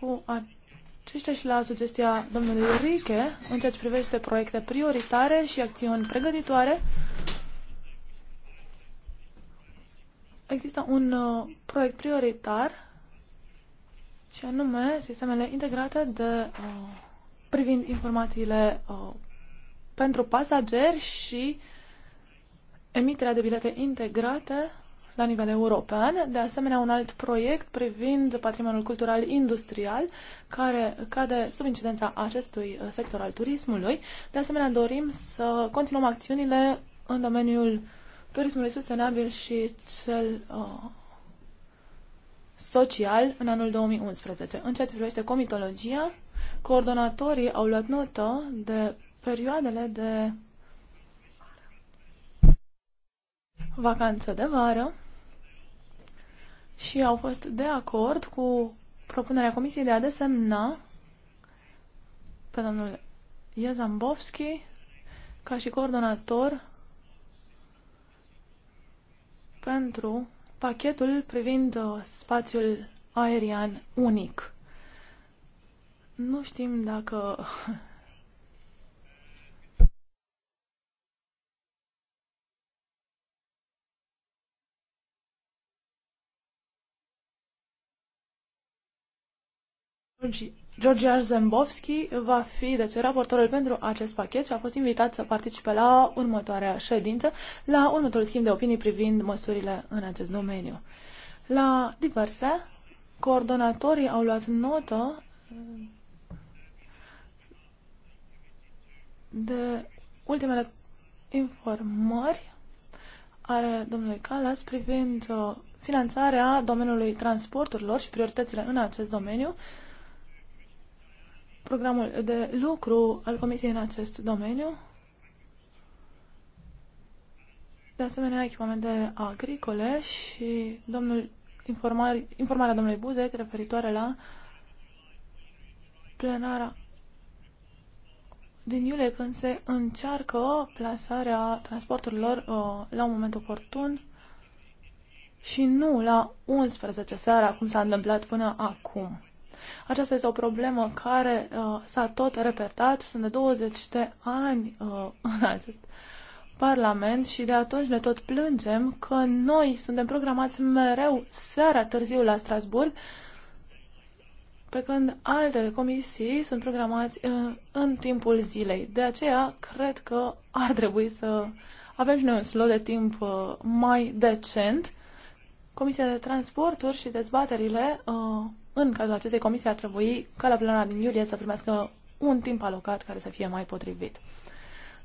cu aceștia și la sugestia domnului Riche în ceea ce privește proiecte prioritare și acțiuni pregătitoare. Există un uh, proiect prioritar și anume sistemele integrate de uh, privind informațiile uh, pentru pasageri și emiterea de bilete integrate la nivel european. De asemenea, un alt proiect privind patrimoniul cultural industrial, care cade sub incidența acestui uh, sector al turismului. De asemenea, dorim să continuăm acțiunile în domeniul turismului sustenabil și cel uh, social în anul 2011. În ceea ce privește comitologia, coordonatorii au luat notă de perioadele de vacanță de vară și au fost de acord cu propunerea Comisiei de a desemna pe domnul Iezambovski ca și coordonator pentru pachetul privind uh, spațiul aerian unic. Nu știm dacă George Arzembovski va fi, deci, raportorul pentru acest pachet și a fost invitat să participe la următoarea ședință, la următorul schimb de opinii privind măsurile în acest domeniu. La diverse, coordonatorii au luat notă uh, de ultimele informări ale domnului Calas privind uh, finanțarea domeniului transporturilor și prioritățile în acest domeniu programul de lucru al Comisiei în acest domeniu. De asemenea, echipamente agricole și domnul informar, informarea domnului Buzec referitoare la plenara din iulie când se încearcă plasarea transporturilor uh, la un moment oportun și nu la 11 seara, cum s-a întâmplat până acum. Aceasta este o problemă care uh, s-a tot repetat, sunt de 20 de ani uh, în acest Parlament și de atunci ne tot plângem că noi suntem programați mereu seara târziu la Strasburg, pe când alte comisii sunt programați uh, în timpul zilei. De aceea, cred că ar trebui să avem și noi un slot de timp uh, mai decent. Comisia de Transporturi și dezbaterile uh, în cazul acestei comisii ar trebui ca la plena din iulie să primească un timp alocat care să fie mai potrivit.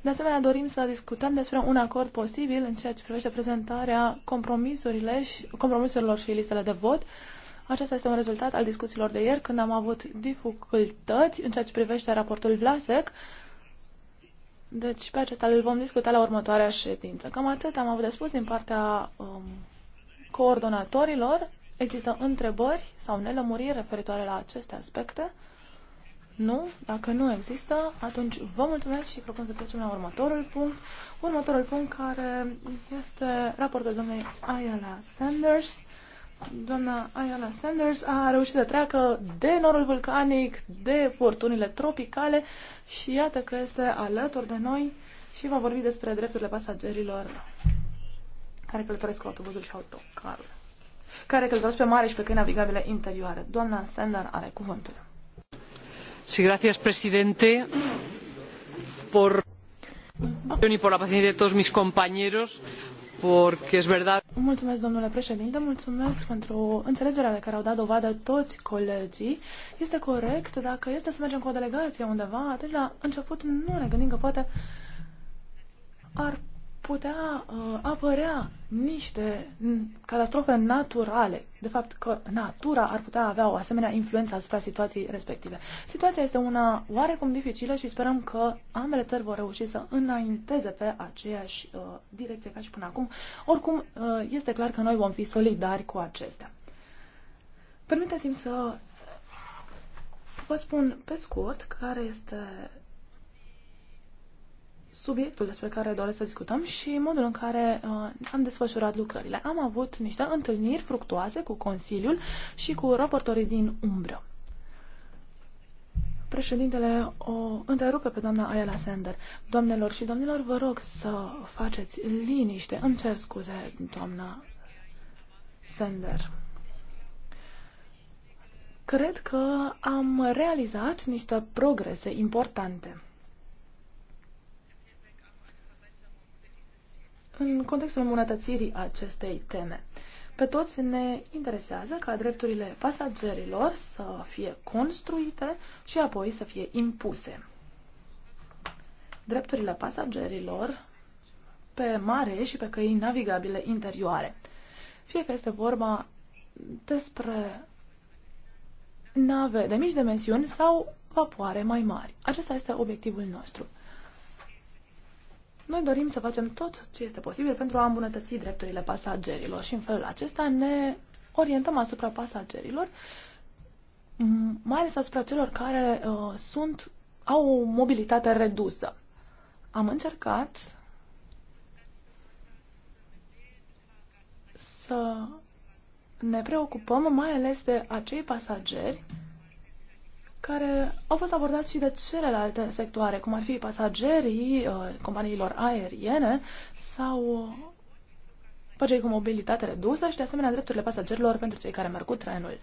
De asemenea, dorim să discutăm despre un acord posibil în ceea ce privește prezentarea compromisurile și, compromisurilor și listele de vot. Acesta este un rezultat al discuțiilor de ieri, când am avut dificultăți în ceea ce privește raportul Vlasec. Deci pe acesta îl vom discuta la următoarea ședință. Cam atât am avut de spus din partea um, coordonatorilor Există întrebări sau nelămuriri referitoare la aceste aspecte? Nu? Dacă nu există, atunci vă mulțumesc și propun să trecem la următorul punct. Următorul punct care este raportul doamnei Ayala Sanders. Doamna Ayala Sanders a reușit să treacă de norul vulcanic, de furtunile tropicale și iată că este alături de noi și va vorbi despre drepturile pasagerilor care călătoresc cu autobuzul și autocarul care călătoresc pe mare și pe căi navigabile interioare. Doamna Sender are cuvântul. Sí, gracias, presidente, por y por la paciencia de todos mis compañeros, porque es verdad. Mulțumesc, domnule președinte, mulțumesc pentru înțelegerea de care au dat dovadă toți colegii. Este corect, dacă este să mergem cu o delegație undeva, atunci la început nu ne gândim că poate ar putea uh, apărea niște catastrofe naturale. De fapt, că natura ar putea avea o asemenea influență asupra situației respective. Situația este una oarecum dificilă și sperăm că ambele țări vor reuși să înainteze pe aceeași uh, direcție ca și până acum. Oricum, uh, este clar că noi vom fi solidari cu acestea. Permiteți-mi să vă spun pe scurt care este subiectul despre care doresc să discutăm și modul în care uh, am desfășurat lucrările. Am avut niște întâlniri fructuoase cu Consiliul și cu raportorii din umbră. Președintele o întrerupe pe doamna Ayala Sender. Doamnelor și domnilor, vă rog să faceți liniște. Îmi cer scuze, doamna Sender. Cred că am realizat niște progrese importante. în contextul îmbunătățirii acestei teme. Pe toți ne interesează ca drepturile pasagerilor să fie construite și apoi să fie impuse. Drepturile pasagerilor pe mare și pe căi navigabile interioare. Fie că este vorba despre nave de mici dimensiuni sau vapoare mai mari. Acesta este obiectivul nostru. Noi dorim să facem tot ce este posibil pentru a îmbunătăți drepturile pasagerilor și în felul acesta ne orientăm asupra pasagerilor, mai ales asupra celor care uh, sunt, au o mobilitate redusă. Am încercat să ne preocupăm mai ales de acei pasageri care au fost abordați și de celelalte sectoare, cum ar fi pasagerii uh, companiilor aeriene sau pe cei cu mobilitate redusă și, de asemenea, drepturile pasagerilor pentru cei care merg cu trenul.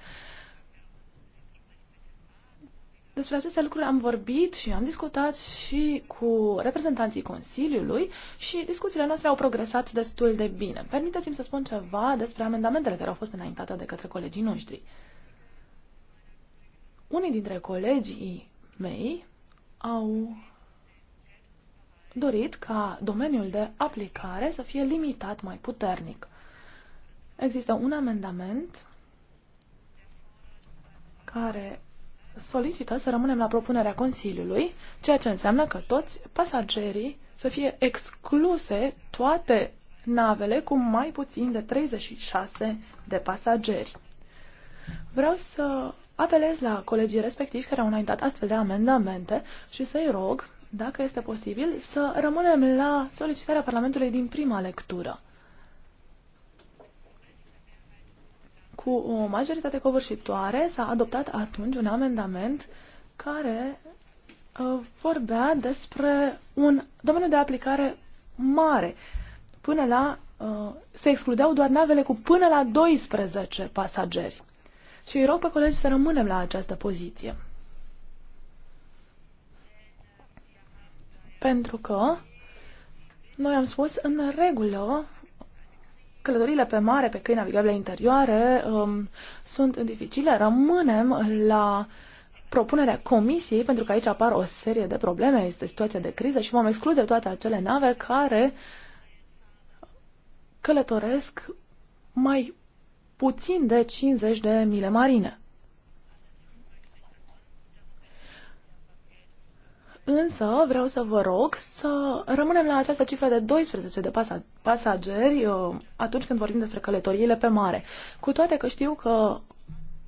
Despre aceste lucruri am vorbit și am discutat și cu reprezentanții Consiliului și discuțiile noastre au progresat destul de bine. Permiteți-mi să spun ceva despre amendamentele care au fost înaintate de către colegii noștri. Uh, unii dintre colegii mei au dorit ca domeniul de aplicare să fie limitat mai puternic. Există un amendament care solicită să rămânem la propunerea Consiliului, ceea ce înseamnă că toți pasagerii să fie excluse toate navele cu mai puțin de 36 de pasageri. Vreau să Apelez la colegii respectivi care au înaintat astfel de amendamente și să-i rog, dacă este posibil, să rămânem la solicitarea Parlamentului din prima lectură. Cu o majoritate covârșitoare s-a adoptat atunci un amendament care uh, vorbea despre un domeniu de aplicare mare. Până la, uh, se excludeau doar navele cu până la 12 pasageri. Și îi rog pe colegi să rămânem la această poziție. Pentru că noi am spus în regulă călătorile pe mare, pe căi navigabile interioare um, sunt dificile. Rămânem la propunerea comisiei, pentru că aici apar o serie de probleme, este situația de criză și vom exclude toate acele nave care călătoresc mai puțin de 50 de mile marine. Însă vreau să vă rog să rămânem la această cifră de 12 de pasageri uh, atunci când vorbim despre călătoriile pe mare. Cu toate că știu că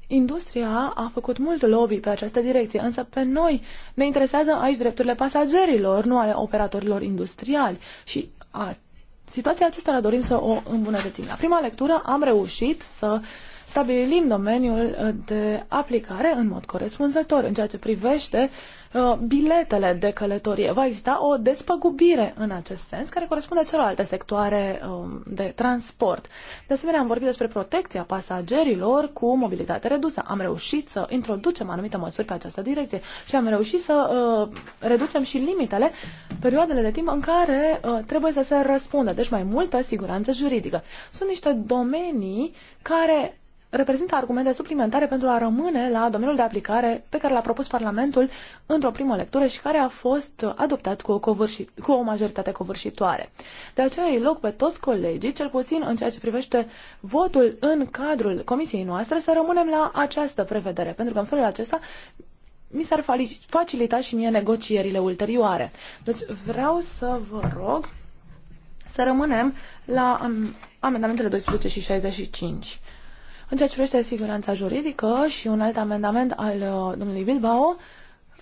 industria a făcut mult lobby pe această direcție, însă pe noi ne interesează aici drepturile pasagerilor, nu ale operatorilor industriali. Și a situația acestora dorim să o îmbunătățim. La prima lectură am reușit să stabilim domeniul uh, de aplicare în mod corespunzător în ceea ce privește uh, biletele de călătorie. Va exista o despăgubire în acest sens care corespunde celorlalte sectoare um, de transport. De asemenea, am vorbit despre protecția pasagerilor cu mobilitate redusă. Am reușit să introducem anumite măsuri pe această direcție și am reușit să uh, reducem și limitele, perioadele de timp în care uh, trebuie să se răspundă. Deci mai multă siguranță juridică. Sunt niște domenii care reprezintă argumente suplimentare pentru a rămâne la domeniul de aplicare pe care l-a propus Parlamentul într-o primă lectură și care a fost adoptat cu o, covârși, cu o majoritate covârșitoare. De aceea îi loc pe toți colegii, cel puțin în ceea ce privește votul în cadrul comisiei noastre, să rămânem la această prevedere, pentru că în felul acesta mi s-ar facilita și mie negocierile ulterioare. Deci vreau să vă rog să rămânem la amendamentele 12 și 65. În ceea ce privește siguranța juridică și un alt amendament al uh, domnului Bilbao,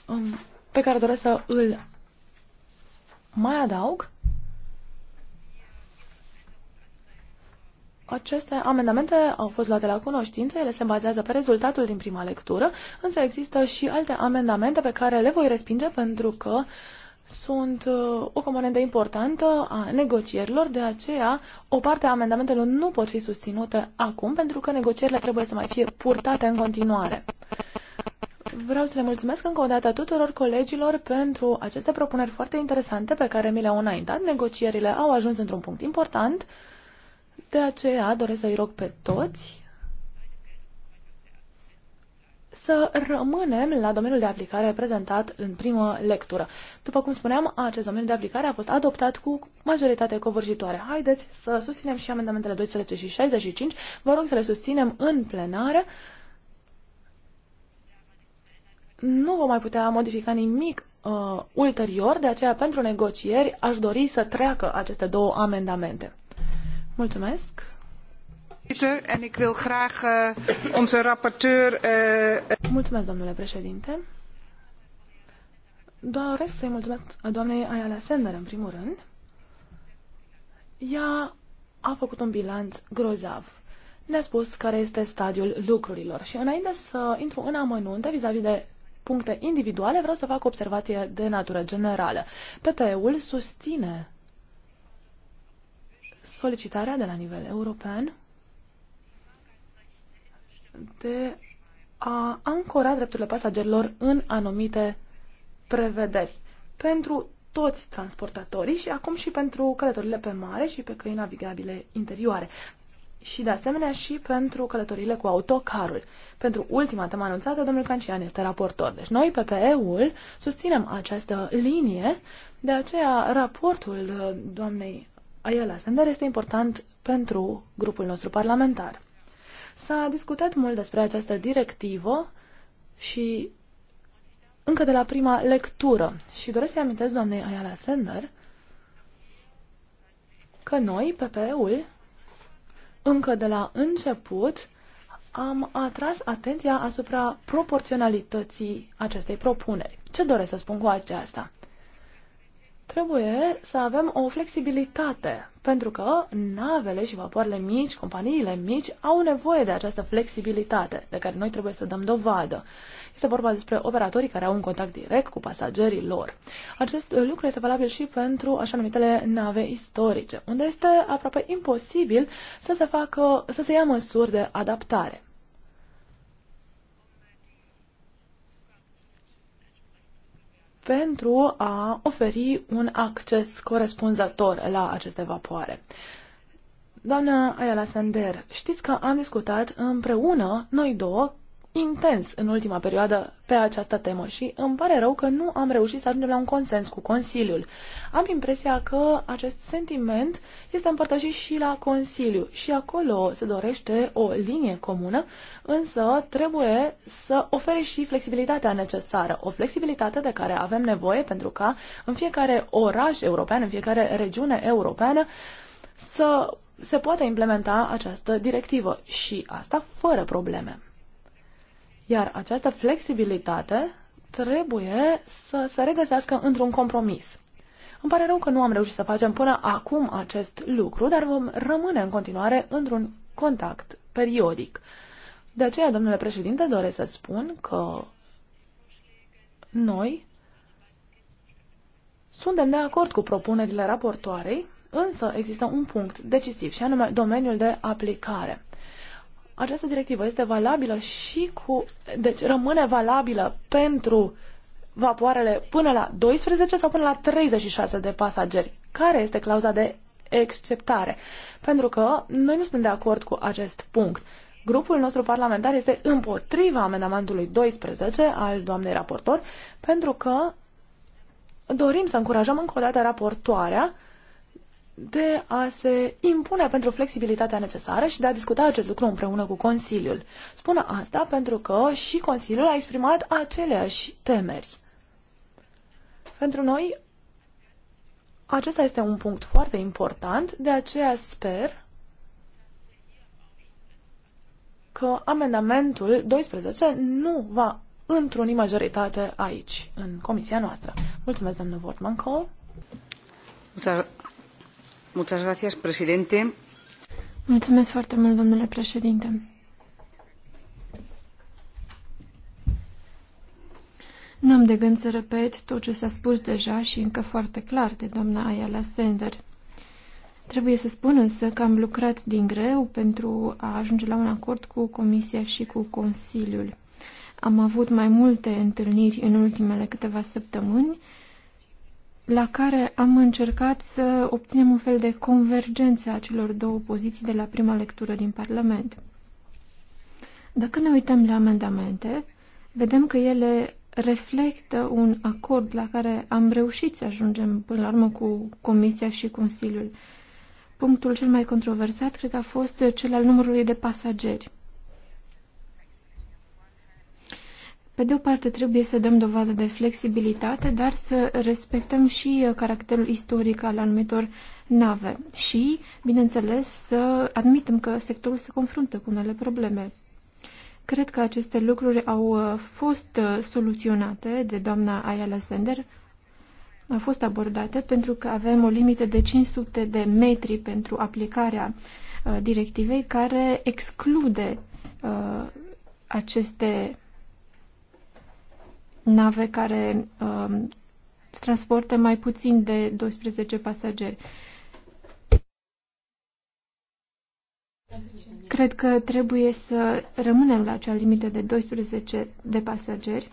um, pe care doresc să îl mai adaug, Aceste amendamente au fost luate la cunoștință, ele se bazează pe rezultatul din prima lectură, însă există și alte amendamente pe care le voi respinge pentru că uh, sunt uh, o componentă importantă a negocierilor, de aceea o parte a amendamentelor nu pot fi susținute acum, pentru că negocierile trebuie să mai fie purtate în continuare. Vreau să le mulțumesc încă o dată tuturor colegilor pentru aceste propuneri foarte interesante pe care mi le-au înaintat. Negocierile au ajuns într-un punct important, de aceea doresc să-i rog pe toți să rămânem la domeniul de aplicare prezentat în primă lectură. După cum spuneam, acest domeniu de aplicare a fost adoptat cu majoritate covârșitoare. Haideți să susținem și amendamentele 12 și 65. Vă rog să le susținem în plenară. Nu vom mai putea modifica nimic uh, ulterior, de aceea pentru negocieri aș dori să treacă aceste două amendamente. Mulțumesc! Eh, eh, mulțumesc, domnule președinte. Doresc să-i mulțumesc doamnei Ayala Sender, în primul rând. Ea a făcut un bilanț grozav. Ne-a spus care este stadiul lucrurilor și înainte să intru în amănunte vis a -vis de puncte individuale, vreau să fac o observație de natură generală. PPE-ul susține solicitarea de la nivel european de a ancora drepturile pasagerilor în anumite prevederi pentru toți transportatorii și acum și pentru călătorile pe mare și pe căi navigabile interioare și de asemenea și pentru călătorile cu autocarul. Pentru ultima temă anunțată, domnul Cancian este raportor. Deci noi, PPE-ul, susținem această linie, de aceea raportul uh, doamnei Aiela Sender este important pentru grupul nostru parlamentar. S-a discutat mult despre această directivă și încă de la prima lectură și doresc să-i amintesc doamnei Ayala Sender că noi, PPE-ul, încă de la început am atras atenția asupra proporționalității acestei propuneri. Ce doresc să spun cu aceasta? Trebuie să avem o flexibilitate, pentru că navele și vapoarele mici, companiile mici, au nevoie de această flexibilitate de care noi trebuie să dăm dovadă. Este vorba despre operatorii care au un contact direct cu pasagerii lor. Acest lucru este valabil și pentru așa numitele nave istorice, unde este aproape imposibil să se, facă, să se ia măsuri de adaptare. pentru a oferi un acces corespunzător la aceste vapoare. Doamna Ayala Sender, știți că am discutat împreună, noi două, intens în ultima perioadă pe această temă și îmi pare rău că nu am reușit să ajungem la un consens cu Consiliul. Am impresia că acest sentiment este împărtășit și la Consiliu și acolo se dorește o linie comună, însă trebuie să ofere și flexibilitatea necesară, o flexibilitate de care avem nevoie pentru ca în fiecare oraș european, în fiecare regiune europeană să se poate implementa această directivă și asta fără probleme. Iar această flexibilitate trebuie să se regăsească într-un compromis. Îmi pare rău că nu am reușit să facem până acum acest lucru, dar vom rămâne în continuare într-un contact periodic. De aceea, domnule președinte, doresc să spun că noi suntem de acord cu propunerile raportoarei, însă există un punct decisiv și anume domeniul de aplicare. Această directivă este valabilă și cu... Deci rămâne valabilă pentru vapoarele până la 12 sau până la 36 de pasageri. Care este clauza de exceptare? Pentru că noi nu suntem de acord cu acest punct. Grupul nostru parlamentar este împotriva amendamentului 12 al doamnei raportor pentru că dorim să încurajăm încă o dată raportoarea de a se impune pentru flexibilitatea necesară și de a discuta acest lucru împreună cu Consiliul. Spun asta pentru că și Consiliul a exprimat aceleași temeri. Pentru noi, acesta este un punct foarte important, de aceea sper că amendamentul 12 nu va întruni majoritate aici, în comisia noastră. Mulțumesc, doamnă Wortmann-Cole. Muchas gracias, presidente. Mulțumesc foarte mult, domnule președinte. Nu am de gând să repet tot ce s-a spus deja și încă foarte clar de doamna Ayala Sender. Trebuie să spun însă că am lucrat din greu pentru a ajunge la un acord cu Comisia și cu Consiliul. Am avut mai multe întâlniri în ultimele câteva săptămâni la care am încercat să obținem un fel de convergență a celor două poziții de la prima lectură din Parlament. Dacă ne uităm la amendamente, vedem că ele reflectă un acord la care am reușit să ajungem până la urmă cu Comisia și Consiliul. Punctul cel mai controversat cred că a fost cel al numărului de pasageri. Pe de o parte trebuie să dăm dovadă de flexibilitate, dar să respectăm și uh, caracterul istoric al anumitor nave și, bineînțeles, să admitem că sectorul se confruntă cu unele probleme. Cred că aceste lucruri au uh, fost uh, soluționate de doamna Ayala Sender, au fost abordate pentru că avem o limită de 500 de metri pentru aplicarea directivei care exclude aceste nave care uh, transportă mai puțin de 12 pasageri. Cred că trebuie să rămânem la acea limită de 12 de pasageri,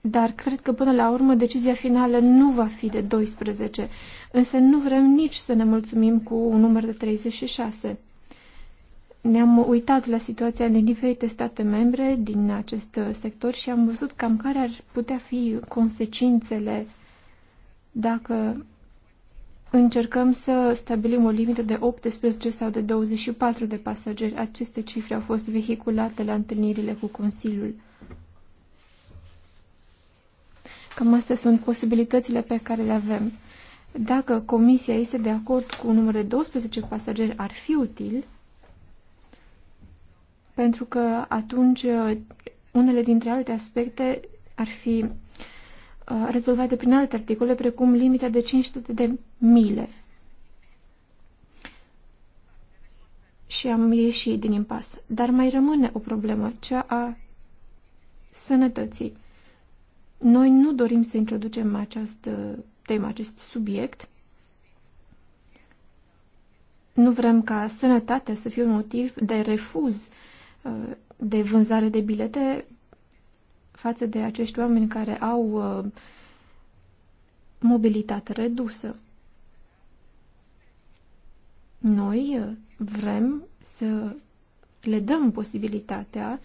dar cred că până la urmă decizia finală nu va fi de 12, însă nu vrem nici să ne mulțumim cu un număr de 36 ne-am uitat la situația din diferite state membre din acest sector și am văzut cam care ar putea fi consecințele dacă încercăm să stabilim o limită de 18 sau de 24 de pasageri. Aceste cifre au fost vehiculate la întâlnirile cu Consiliul. Cam astea sunt posibilitățile pe care le avem. Dacă comisia este de acord cu un număr de 12 pasageri, ar fi util, pentru că atunci uh, unele dintre alte aspecte ar fi uh, rezolvate prin alte articole, precum limita de 500 de mile. Și am ieșit din impas. Dar mai rămâne o problemă, cea a sănătății. Noi nu dorim să introducem această uh, temă, acest subiect. Nu vrem ca sănătatea să fie un motiv de refuz de vânzare de bilete față de acești oameni care au uh, mobilitate redusă. Noi uh, vrem să le dăm posibilitatea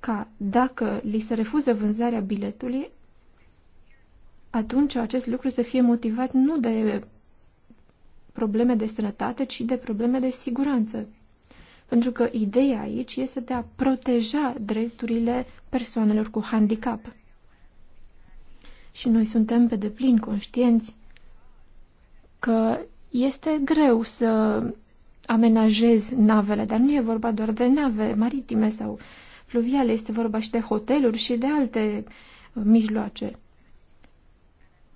ca dacă li se refuză vânzarea biletului, atunci acest lucru să fie motivat nu de probleme de sănătate, ci de probleme de siguranță. Pentru că ideea aici este de a proteja drepturile persoanelor cu handicap. Și noi suntem pe deplin conștienți că este greu să amenajezi navele, dar nu e vorba doar de nave maritime sau fluviale, este vorba și de hoteluri și de alte uh, mijloace.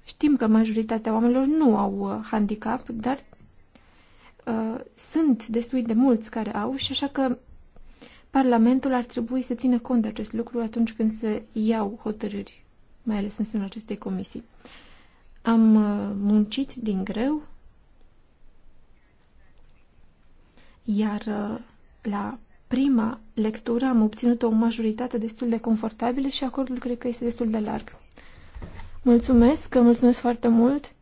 Știm că majoritatea oamenilor nu au uh, handicap, dar Uh, sunt destui de mulți care au și așa că Parlamentul ar trebui să țină cont de acest lucru atunci când se iau hotărâri, mai ales în sânul acestei comisii. Am uh, muncit din greu, iar uh, la prima lectură am obținut o majoritate destul de confortabilă și acordul cred că este destul de larg. Mulțumesc, mulțumesc foarte mult!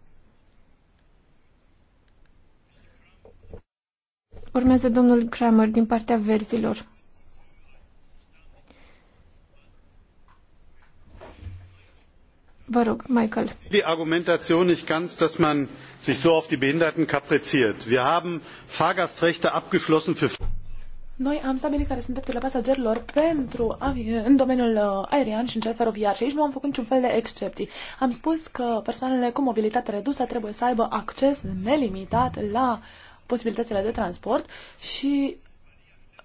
Urmează domnul Kramer din partea verzilor. Vă rog, Michael. Die Argumentation nicht ganz, dass man sich so auf die Behinderten kapriziert. Wir haben Fahrgastrechte abgeschlossen für noi am stabilit care sunt drepturile pasagerilor pentru în domeniul uh, aerian și în cel feroviar și aici nu am făcut niciun fel de excepții. Am spus că persoanele cu mobilitate redusă trebuie să aibă acces nelimitat la uh, posibilitățile de transport și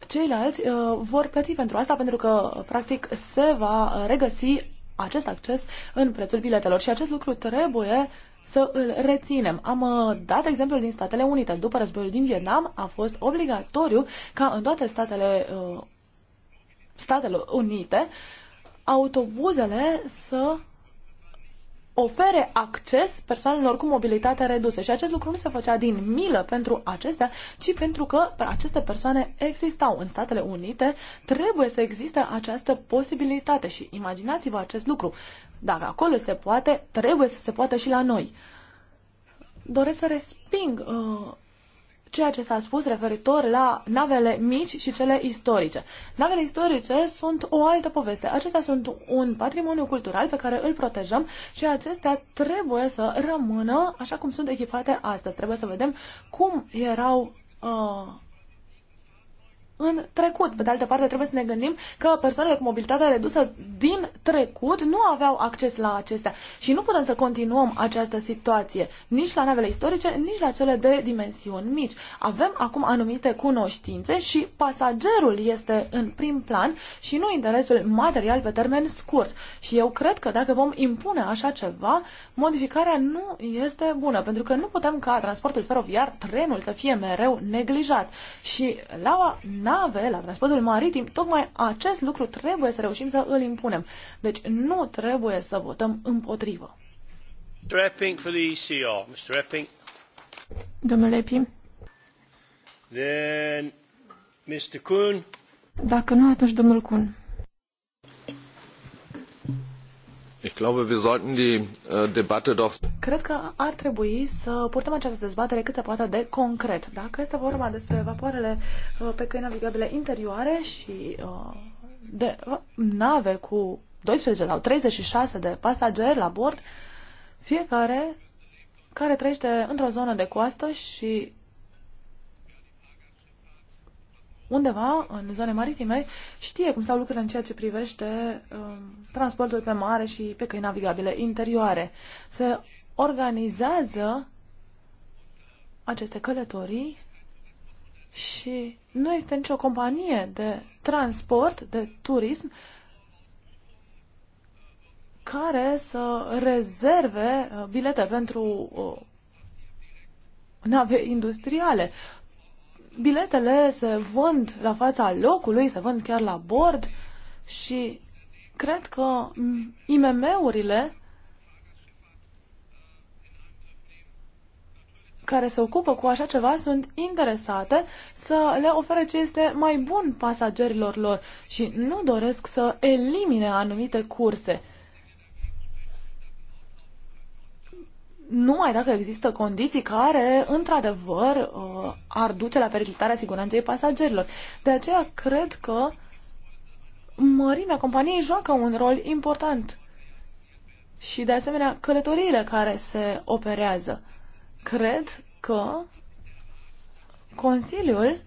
ceilalți uh, vor plăti pentru asta pentru că, practic, se va regăsi acest acces în prețul biletelor și acest lucru trebuie să îl reținem. Am uh, dat exemplul din Statele Unite. După războiul din Vietnam a fost obligatoriu ca în toate statele uh, Statele Unite autobuzele să ofere acces persoanelor cu mobilitate redusă. Și acest lucru nu se făcea din milă pentru acestea, ci pentru că aceste persoane existau în Statele Unite. Trebuie să existe această posibilitate și imaginați-vă acest lucru. Dacă acolo se poate, trebuie să se poată și la noi. Doresc să resping uh, ceea ce s-a spus referitor la navele mici și cele istorice. Navele istorice sunt o altă poveste. Acestea sunt un patrimoniu cultural pe care îl protejăm și acestea trebuie să rămână așa cum sunt echipate astăzi. Trebuie să vedem cum erau uh, în trecut. Pe de altă parte, trebuie să ne gândim că persoanele cu mobilitate redusă din trecut nu aveau acces la acestea și nu putem să continuăm această situație nici la navele istorice, nici la cele de dimensiuni mici. Avem acum anumite cunoștințe și pasagerul este în prim plan și nu interesul material pe termen scurt. Și eu cred că dacă vom impune așa ceva, modificarea nu este bună, pentru că nu putem ca transportul feroviar, trenul să fie mereu neglijat. Și la nave, la transportul maritim, tocmai acest lucru trebuie să reușim să îl impunem. Deci nu trebuie să votăm împotrivă. Epping for the ECR. Mr. Epping. Domnule Epping. Then Mr. Kuhn. Dacă nu, atunci domnul Kuhn. Äh, Cred că ar trebui să purtăm această dezbatere cât se poate de concret. Dacă este vorba despre vapoarele uh, pe căi navigabile interioare și uh, de uh, nave cu 12 sau 36 de pasageri la bord, fiecare care trăiește într-o zonă de coastă și undeva în zone maritime știe cum stau lucrurile în ceea ce privește um, transportul pe mare și pe căi navigabile interioare. Se organizează aceste călătorii și nu este nicio companie de transport, de turism, care să rezerve uh, bilete pentru uh, nave industriale biletele se vând la fața locului, se vând chiar la bord și cred că IMM-urile care se ocupă cu așa ceva sunt interesate să le ofere ce este mai bun pasagerilor lor și nu doresc să elimine anumite curse. numai dacă există condiții care, într-adevăr, uh, ar duce la periclitarea siguranței pasagerilor. De aceea, cred că mărimea companiei joacă un rol important. Și, de asemenea, călătoriile care se operează. Cred că Consiliul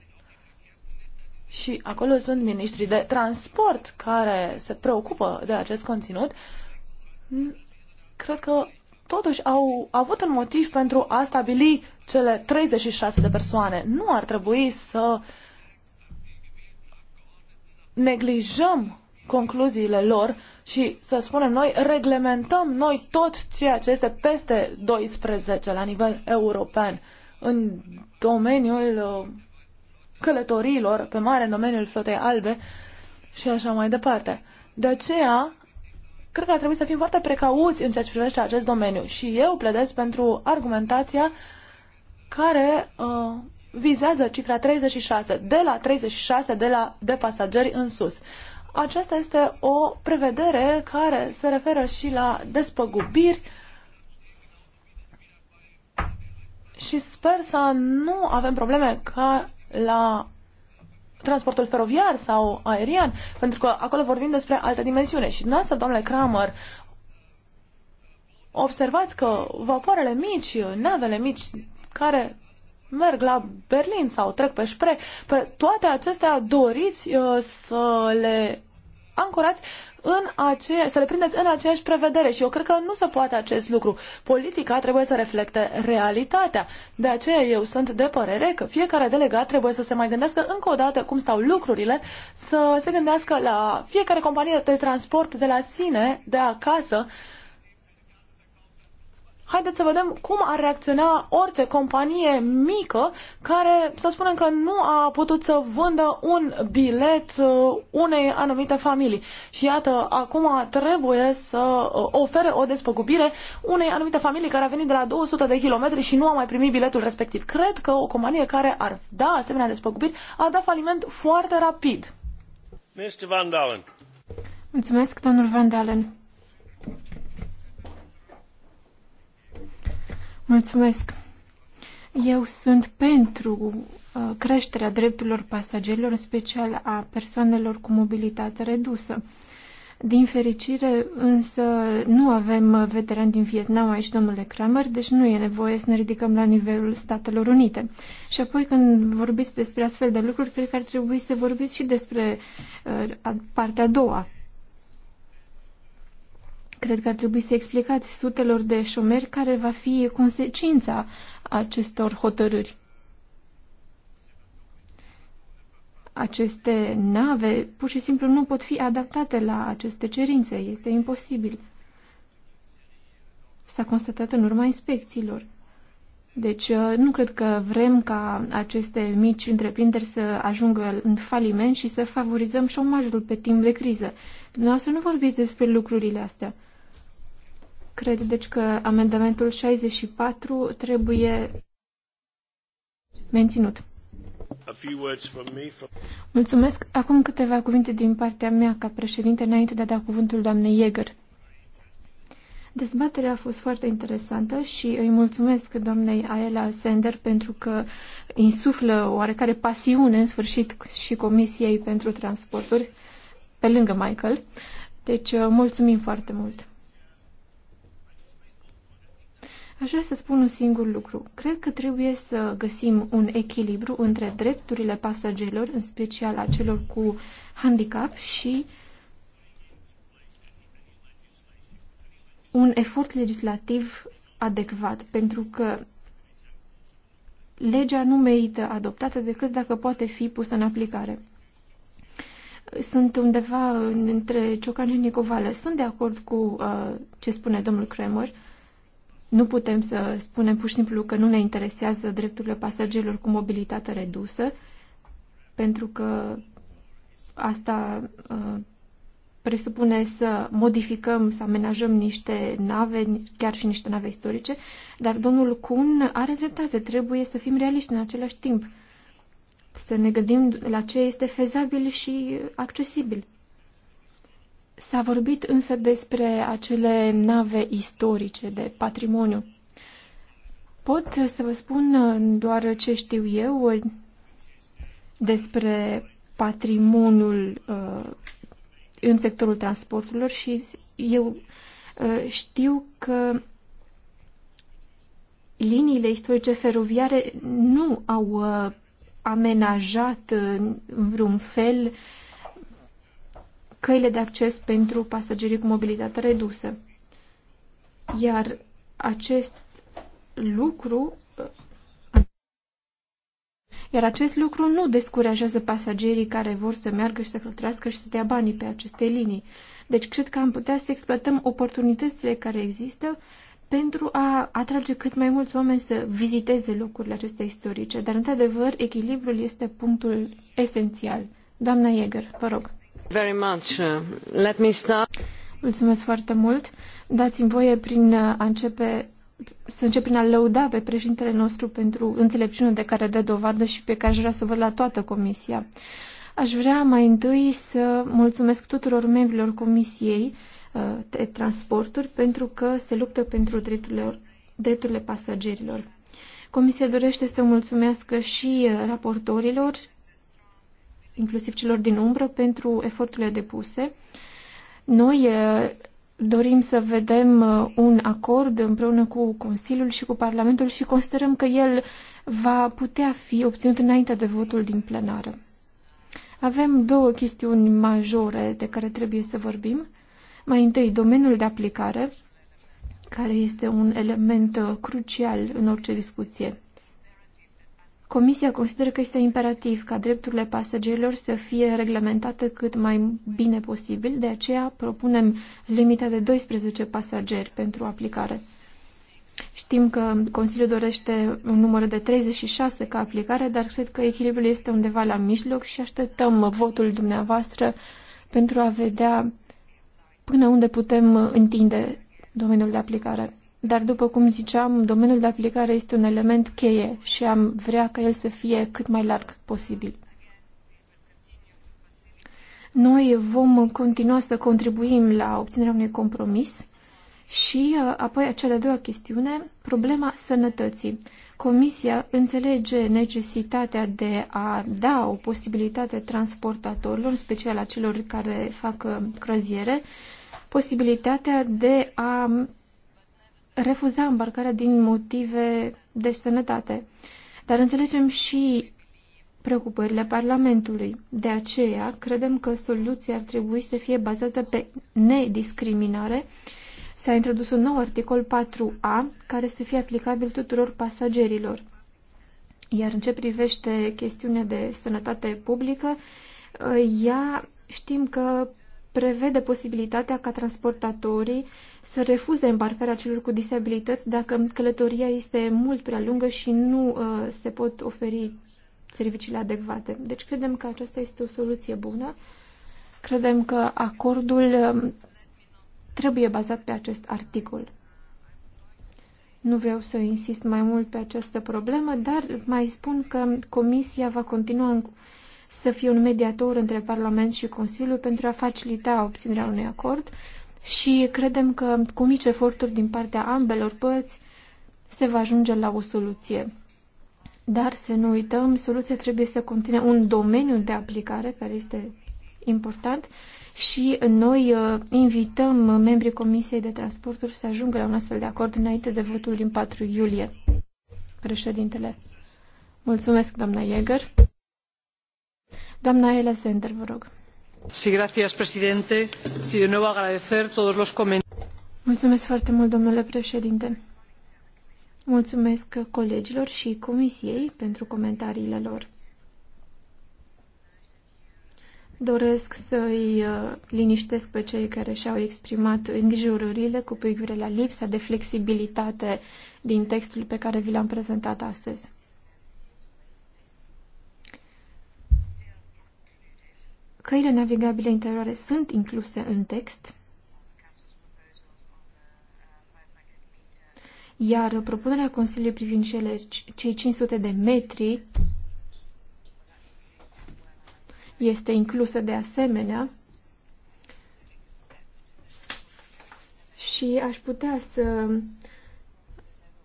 și acolo sunt ministrii de transport care se preocupă de acest conținut, cred că totuși au avut un motiv pentru a stabili cele 36 de persoane. Nu ar trebui să neglijăm concluziile lor și, să spunem noi, reglementăm noi tot ceea ce este peste 12 la nivel european în domeniul uh, călătorilor pe mare, în domeniul flotei albe și așa mai departe. De aceea cred că ar trebui să fim foarte precauți în ceea ce privește acest domeniu și eu pledez pentru argumentația care uh, vizează cifra 36, de la 36 de, la, de pasageri în sus. Aceasta este o prevedere care se referă și la despăgubiri și sper să nu avem probleme ca la transportul feroviar sau aerian, pentru că acolo vorbim despre altă dimensiune. Și dumneavoastră, domnule Kramer, observați că vapoarele mici, navele mici care merg la Berlin sau trec pe Spre, pe toate acestea doriți uh, să le ancorați în ace să le prindeți în aceeași prevedere și eu cred că nu se poate acest lucru. Politica trebuie să reflecte realitatea. De aceea eu sunt de părere că fiecare delegat trebuie să se mai gândească încă o dată cum stau lucrurile, să se gândească la fiecare companie de transport de la sine, de acasă, haideți să vedem cum ar reacționa orice companie mică care, să spunem că nu a putut să vândă un bilet uh, unei anumite familii. Și iată, acum trebuie să uh, ofere o despăgubire unei anumite familii care a venit de la 200 de kilometri și nu a mai primit biletul respectiv. Cred că o companie care ar da asemenea despăgubiri ar da faliment foarte rapid. Mr. Van Dalen. Mulțumesc, domnul Van Dalen. Mulțumesc. Eu sunt pentru uh, creșterea drepturilor pasagerilor, în special a persoanelor cu mobilitate redusă. Din fericire, însă, nu avem veterani din Vietnam aici, domnule Kramer, deci nu e nevoie să ne ridicăm la nivelul Statelor Unite. Și apoi, când vorbiți despre astfel de lucruri, cred că ar trebui să vorbiți și despre uh, partea a doua, Cred că ar trebui să explicați sutelor de șomeri care va fi consecința acestor hotărâri. Aceste nave pur și simplu nu pot fi adaptate la aceste cerințe. Este imposibil. S-a constatat în urma inspecțiilor. Deci uh, nu cred că vrem ca aceste mici întreprinderi să ajungă în faliment și să favorizăm șomajul pe timp de criză. Dumneavoastră nu vorbiți despre lucrurile astea. Cred deci că amendamentul 64 trebuie menținut. Mulțumesc. Acum câteva cuvinte din partea mea ca președinte înainte de a da cuvântul doamnei Jäger. Dezbaterea a fost foarte interesantă și îi mulțumesc doamnei Aela Sender pentru că insuflă oarecare pasiune în sfârșit și Comisiei pentru Transporturi, pe lângă Michael. Deci mulțumim foarte mult. Aș vrea să spun un singur lucru. Cred că trebuie să găsim un echilibru între drepturile pasagerilor, în special a celor cu handicap, și un efort legislativ adecvat, pentru că legea nu merită adoptată decât dacă poate fi pusă în aplicare. Sunt undeva între Ciocan și Nicovală. Sunt de acord cu uh, ce spune domnul Kramer. Nu putem să spunem pur și simplu că nu ne interesează drepturile pasagerilor cu mobilitate redusă, pentru că asta uh, presupune să modificăm, să amenajăm niște nave, chiar și niște nave istorice, dar domnul Kuhn are dreptate, trebuie să fim realiști în același timp, să ne gândim la ce este fezabil și accesibil. S-a vorbit însă despre acele nave istorice de patrimoniu. Pot să vă spun uh, doar ce știu eu uh, despre patrimoniul uh, în sectorul transporturilor și eu uh, știu că liniile istorice feroviare nu au uh, amenajat uh, în vreun fel căile de acces pentru pasagerii cu mobilitate redusă. Iar acest lucru iar acest lucru nu descurajează pasagerii care vor să meargă și să călătorească și să dea banii pe aceste linii. Deci cred că am putea să exploatăm oportunitățile care există pentru a atrage cât mai mulți oameni să viziteze locurile acestea istorice. Dar, într-adevăr, echilibrul este punctul esențial. Doamna Jäger, vă rog. Mulțumesc foarte mult. Dați-mi voie prin uh, a începe, să încep prin a lăuda pe președintele nostru pentru înțelepciune de care dă dovadă și pe care aș vrea să văd la toată comisia. Aș vrea mai întâi să mulțumesc tuturor membrilor comisiei uh, de transporturi pentru că se luptă pentru drepturile, drepturile pasagerilor. Comisia dorește să mulțumesc și uh, raportorilor inclusiv celor din umbră, pentru eforturile depuse. Noi eh, dorim să vedem eh, un acord împreună cu Consiliul și cu Parlamentul și considerăm că el va putea fi obținut înainte de votul din plenară. Avem două chestiuni majore de care trebuie să vorbim. Mai întâi, domeniul de aplicare, care este un element eh, crucial în orice discuție. Comisia consideră că este imperativ ca drepturile pasagerilor să fie reglementate cât mai bine posibil, de aceea propunem limita de 12 pasageri pentru aplicare. Știm că Consiliul dorește un număr de 36 ca aplicare, dar cred că echilibrul este undeva la mijloc și așteptăm votul dumneavoastră pentru a vedea până unde putem întinde domeniul de aplicare. Dar, după cum ziceam, domeniul de aplicare este un element cheie și am vrea ca el să fie cât mai larg posibil. Noi vom continua să contribuim la obținerea unui compromis și uh, apoi acea de-a doua chestiune, problema sănătății. Comisia înțelege necesitatea de a da o posibilitate transportatorilor, în special a celor care fac uh, croziere, posibilitatea de a refuza îmbarcarea din motive de sănătate. Dar înțelegem și preocupările Parlamentului. De aceea, credem că soluția ar trebui să fie bazată pe nediscriminare. S-a introdus un nou articol 4a care să fie aplicabil tuturor pasagerilor. Iar în ce privește chestiunea de sănătate publică, ea știm că prevede posibilitatea ca transportatorii să refuze îmbarcarea celor cu disabilități dacă călătoria este mult prea lungă și nu uh, se pot oferi serviciile adecvate. Deci credem că aceasta este o soluție bună. Credem că acordul um, trebuie bazat pe acest articol. Nu vreau să insist mai mult pe această problemă, dar mai spun că Comisia va continua să fie un mediator între Parlament și Consiliu pentru a facilita obținerea unui acord și credem că cu mici eforturi din partea ambelor părți se va ajunge la o soluție. Dar să nu uităm, soluția trebuie să conține un domeniu de aplicare care este important și noi uh, invităm membrii Comisiei de Transporturi să ajungă la un astfel de acord înainte de votul din 4 iulie. Președintele. Mulțumesc, doamna Jäger. Doamna Ela Sender, vă rog. Sí, presidente. de nuevo agradecer todos los comentarios. foarte mult, domnule președinte. Mulțumesc colegilor și comisiei pentru comentariile lor. Doresc să-i uh, liniștesc pe cei care și-au exprimat îngrijorările cu privire la lipsa de flexibilitate din textul pe care vi l-am prezentat astăzi. Căile navigabile interioare sunt incluse în text, iar propunerea Consiliului privind cele, cei 500 de metri este inclusă de asemenea și aș putea să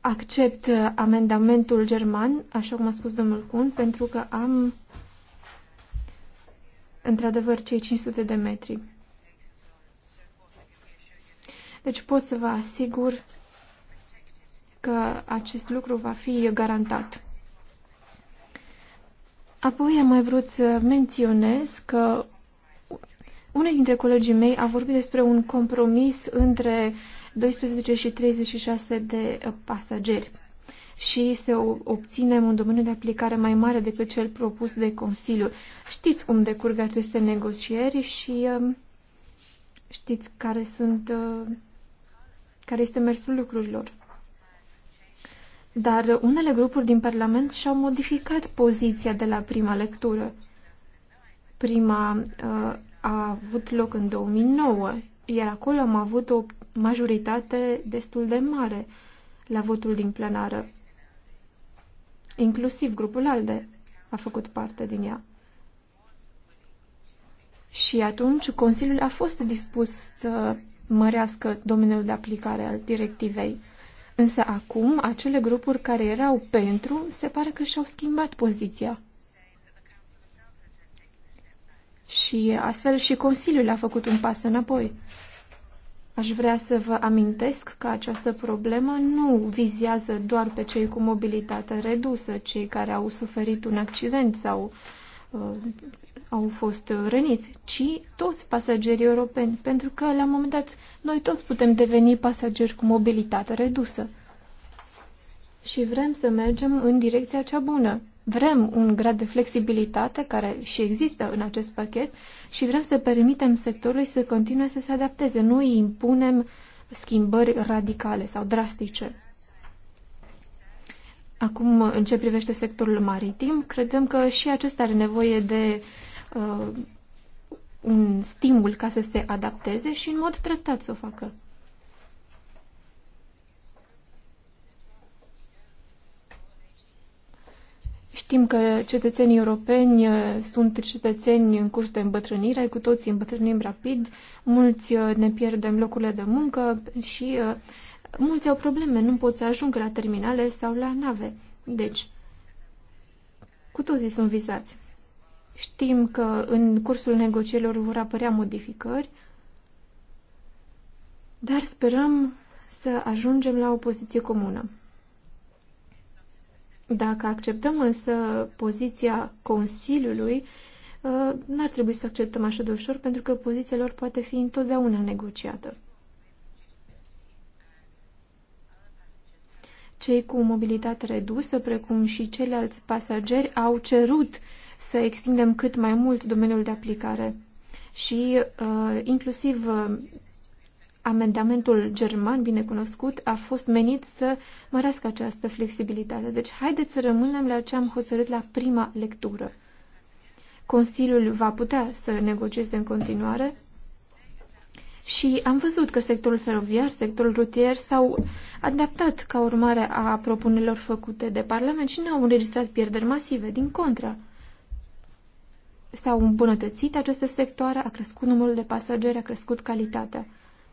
accept amendamentul german, așa cum a spus domnul Kuhn, pentru că am într-adevăr cei 500 de metri. Deci pot să vă asigur că acest lucru va fi garantat. Apoi am mai vrut să menționez că unul dintre colegii mei a vorbit despre un compromis între 12 și 36 de pasageri și se obține un domeniu de aplicare mai mare decât cel propus de Consiliu. Știți cum decurg aceste negocieri și um, știți care sunt uh, care este mersul lucrurilor. Dar unele grupuri din Parlament și-au modificat poziția de la prima lectură. Prima uh, a avut loc în 2009, iar acolo am avut o majoritate destul de mare la votul din plenară. Inclusiv grupul ALDE a făcut parte din ea. Și atunci Consiliul a fost dispus să mărească domeniul de aplicare al directivei. Însă acum, acele grupuri care erau pentru, se pare că și-au schimbat poziția. Și astfel și Consiliul a făcut un pas înapoi. Aș vrea să vă amintesc că această problemă nu vizează doar pe cei cu mobilitate redusă, cei care au suferit un accident sau uh, au fost răniți, ci toți pasagerii europeni, pentru că la un moment dat noi toți putem deveni pasageri cu mobilitate redusă. Și vrem să mergem în direcția cea bună. Vrem un grad de flexibilitate care și există în acest pachet și vrem să permitem sectorului să continue să se adapteze. Nu îi impunem schimbări radicale sau drastice. Acum, în ce privește sectorul maritim, credem că și acesta are nevoie de uh, un stimul ca să se adapteze și în mod treptat să o facă. Știm că cetățenii europeni uh, sunt cetățeni în curs de îmbătrânire, cu toții îmbătrânim rapid, mulți uh, ne pierdem locurile de muncă și uh, mulți au probleme, nu pot să ajungă la terminale sau la nave. Deci, cu toții sunt vizați. Știm că în cursul negocierilor vor apărea modificări, dar sperăm să ajungem la o poziție comună. Dacă acceptăm însă poziția Consiliului, uh, n-ar trebui să o acceptăm așa de ușor, pentru că poziția lor poate fi întotdeauna negociată. Cei cu mobilitate redusă, precum și ceilalți pasageri, au cerut să extindem cât mai mult domeniul de aplicare și uh, inclusiv uh, amendamentul german binecunoscut a fost menit să mărească această flexibilitate. Deci haideți să rămânem la ce am hotărât la prima lectură. Consiliul va putea să negocieze în continuare și am văzut că sectorul feroviar, sectorul rutier s-au adaptat ca urmare a propunerilor făcute de Parlament și nu au înregistrat pierderi masive, din contra. S-au îmbunătățit aceste sectoare, a crescut numărul de pasageri, a crescut calitatea.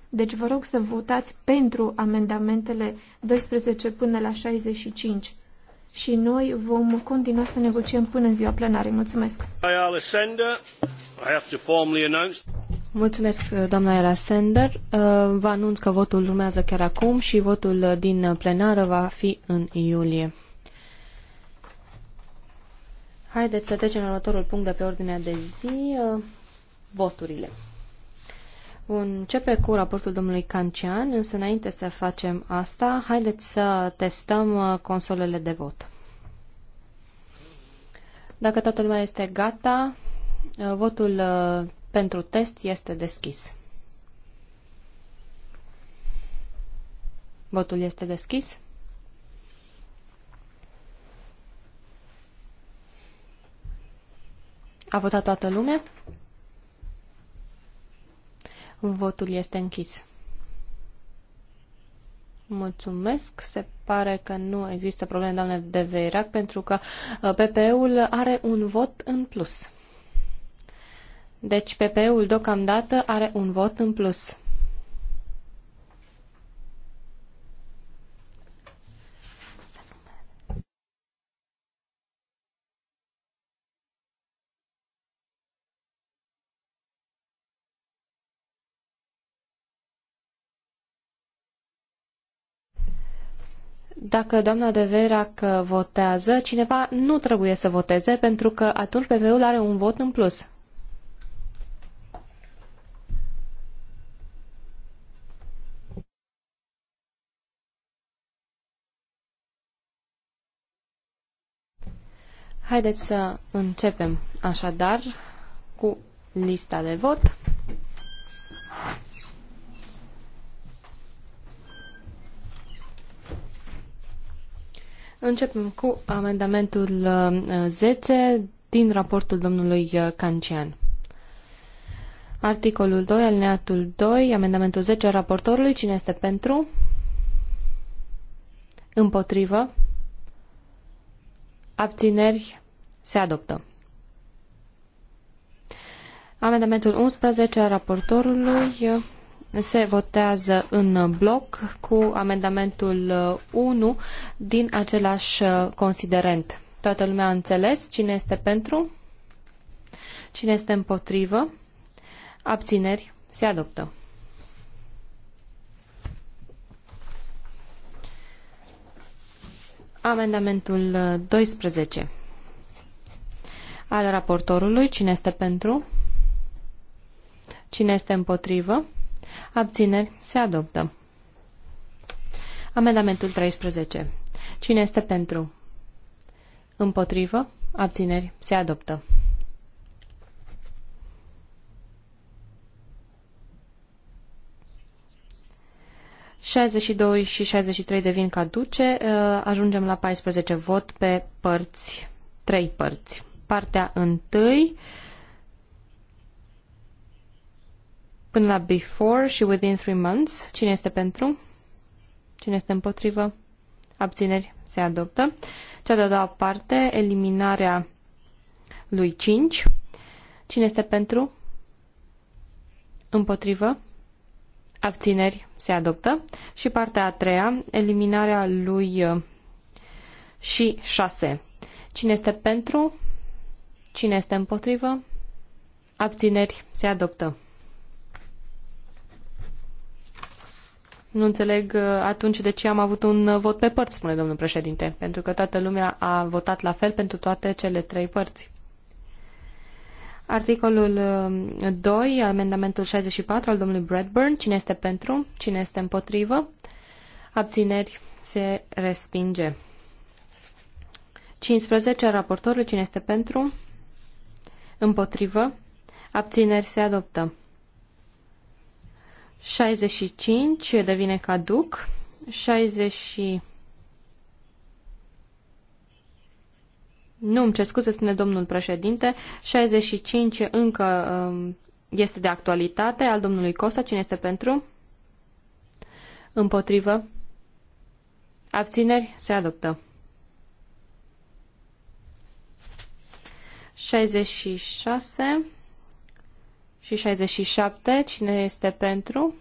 Deci vă rog să votați pentru amendamentele 12 până la 65 și noi vom continua să negociem până în ziua plenară. Mulțumesc! Mulțumesc, doamna Ela Sender. Uh, vă anunț că votul urmează chiar acum și votul din plenară va fi în iulie. Haideți să trecem la următorul punct de pe ordinea de zi, uh, voturile. Începe cu raportul domnului Cancian, însă înainte să facem asta, haideți să testăm uh, consolele de vot. Dacă toată lumea este gata, uh, votul uh, pentru test este deschis. Votul este deschis. A votat toată lumea? Votul este închis. Mulțumesc. Se pare că nu există probleme, doamne de Veirac, pentru că uh, PPE-ul are un vot în plus. Deci PPE-ul deocamdată are un vot în plus. dacă doamna de Verac votează, cineva nu trebuie să voteze pentru că atunci pe ul are un vot în plus. Haideți să începem așadar cu lista de vot. Începem cu amendamentul 10 uh, din raportul domnului uh, Cancian. Articolul 2, alineatul 2, amendamentul 10 al raportorului. Cine este pentru? Împotrivă? Abțineri? Se adoptă. Amendamentul 11 al raportorului. Uh, se votează în bloc cu amendamentul 1 uh, din același uh, considerent. Toată lumea a înțeles cine este pentru, cine este împotrivă, abțineri, se adoptă. Amendamentul 12 uh, al raportorului. Cine este pentru? Cine este împotrivă? Abțineri. Se adoptă. Amendamentul 13. Cine este pentru? Împotrivă. Abțineri. Se adoptă. și 63 devin caduce. Ă, ajungem la 14 vot pe părți, trei părți. Partea întâi, până la before și within three months. Cine este pentru? Cine este împotrivă? Abțineri se adoptă. Cea de-a doua parte, eliminarea lui 5. Cine este pentru? Împotrivă? Abțineri se adoptă. Și partea a treia, eliminarea lui uh, și 6. Cine este pentru? Cine este împotrivă? Abțineri se adoptă. Nu înțeleg uh, atunci de ce am avut un uh, vot pe părți, spune domnul președinte, pentru că toată lumea a votat la fel pentru toate cele trei părți. Articolul 2, uh, amendamentul 64 al domnului Bradburn. Cine este pentru? Cine este împotrivă? Abțineri se respinge. 15. Raportorul. Cine este pentru? Împotrivă? Abțineri se adoptă. 65 devine caduc. 60 Nu, îmi cer scuze, spune domnul președinte. 65 încă um, este de actualitate al domnului Costa. Cine este pentru? Împotrivă? Abțineri? Se adoptă. 66 și 67. Cine este pentru?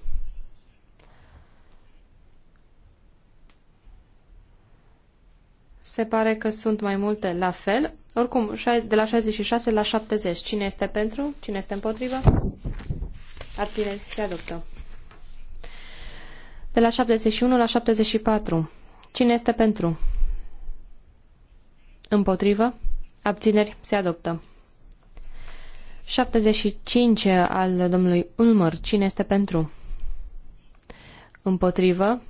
Se pare că sunt mai multe la fel. Oricum, de la 66 la 70. Cine este pentru? Cine este împotrivă? Abțineri. Se adoptă. De la 71 la 74. Cine este pentru? Împotrivă? Abțineri. Se adoptă. 75 al domnului Ulmer. Cine este pentru? Împotrivă.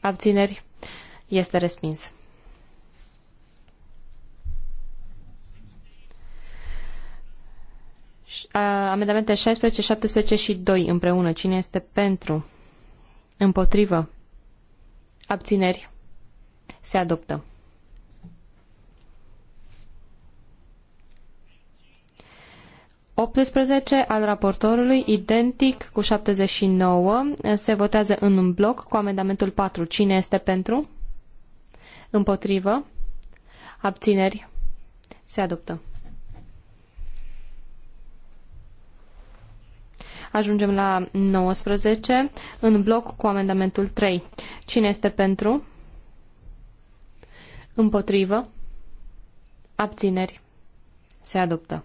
Abțineri. Este respins. 6, amendamente 16, 17 și 2 împreună. Cine este pentru? Împotrivă. Abțineri. Se adoptă. 18 al raportorului, identic cu 79, se votează în un bloc cu amendamentul 4. Cine este pentru? Împotrivă? Abțineri? Se adoptă. Ajungem la 19, în bloc cu amendamentul 3. Cine este pentru? Împotrivă? Abțineri? Se adoptă.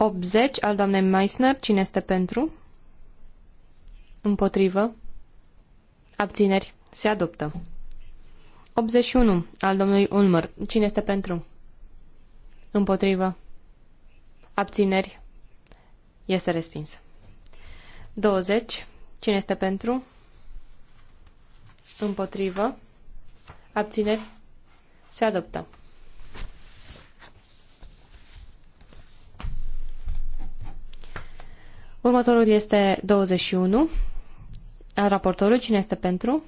80 al doamnei Meissner. Cine este pentru? Împotrivă. Abțineri. Se adoptă. 81 al domnului Ulmer. Cine este pentru? Împotrivă. Abțineri. Este respins. 20. Cine este pentru? Împotrivă. Abțineri. Se adoptă. Următorul este 21 al raportorului. Cine este pentru?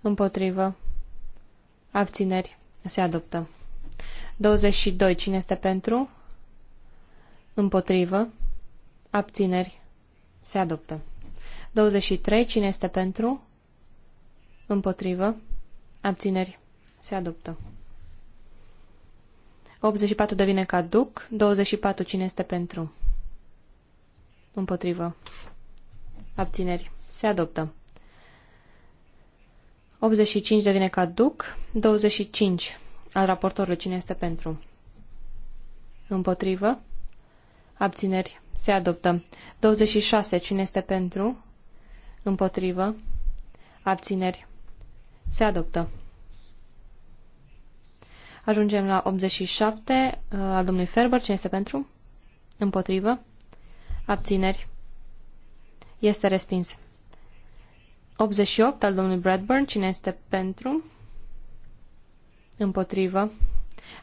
Împotrivă. Abțineri. Se adoptă. 22. Cine este pentru? Împotrivă. Abțineri. Se adoptă. 23. Cine este pentru? Împotrivă. Abțineri. Se adoptă. 84 devine caduc. 24. Cine este pentru? Împotrivă. Abțineri. Se adoptă. 85 devine caduc. 25 al raportorului. Cine este pentru? Împotrivă. Abțineri. Se adoptă. 26. Cine este pentru? Împotrivă. Abțineri. Se adoptă. Ajungem la 87 uh, al domnului Ferber. Cine este pentru? Împotrivă. Abțineri. Este respins. 88 al domnului Bradburn. Cine este pentru? Împotrivă.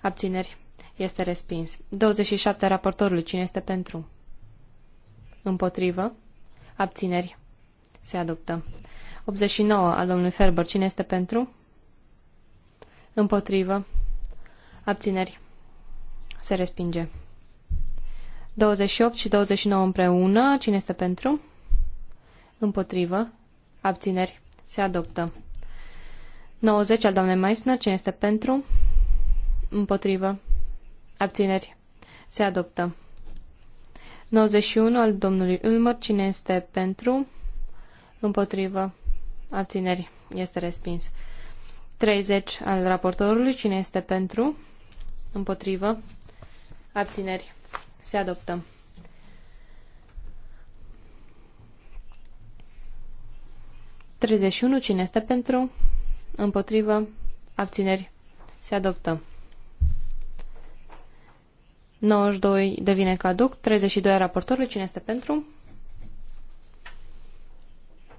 Abțineri. Este respins. 27 raportorul Cine este pentru? Împotrivă. Abțineri. Se adoptă. 89 al domnului Ferber. Cine este pentru? Împotrivă. Abțineri. Se respinge. 28 și 29 împreună. Cine este pentru? Împotrivă. Abțineri. Se adoptă. 90 al doamnei Meissner. Cine este pentru? Împotrivă. Abțineri. Se adoptă. 91 al domnului Ulmer. Cine este pentru? Împotrivă. Abțineri. Este respins. 30 al raportorului. Cine este pentru? Împotrivă. Abțineri. Se adoptă. Treizeci unu. Cine este pentru? Împotrivă. Abțineri. Se adoptă. 92 devine caduc. 32 a raportorului. Cine este pentru?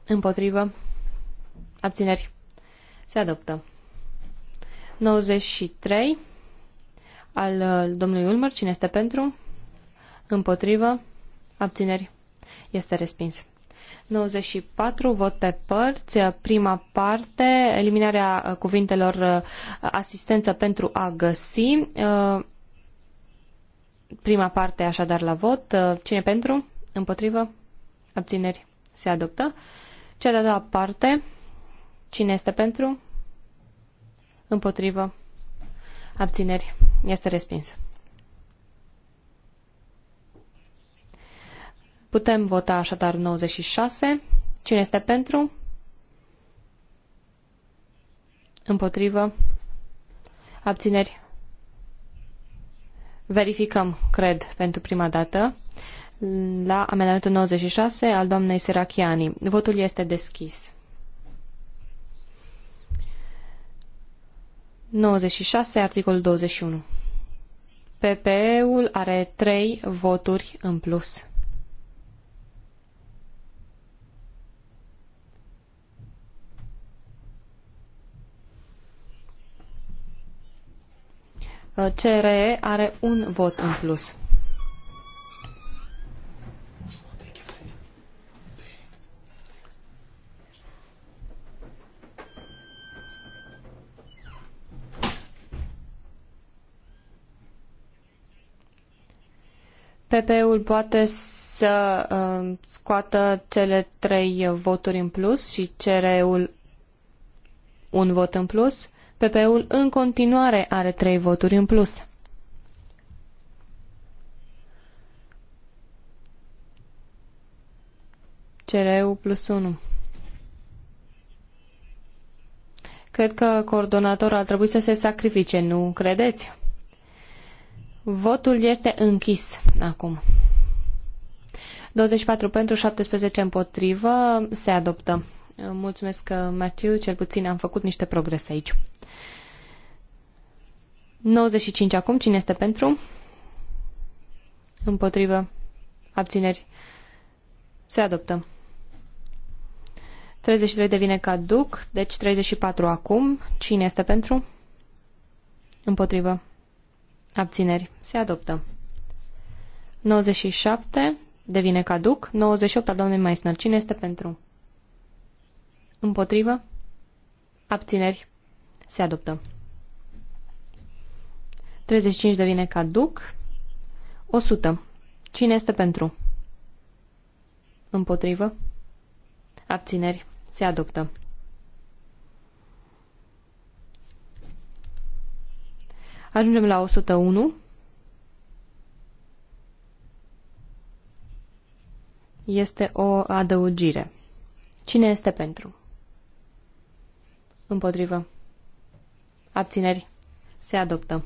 Împotrivă. Abțineri. Se adoptă. 93 al uh, domnului Ulmer. Cine este pentru? Împotrivă. Abțineri. Este respins. 94, vot pe părți. Prima parte, eliminarea uh, cuvintelor uh, asistență pentru a găsi. Uh, prima parte, așadar, la vot. Cine pentru? Împotrivă? Abțineri? Se adoptă. Cea de-a doua parte, cine este pentru? Împotrivă? Abțineri? Este respinsă. Putem vota așadar 96. Cine este pentru? Împotrivă? Abțineri? Verificăm, cred, pentru prima dată la amendamentul 96 al doamnei Serachiani. Votul este deschis. 96, articolul 21. PPE-ul are 3 voturi în plus. Uh, CRE are un vot în plus. PP-ul poate să uh, scoată cele trei voturi în plus și cere un vot în plus? PP-ul în continuare are trei voturi în plus. CRU plus 1. Cred că coordonatorul ar trebui să se sacrifice, nu credeți? Votul este închis acum. 24 pentru, 17 împotrivă, se adoptă. Mulțumesc, uh, Matthew Cel puțin am făcut niște progrese aici. 95 acum. Cine este pentru? Împotrivă. Abțineri. Se adoptă. 33 devine caduc, deci 34 acum. Cine este pentru? Împotrivă. Abțineri. Se adoptă. 97 devine caduc. 98 al doamnei Meissner. Cine este pentru? Împotrivă? Abțineri. Se adoptă. 35 devine caduc. 100. Cine este pentru? Împotrivă? Abțineri. Se adoptă. Ajungem la 101. Este o adăugire. Cine este pentru? Împotrivă. Abțineri. Se adoptă.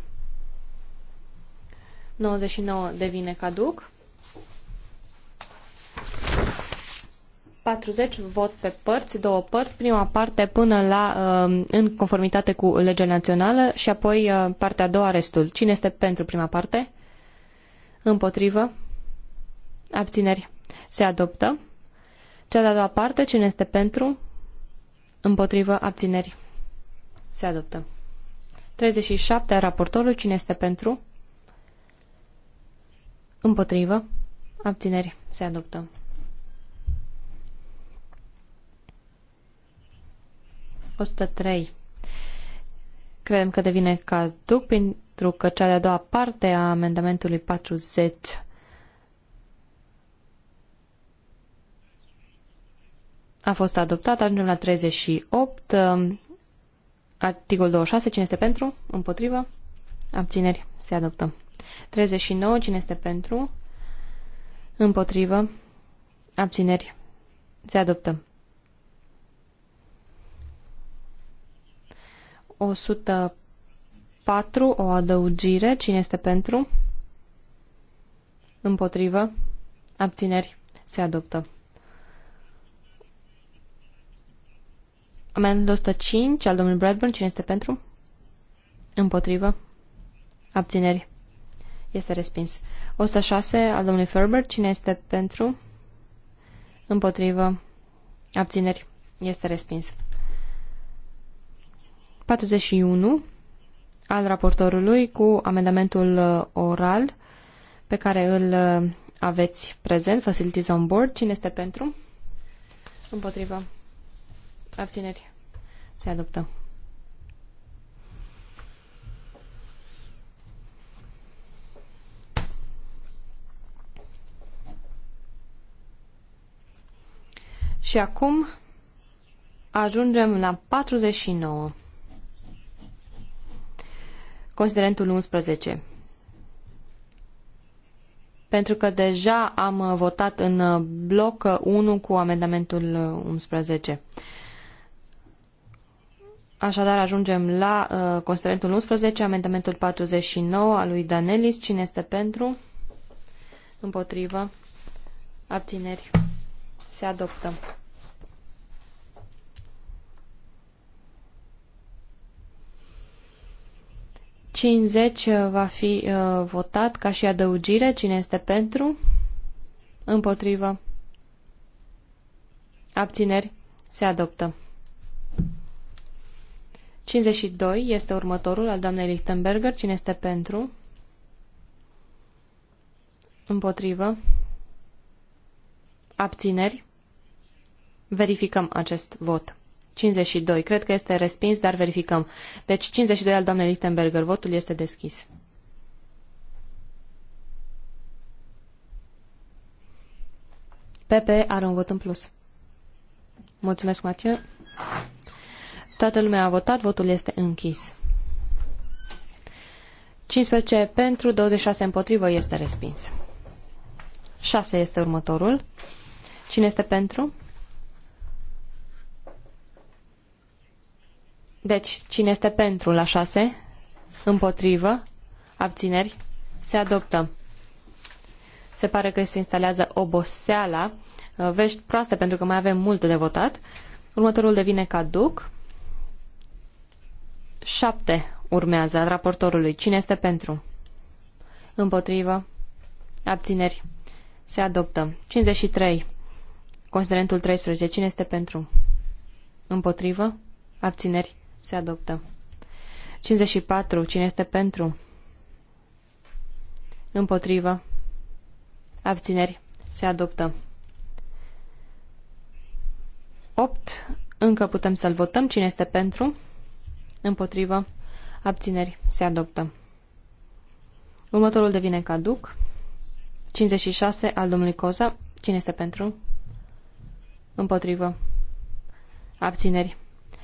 99 devine caduc. 40 vot pe părți, două părți, prima parte până la uh, în conformitate cu legea națională și apoi uh, partea a doua restul. Cine este pentru prima parte? Împotrivă? Abțineri. Se adoptă. Cea de-a doua parte, cine este pentru? Împotrivă abțineri. Se adoptă. 37. Raportorul. Cine este pentru? Împotrivă. Abțineri. Se adoptă. trei. Credem că devine caduc pentru că cea de-a doua parte a amendamentului 40 a fost adoptat. Ajungem la 38. Articol 26. Cine este pentru? Împotrivă? Abțineri. Se adoptă. 39. Cine este pentru? Împotrivă? Abțineri. Se adoptă. 104. O adăugire. Cine este pentru? Împotrivă? Abțineri. Se adoptă. Amendul 105 al domnului Bradburn, cine este pentru? Împotrivă. Abțineri. Este respins. 106 al domnului Ferber, cine este pentru? Împotrivă. Abțineri. Este respins. 41 al raportorului cu amendamentul uh, oral pe care îl uh, aveți prezent, Facilities on Board. Cine este pentru? Împotrivă. Abțineri. Se adoptă. Și acum ajungem la 49. Considerentul 11. Pentru că deja am votat în bloc 1 cu amendamentul 11. Așadar, ajungem la uh, considerentul 11, amendamentul 49 al lui Danelis. Cine este pentru? Împotrivă. Abțineri. Se adoptă. Cincizeci uh, va fi uh, votat ca și adăugire. Cine este pentru? Împotrivă. Abțineri. Se adoptă. 52 este următorul al doamnei Lichtenberger. Cine este pentru? Împotrivă. Abțineri. Verificăm acest vot. 52. Cred că este respins, dar verificăm. Deci 52 al doamnei Lichtenberger. Votul este deschis. PP are un vot în plus. Mulțumesc, Mathieu. Toată lumea a votat, votul este închis. 15 pentru, 26 împotrivă, este respins. 6 este următorul. Cine este pentru? Deci, cine este pentru la 6? Împotrivă? Abțineri? Se adoptă. Se pare că se instalează oboseala. Vești proaste pentru că mai avem mult de votat. Următorul devine caduc. 7 urmează al raportorului. Cine este pentru? Împotrivă. Abțineri. Se adoptă. 53. Considerentul 13. Cine este pentru? Împotrivă. Abțineri. Se adoptă. 54. Cine este pentru? Împotrivă. Abțineri. Se adoptă. 8. Încă putem să-l votăm. Cine este pentru? Împotrivă. Abțineri. Se adoptă. Următorul devine caduc. 56 al domnului Coza. Cine este pentru? Împotrivă. Abțineri.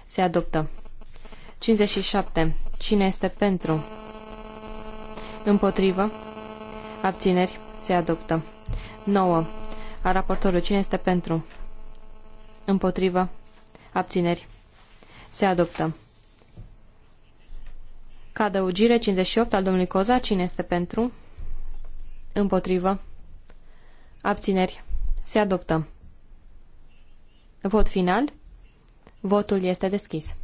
Se adoptă. 57. Cine este pentru? Împotrivă. Abțineri. Se adoptă. 9. A raportorului. Cine este pentru? Împotrivă. Abțineri. Se adoptă. Ca adăugire, 58 al domnului Coza. Cine este pentru? Împotrivă. Abțineri. Se adoptă. Vot final. Votul este deschis.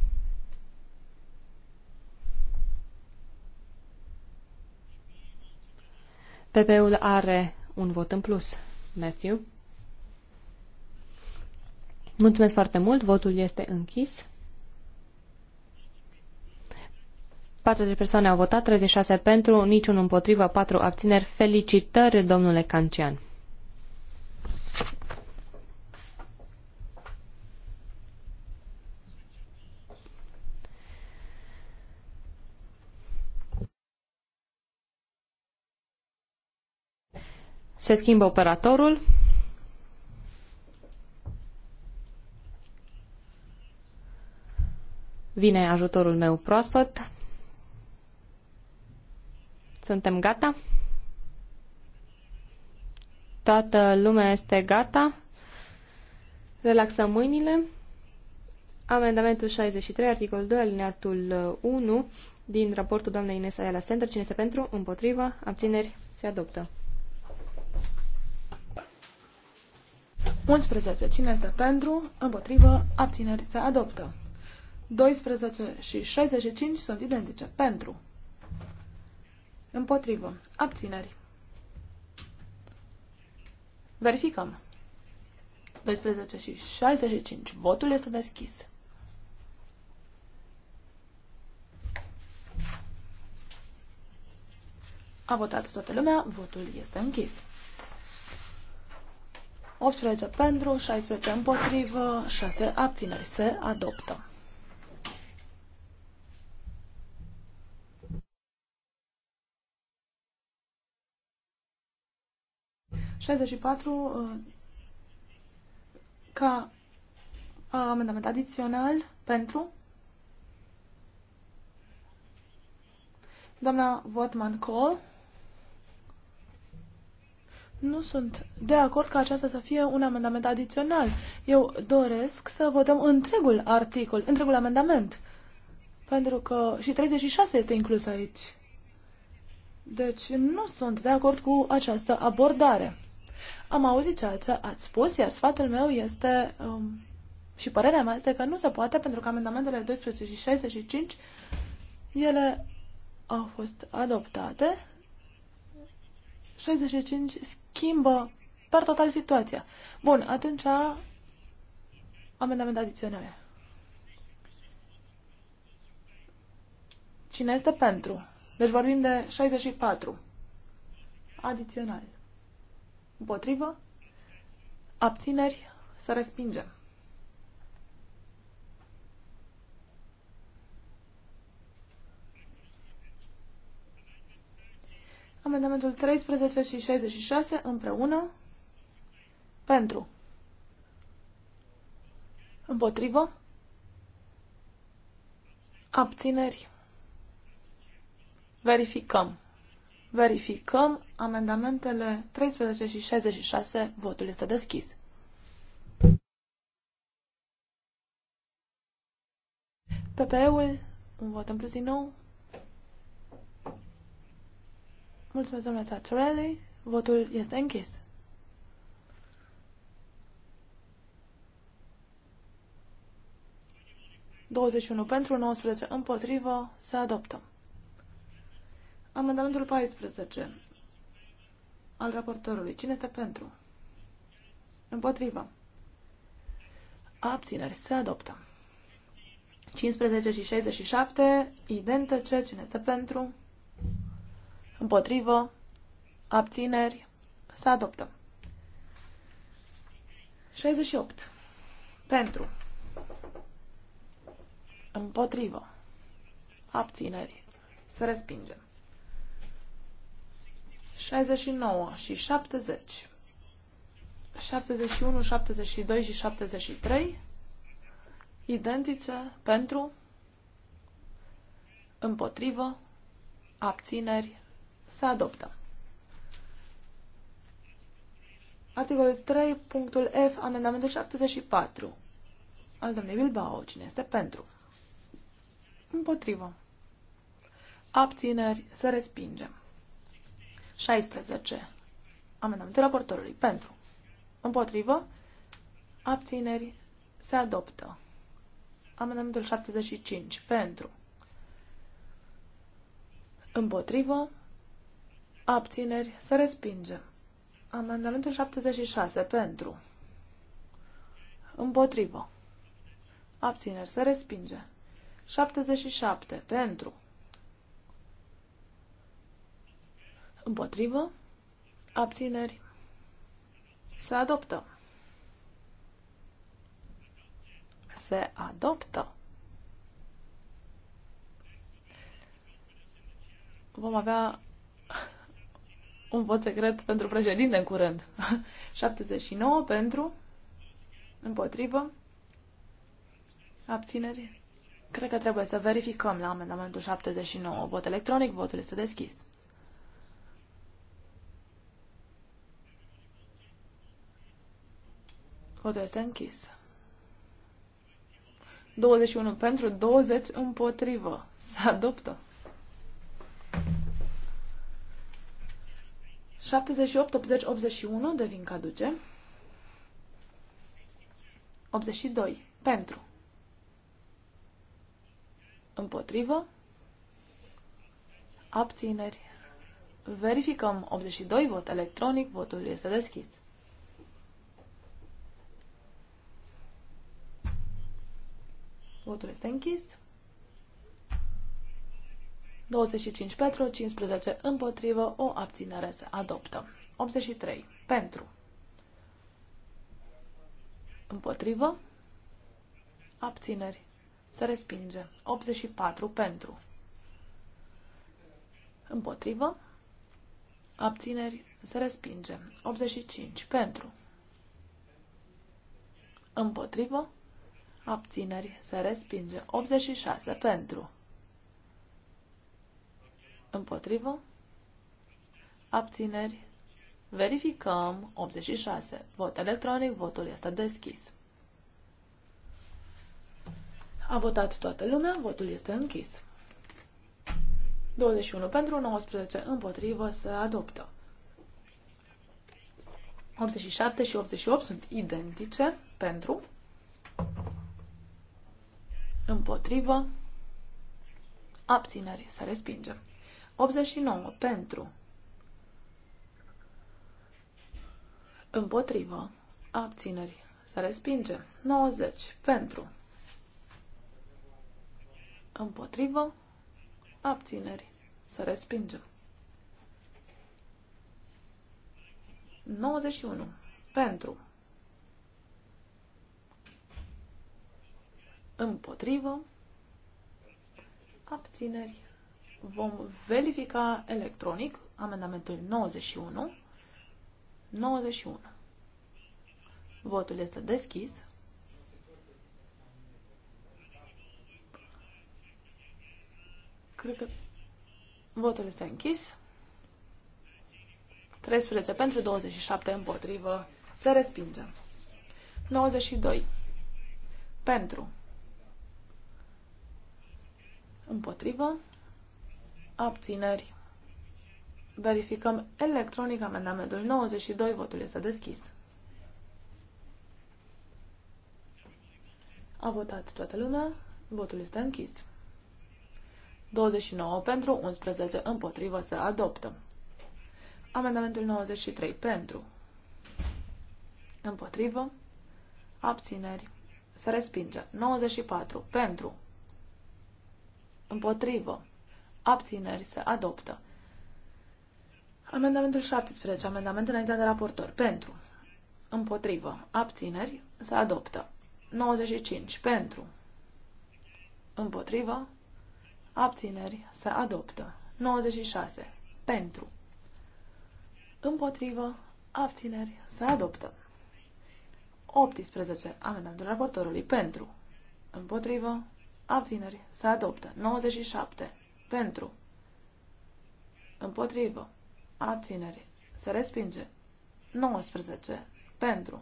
PP-ul are un vot în plus. Matthew. Mulțumesc foarte mult. Votul este închis. 40 persoane au votat, 36 pentru, niciun împotrivă, 4 abțineri. Felicitări, domnule Cancian! Se schimbă operatorul. Vine ajutorul meu proaspăt. Suntem gata? Toată lumea este gata? Relaxăm mâinile. Amendamentul 63, articolul 2, alineatul 1 uh, din raportul doamnei Inesa la Center. Cine este pentru? Împotrivă? Abțineri? Se adoptă. 11. Cine este pentru? Împotrivă? Abțineri? Se adoptă. 12 și 65 sunt identice. Pentru. Împotrivă. Abțineri. Verificăm. 12 și 65. Votul este deschis. A votat toată lumea, votul este închis. 18 pentru, 16 împotrivă, 6 abțineri. Se adoptă. 64 uh, ca uh, amendament adițional pentru doamna Votman Cole. Nu sunt de acord ca aceasta să fie un amendament adițional. Eu doresc să votăm întregul articol, întregul amendament. Pentru că și 36 este inclus aici. Deci nu sunt de acord cu această abordare. Am auzit ceea ce ați spus, iar sfatul meu este um, și părerea mea este că nu se poate pentru că amendamentele 12 și 65 ele au fost adoptate. 65 schimbă per total situația. Bun, atunci amendament adițional. Cine este pentru? Deci vorbim de 64. Adițional. Împotrivă? Abțineri? Să respingem. Amendamentul 13 și 66 împreună. Pentru. Împotrivă. Abțineri. Verificăm. Verificăm amendamentele 13 și 66. Votul este deschis. PPE-ul, un vot în plus din nou. Mulțumesc, domnule Tatarelli. Votul este închis. ...21 pentru, 19 împotrivă, se adoptăm. Amendamentul 14 al raportorului. Cine este pentru? Împotrivă. Abțineri. Se adoptă. 15 și 67 identice. Cine este pentru? Împotrivă. Abțineri. Se adoptă. 68. Pentru. Împotrivă. Abțineri. Se respinge. 69 și 70. 71, 72 și 73 identice pentru împotrivă abțineri se adoptă. Articolul 3, punctul F, amendamentul 74 al domnului Bilbao. Cine este pentru? Împotrivă. Abțineri se respingem. 16. Amendamentul raportorului. Pentru. Împotrivă. Abțineri. Se adoptă. Amendamentul 75. Pentru. Împotrivă. Abțineri. Se respinge. Amendamentul 76. Pentru. Împotrivă. Abțineri. Se respinge. 77. Pentru. Împotrivă. Abțineri. Se adoptă. Se adoptă. Vom avea un vot secret pentru președinte în curând. 79 pentru. Împotrivă. Abțineri. Cred că trebuie să verificăm la amendamentul 79. Vot electronic. Votul este deschis. Votul este închis. 21 pentru, 20 împotrivă. Se adoptă. 78, 80, 81 devin caduce. 82 pentru. Împotrivă. Abțineri. Verificăm 82 vot electronic, votul este deschis. Votul este închis. 25 pentru, 15 împotrivă, o abținere se adoptă. 83 pentru, împotrivă, abțineri, se respinge. 84 pentru, împotrivă, abțineri, se respinge. 85 pentru, împotrivă, abțineri, se respinge. 86 pentru, împotrivă, abțineri, verificăm, 86, vot electronic, votul este deschis. A votat toată lumea, votul este închis. 21 pentru, 19 împotrivă, se adoptă. 87 și 88 sunt identice pentru, Împotrivă. Abțineri. Să respingem. 89. Pentru. Împotrivă. Abțineri. Să respingem. 90. Pentru. Împotrivă. Abțineri. Să respingem. 91. Pentru. Împotrivă. Abțineri. Vom verifica electronic amendamentul 91. 91. Votul este deschis. Cred că votul este închis. 13 pentru 27 împotrivă. Se respinge. 92. Pentru. Împotrivă. Abțineri. Verificăm electronic amendamentul 92. Votul este deschis. A votat toată lumea. Votul este închis. 29 pentru, 11 împotrivă se adoptă. Amendamentul 93 pentru. Împotrivă. Abțineri. Se respinge. 94 pentru. Împotrivă. Abțineri se adoptă. Amendamentul 17. Amendament înaintea de raportor. Pentru. Împotrivă. Abțineri se adoptă. 95. Pentru. Împotrivă. Abțineri se adoptă. 96. Pentru. Împotrivă. Abțineri se adoptă. 18. Amendamentul raportorului. Pentru. Împotrivă. Abțineri. Se adoptă. 97. Pentru. Împotrivă. Abțineri. Se respinge. 19. Pentru.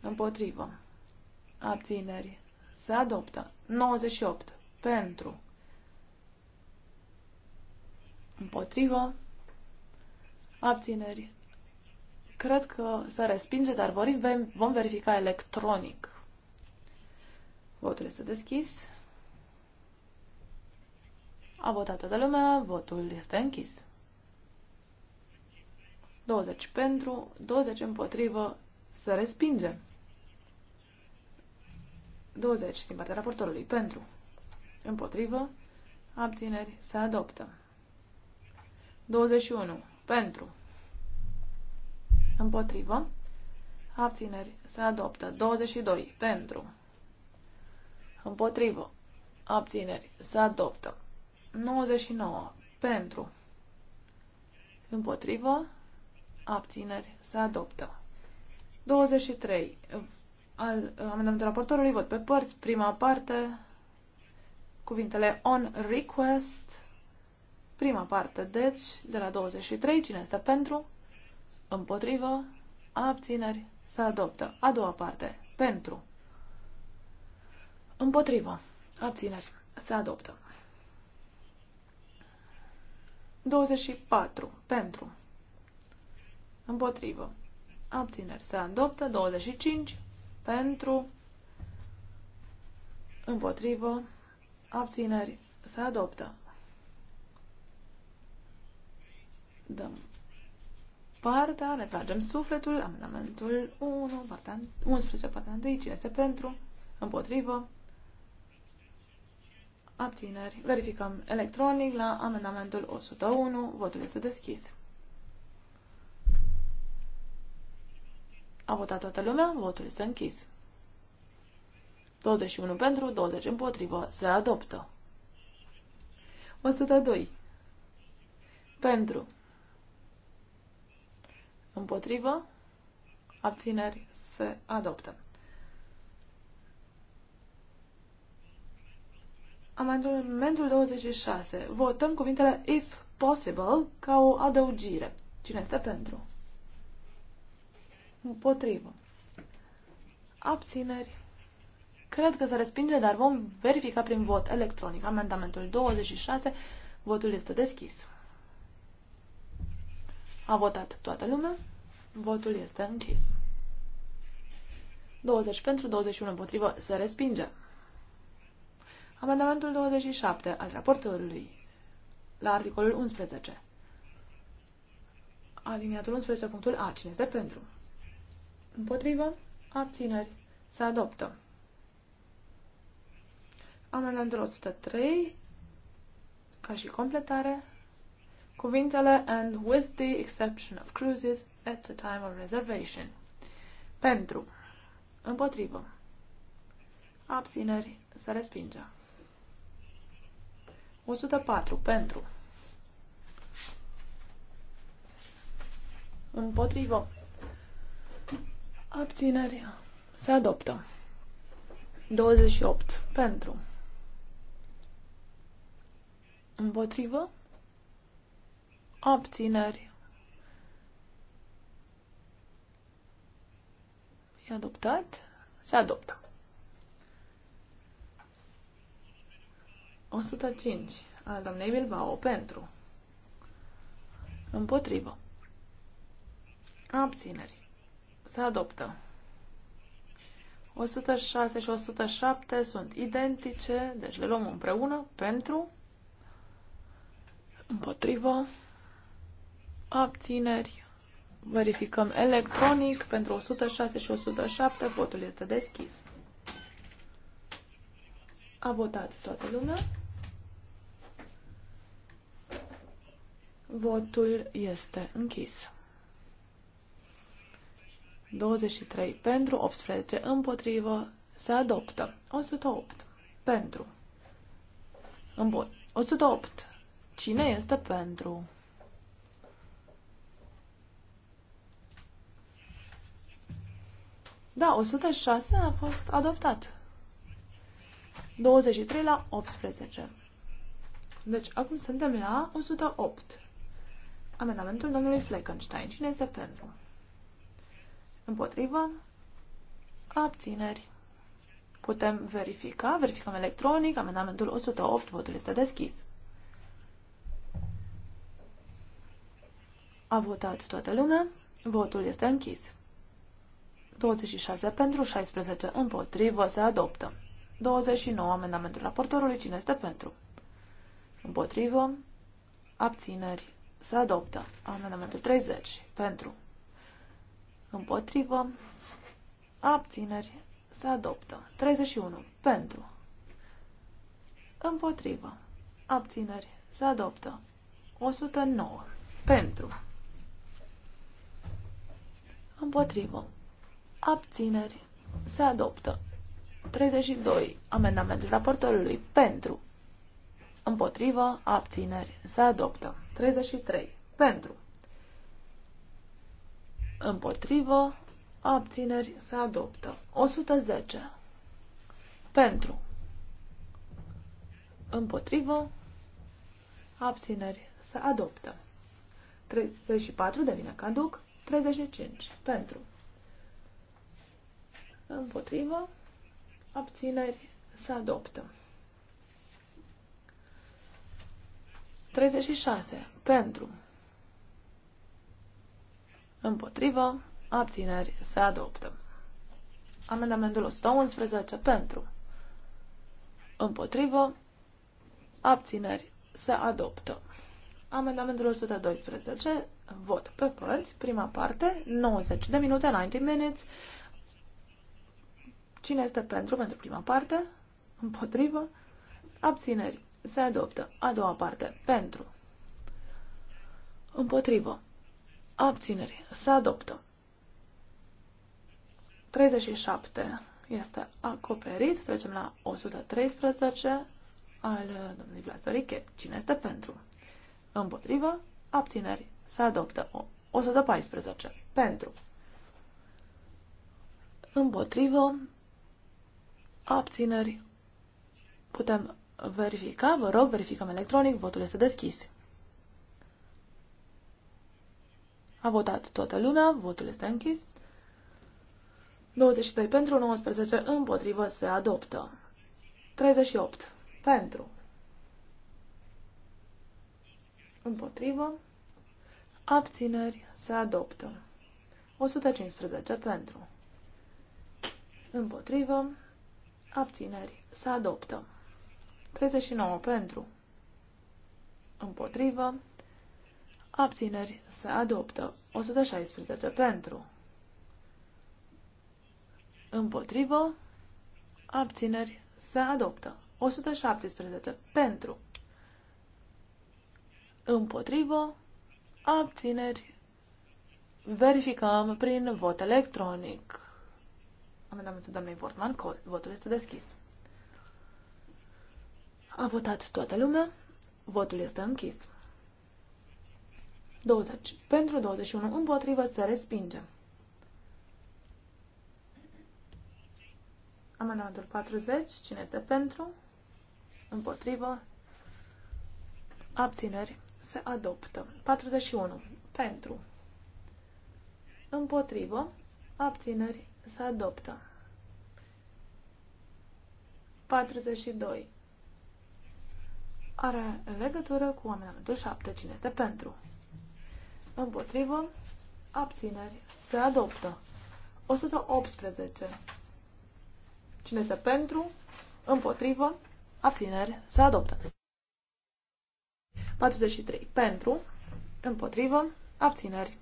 Împotrivă. Abțineri. Se adoptă. 98. Pentru. Împotrivă. Abțineri. Cred că se respinge, dar vom verifica electronic. Votul este deschis. A votat toată lumea, votul este închis. 20 pentru, 20 împotrivă, să respingem. 20 din partea raportorului pentru, împotrivă, abțineri, se adoptă. 21 pentru, împotrivă, abțineri, se adoptă. 22 pentru, Împotrivă. Abțineri. Se adoptă. 99. Pentru. Împotrivă. Abțineri. Se adoptă. 23. Al amendamentul raportorului vot pe părți. Prima parte. Cuvintele on request. Prima parte, deci, de la 23. Cine este pentru? Împotrivă. Abțineri. Se adoptă. A doua parte. Pentru. Împotrivă. Abțineri. Se adoptă. 24. Pentru. Împotrivă. Abțineri. Se adoptă. 25. Pentru. Împotrivă. Abțineri. Se adoptă. Dăm partea, ne tragem sufletul, amendamentul 1, partea 11, partea 1, cine este pentru, împotrivă, abțineri. Verificăm electronic la amendamentul 101. Votul este deschis. A votat toată lumea, votul este închis. 21 pentru, 20 împotrivă, se adoptă. 102. Pentru. Împotrivă, abțineri, se adoptă. Amendamentul 26. Votăm cuvintele if possible ca o adăugire. Cine este pentru? Împotrivă. Abțineri. Cred că se respinge, dar vom verifica prin vot electronic. Amendamentul 26. Votul este deschis. A votat toată lumea. Votul este închis. 20 pentru, 21 împotrivă, se respinge. Amendamentul 27 al raportorului la articolul 11. Aliniatul 11, punctul A. Cine este pentru? Împotrivă? Abțineri. Se adoptă. Amendamentul 103, ca și completare, cuvintele and with the exception of cruises at the time of reservation. Pentru. Împotrivă. Abțineri. Se respinge. 104 pentru. Împotrivă. Abținerea. Se adoptă. 28 pentru. Împotrivă. Abțineri. E adoptat. Se adoptă. 105 al domnei Bilbao pentru. Împotrivă. Abțineri. Se adoptă. 106 și 107 sunt identice, deci le luăm împreună pentru, împotrivă, abțineri. Verificăm electronic pentru 106 și 107, votul este deschis. A votat toată lumea. Votul este închis. 23 pentru, 18 împotrivă, se adoptă. 108 pentru. 108. Cine este pentru? Da, 106 a fost adoptat. 23 la 18. Deci acum suntem la 108. Amendamentul domnului Fleckenstein. Cine este pentru? Împotrivă? Abțineri. Putem verifica. Verificăm electronic. Amendamentul 108. Votul este deschis. A votat toată lumea. Votul este închis. 26 pentru, 16 împotrivă, se adoptă. 29. Amendamentul raportorului. Cine este pentru? Împotrivă. Abțineri. Se adoptă. Amendamentul 30. Pentru. Împotrivă. Abțineri. Se adoptă. 31. Pentru. Împotrivă. Abțineri. Se adoptă. 109. Pentru. Împotrivă. Abțineri. Se adoptă. 32. Amendamentul raportorului. Pentru. Împotrivă. Abțineri. Se adoptă. 33. Pentru. Împotrivă. Abțineri. Se adoptă. 110. Pentru. Împotrivă. Abțineri. Se adoptă. 34 devine caduc. 35. Pentru. Împotrivă. Abțineri. Se adoptă. 36. Pentru. Împotrivă. Abțineri. Se adoptă. Amendamentul 111. Pentru. Împotrivă. Abțineri. Se adoptă. Amendamentul 112. Vot pe părți. Prima parte. 90 de minute. 90 minutes. Cine este pentru? Pentru prima parte. Împotrivă. Abțineri se adoptă. A doua parte. Pentru. Împotrivă. Abțineri. Se adoptă. 37 este acoperit. Trecem la 113 al domnului Vlastoriche. Cine este pentru? Împotrivă. Abțineri. Se adoptă. 114. Pentru. Împotrivă. Abțineri. Putem verifica, vă rog, verificăm electronic, votul este deschis. A votat toată lumea, votul este închis. 22 pentru, 19 împotrivă, se adoptă. 38 pentru, împotrivă, abțineri, se adoptă. 115 pentru, împotrivă, abțineri, se adoptă. 39 pentru. Împotrivă. Abțineri se adoptă. 116 pentru. Împotrivă. Abțineri se adoptă. 117 pentru. Împotrivă. Abțineri. Verificăm prin vot electronic. Amendamentul doamnei Vortman, votul este deschis. A votat toată lumea. Votul este închis. 20. Pentru 21 împotrivă se respinge. Amendamentul 40. Cine este pentru? Împotrivă. Abțineri. Se adoptă. 41. Pentru. Împotrivă. Abțineri. Se adoptă. 42 are legătură cu amendamentul 7. Cine este pentru? Împotrivă. Abțineri. Se adoptă. 118. Cine este pentru? Împotrivă. Abțineri. Se adoptă. 43. Pentru. Împotrivă. Abțineri.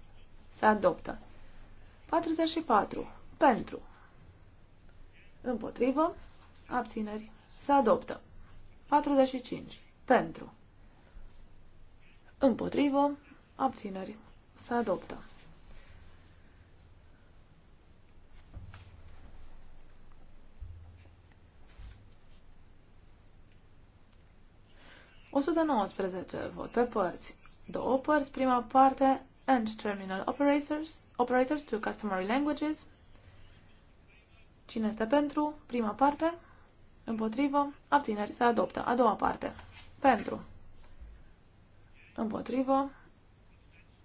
Se adoptă. 44. Pentru. Împotrivă. Abțineri. Se adoptă. 45. Pentru. Împotrivă. Abțineri. Se adoptă. ...119 vot pe părți. Două părți, prima parte, and terminal operators, operators to customary languages. Cine este pentru? Prima parte. Împotrivă. Abțineri. Se adoptă. A doua parte. Pentru. Împotrivă.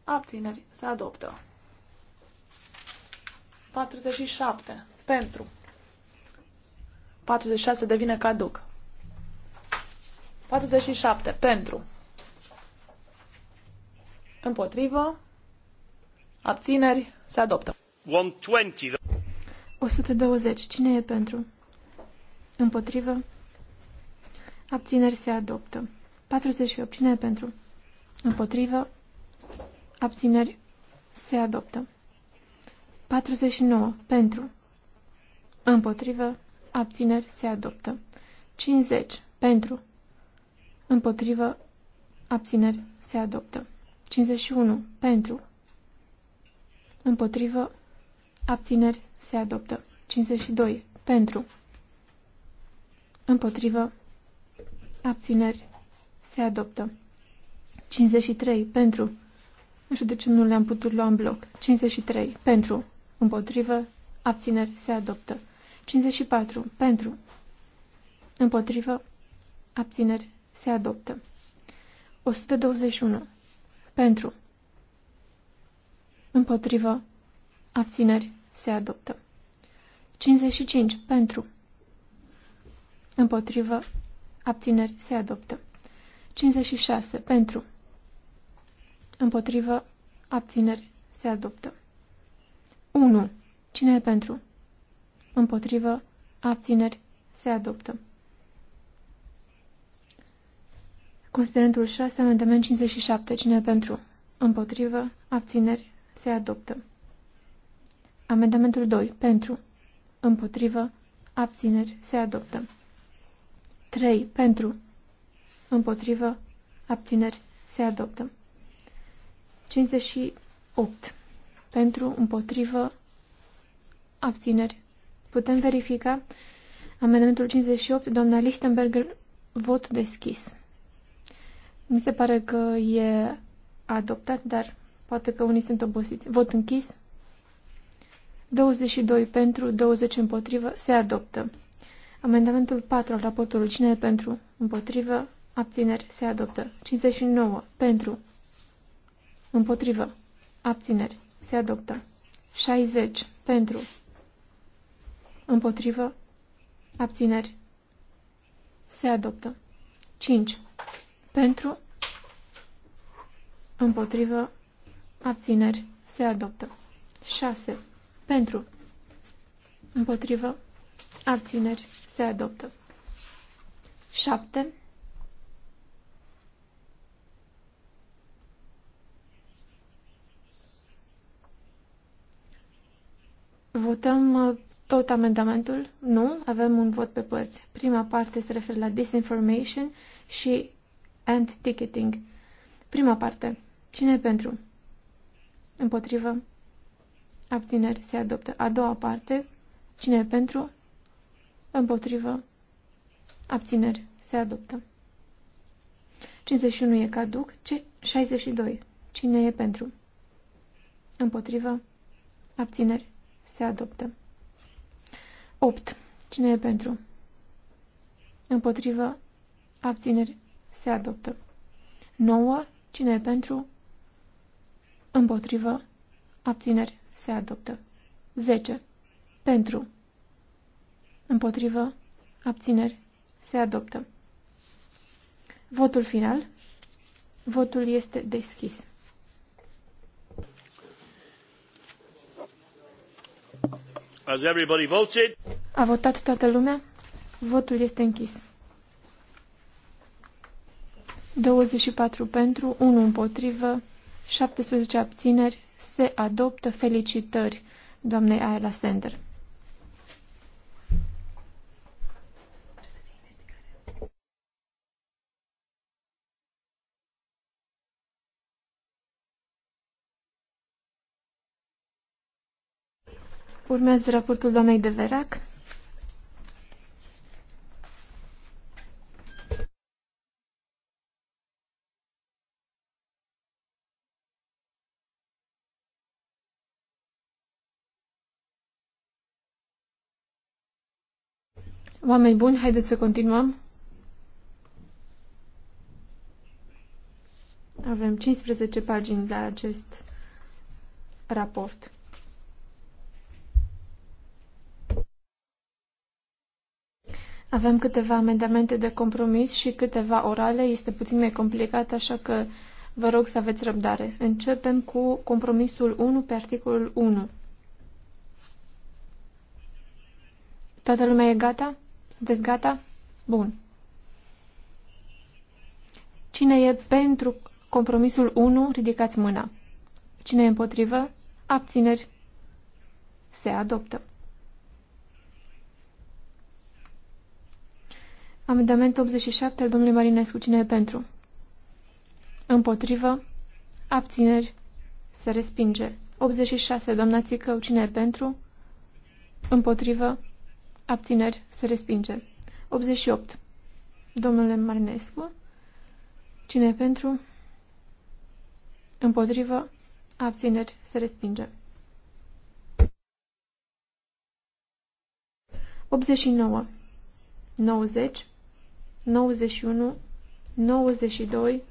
Abțineri. Se adoptă. 47. Pentru. 46 devine caduc. 47. Pentru. Împotrivă. Abțineri. Se adoptă. 120. 120. Cine e pentru? Împotrivă. Abțineri se adoptă. 48. Cine e pentru? Împotrivă. Abțineri se adoptă. 49. Pentru. Împotrivă. Abțineri se adoptă. 50. Pentru. Împotrivă. Abțineri se adoptă. 51. Pentru. Împotrivă. Abțineri se adoptă. 52. Pentru. Împotrivă. Abțineri. Se adoptă. 53. Pentru. Nu știu de ce nu le-am putut lua în bloc. 53. Pentru. Împotrivă. Abțineri. Se adoptă. 54. Pentru. Împotrivă. Abțineri. Se adoptă. 121. Pentru. Împotrivă. Abțineri. Se adoptă. 55. Pentru. Împotrivă. Abțineri se adoptă. 56. Pentru. Împotrivă. Abțineri se adoptă. 1. Cine e pentru? Împotrivă. Abțineri se adoptă. Considerentul 6, amendament 57. Cine e pentru? Împotrivă. Abțineri se adoptă. Amendamentul 2. Pentru. Împotrivă. Abțineri se adoptă. 3 pentru, împotrivă, abțineri, se adoptă. 58 pentru, împotrivă, abțineri. Putem verifica amendamentul 58, doamna Lichtenberger, vot deschis. Mi se pare că e adoptat, dar poate că unii sunt obosiți. Vot închis. 22 pentru, 20 împotrivă, se adoptă. Amendamentul 4 al raportului cine pentru, împotrivă, abțineri se adoptă. 59 pentru, împotrivă, abțineri se adoptă. 60 pentru, împotrivă, abțineri se adoptă. 5 pentru, împotrivă, abțineri se adoptă. 6 pentru, împotrivă, abțineri se adoptă. 7. Votăm uh, tot amendamentul? Nu, avem un vot pe părți. Prima parte se referă la disinformation și anti-ticketing. Prima parte. Cine pentru? Împotrivă? Abțineri se adoptă. A doua parte. Cine pentru? Împotrivă. Abțineri. Se adoptă. 51 e caduc. Ce? 62. Cine e pentru? Împotrivă. Abțineri. Se adoptă. 8. Cine e pentru? Împotrivă. Abțineri. Se adoptă. 9. Cine e pentru? Împotrivă. Abțineri. Se adoptă. 10. Pentru. Împotrivă. Abțineri. Se adoptă. Votul final. Votul este deschis. Has everybody voted? A votat toată lumea? Votul este închis. 24 pentru, 1 împotrivă, 17 abțineri. Se adoptă felicitări doamnei Ayala Sender. Urmează raportul doamnei de Verac. Oameni buni, haideți să continuăm. Avem 15 pagini la acest raport. Avem câteva amendamente de compromis și câteva orale. Este puțin mai complicat, așa că vă rog să aveți răbdare. Începem cu compromisul 1 pe articolul 1. Toată lumea e gata? Sunteți gata? Bun. Cine e pentru compromisul 1, ridicați mâna. Cine e împotrivă? Abțineri. Se adoptă. Amendamentul 87 al domnului Marinescu. Cine e pentru? Împotrivă. Abțineri. Se respinge. 86. Doamna Țicău. Cine e pentru? Împotrivă. Abțineri. Se respinge. 88. Domnule Marinescu. Cine e pentru? Împotrivă. Abțineri. Se respinge. 89. 90. 91, 92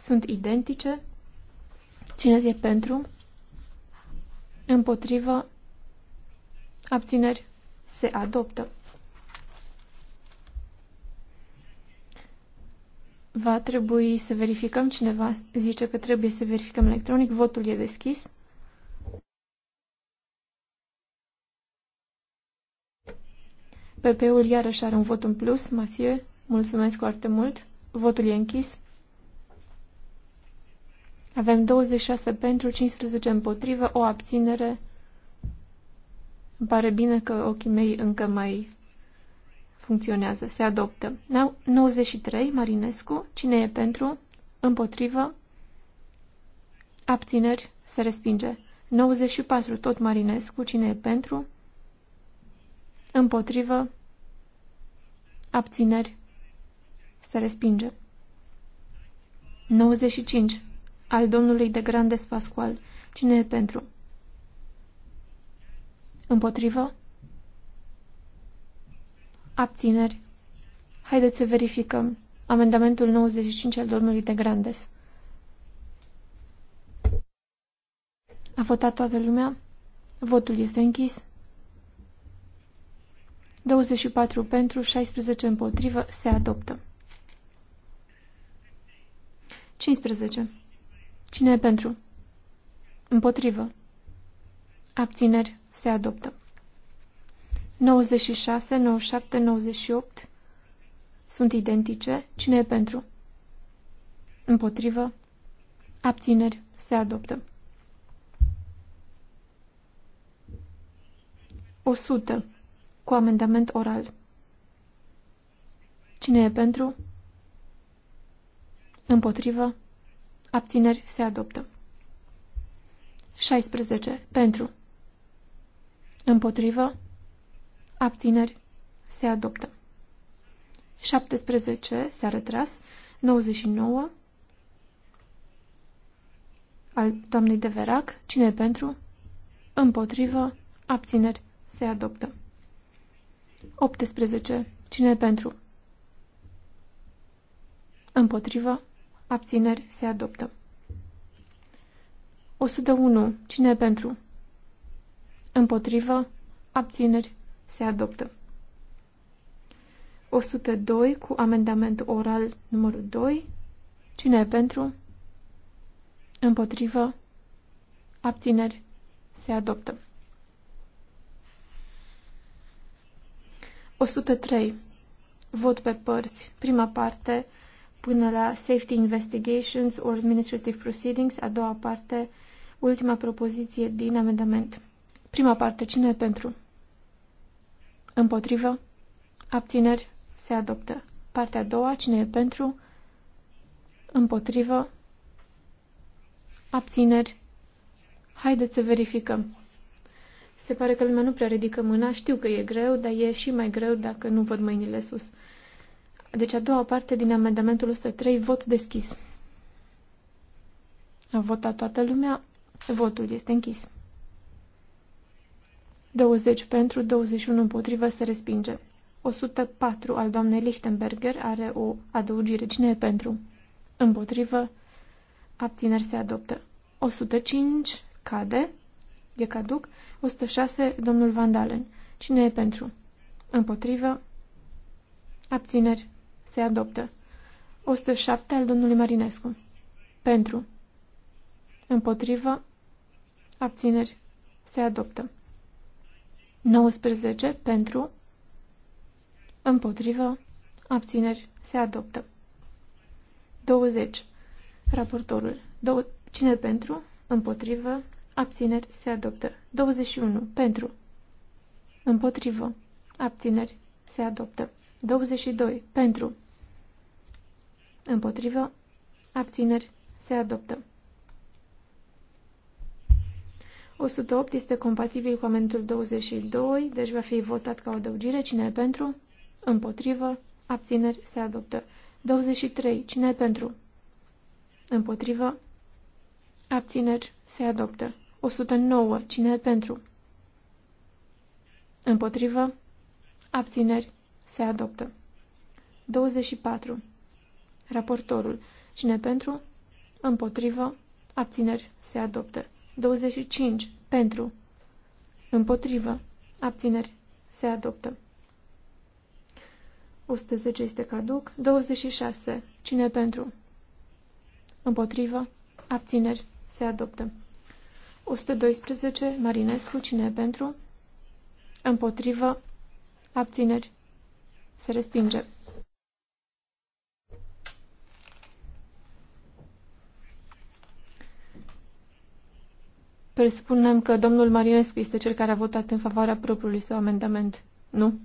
sunt identice. Cine e pentru? Împotrivă? Abțineri? Se adoptă. Va trebui să verificăm. Cineva zice că trebuie să verificăm electronic. Votul e deschis. PP-ul iarăși are un vot în plus, Mathieu. Mulțumesc foarte mult. Votul e închis. Avem 26 pentru, 15 împotrivă, o abținere. Îmi pare bine că ochii mei încă mai funcționează, se adoptă. 93, Marinescu, cine e pentru, împotrivă, abțineri, se respinge. 94, tot Marinescu, cine e pentru, împotrivă, abțineri, se respinge. 95. Al domnului de Grandes Pascual. Cine e pentru? Împotrivă? Abțineri. Haideți să verificăm. Amendamentul 95 al domnului de Grandes. A votat toată lumea? Votul este închis. 24 pentru, 16 împotrivă, se adoptă. 15. Cine e pentru? Împotrivă. Abțineri se adoptă. 96, 97, 98 sunt identice. Cine e pentru? Împotrivă. Abțineri se adoptă. 100. Cu amendament oral. Cine e pentru? Împotrivă. Abțineri se adoptă. 16. Pentru. Împotrivă. Abțineri se adoptă. 17. S-a retras. 99. Al doamnei de Verac. Cine pentru? Împotrivă. Abțineri se adoptă. 18. Cine pentru? Împotrivă. Abțineri se adoptă. 101. Cine pentru? Împotrivă. Abțineri se adoptă. 102 cu amendamentul oral numărul 2. Cine e pentru? Împotrivă. Abțineri se adoptă. 103. Vot pe părți. Prima parte până la Safety Investigations or Administrative Proceedings, a doua parte, ultima propoziție din amendament. Prima parte, cine pentru? Împotrivă? Abțineri? Se adoptă. Partea a doua, cine e pentru? Împotrivă? Abțineri? Haideți să verificăm. Se pare că lumea nu prea ridică mâna, știu că e greu, dar e și mai greu dacă nu văd mâinile sus. Deci a doua parte din amendamentul 103, vot deschis. A votat toată lumea, votul este închis. 20 pentru, 21 împotrivă, se respinge. 104 al doamnei Lichtenberger are o adăugire. Cine e pentru? Împotrivă, abțineri se adoptă. 105 cade, e caduc. 106 domnul Vandalen. Cine e pentru? Împotrivă, abțineri se adoptă. 107 al domnului Marinescu. Pentru. Împotrivă. Abțineri. Se adoptă. 19 pentru. Împotrivă. Abțineri. Se adoptă. 20. Raportorul. Dou- Cine pentru? Împotrivă. Abțineri. Se adoptă. 21. Pentru. Împotrivă. Abțineri. Se adoptă. 22. Pentru. Împotrivă. Abțineri. Se adoptă. 108 este compatibil cu amendul 22, deci va fi votat ca o adăugire. Cine e pentru? Împotrivă. Abțineri. Se adoptă. 23. Cine e pentru? Împotrivă. Abțineri. Se adoptă. 109. Cine e pentru? Împotrivă. Abțineri. Se adoptă. 24. Raportorul. Cine pentru? Împotrivă. Abțineri. Se adoptă. 25. Pentru. Împotrivă. Abțineri. Se adoptă. 110 este caduc. 26. Cine pentru? Împotrivă. Abțineri. Se adoptă. 112. Marinescu. Cine pentru? Împotrivă. Abțineri. Se respinge. Presupunem că domnul Marinescu este cel care a votat în favoarea propriului său amendament, nu?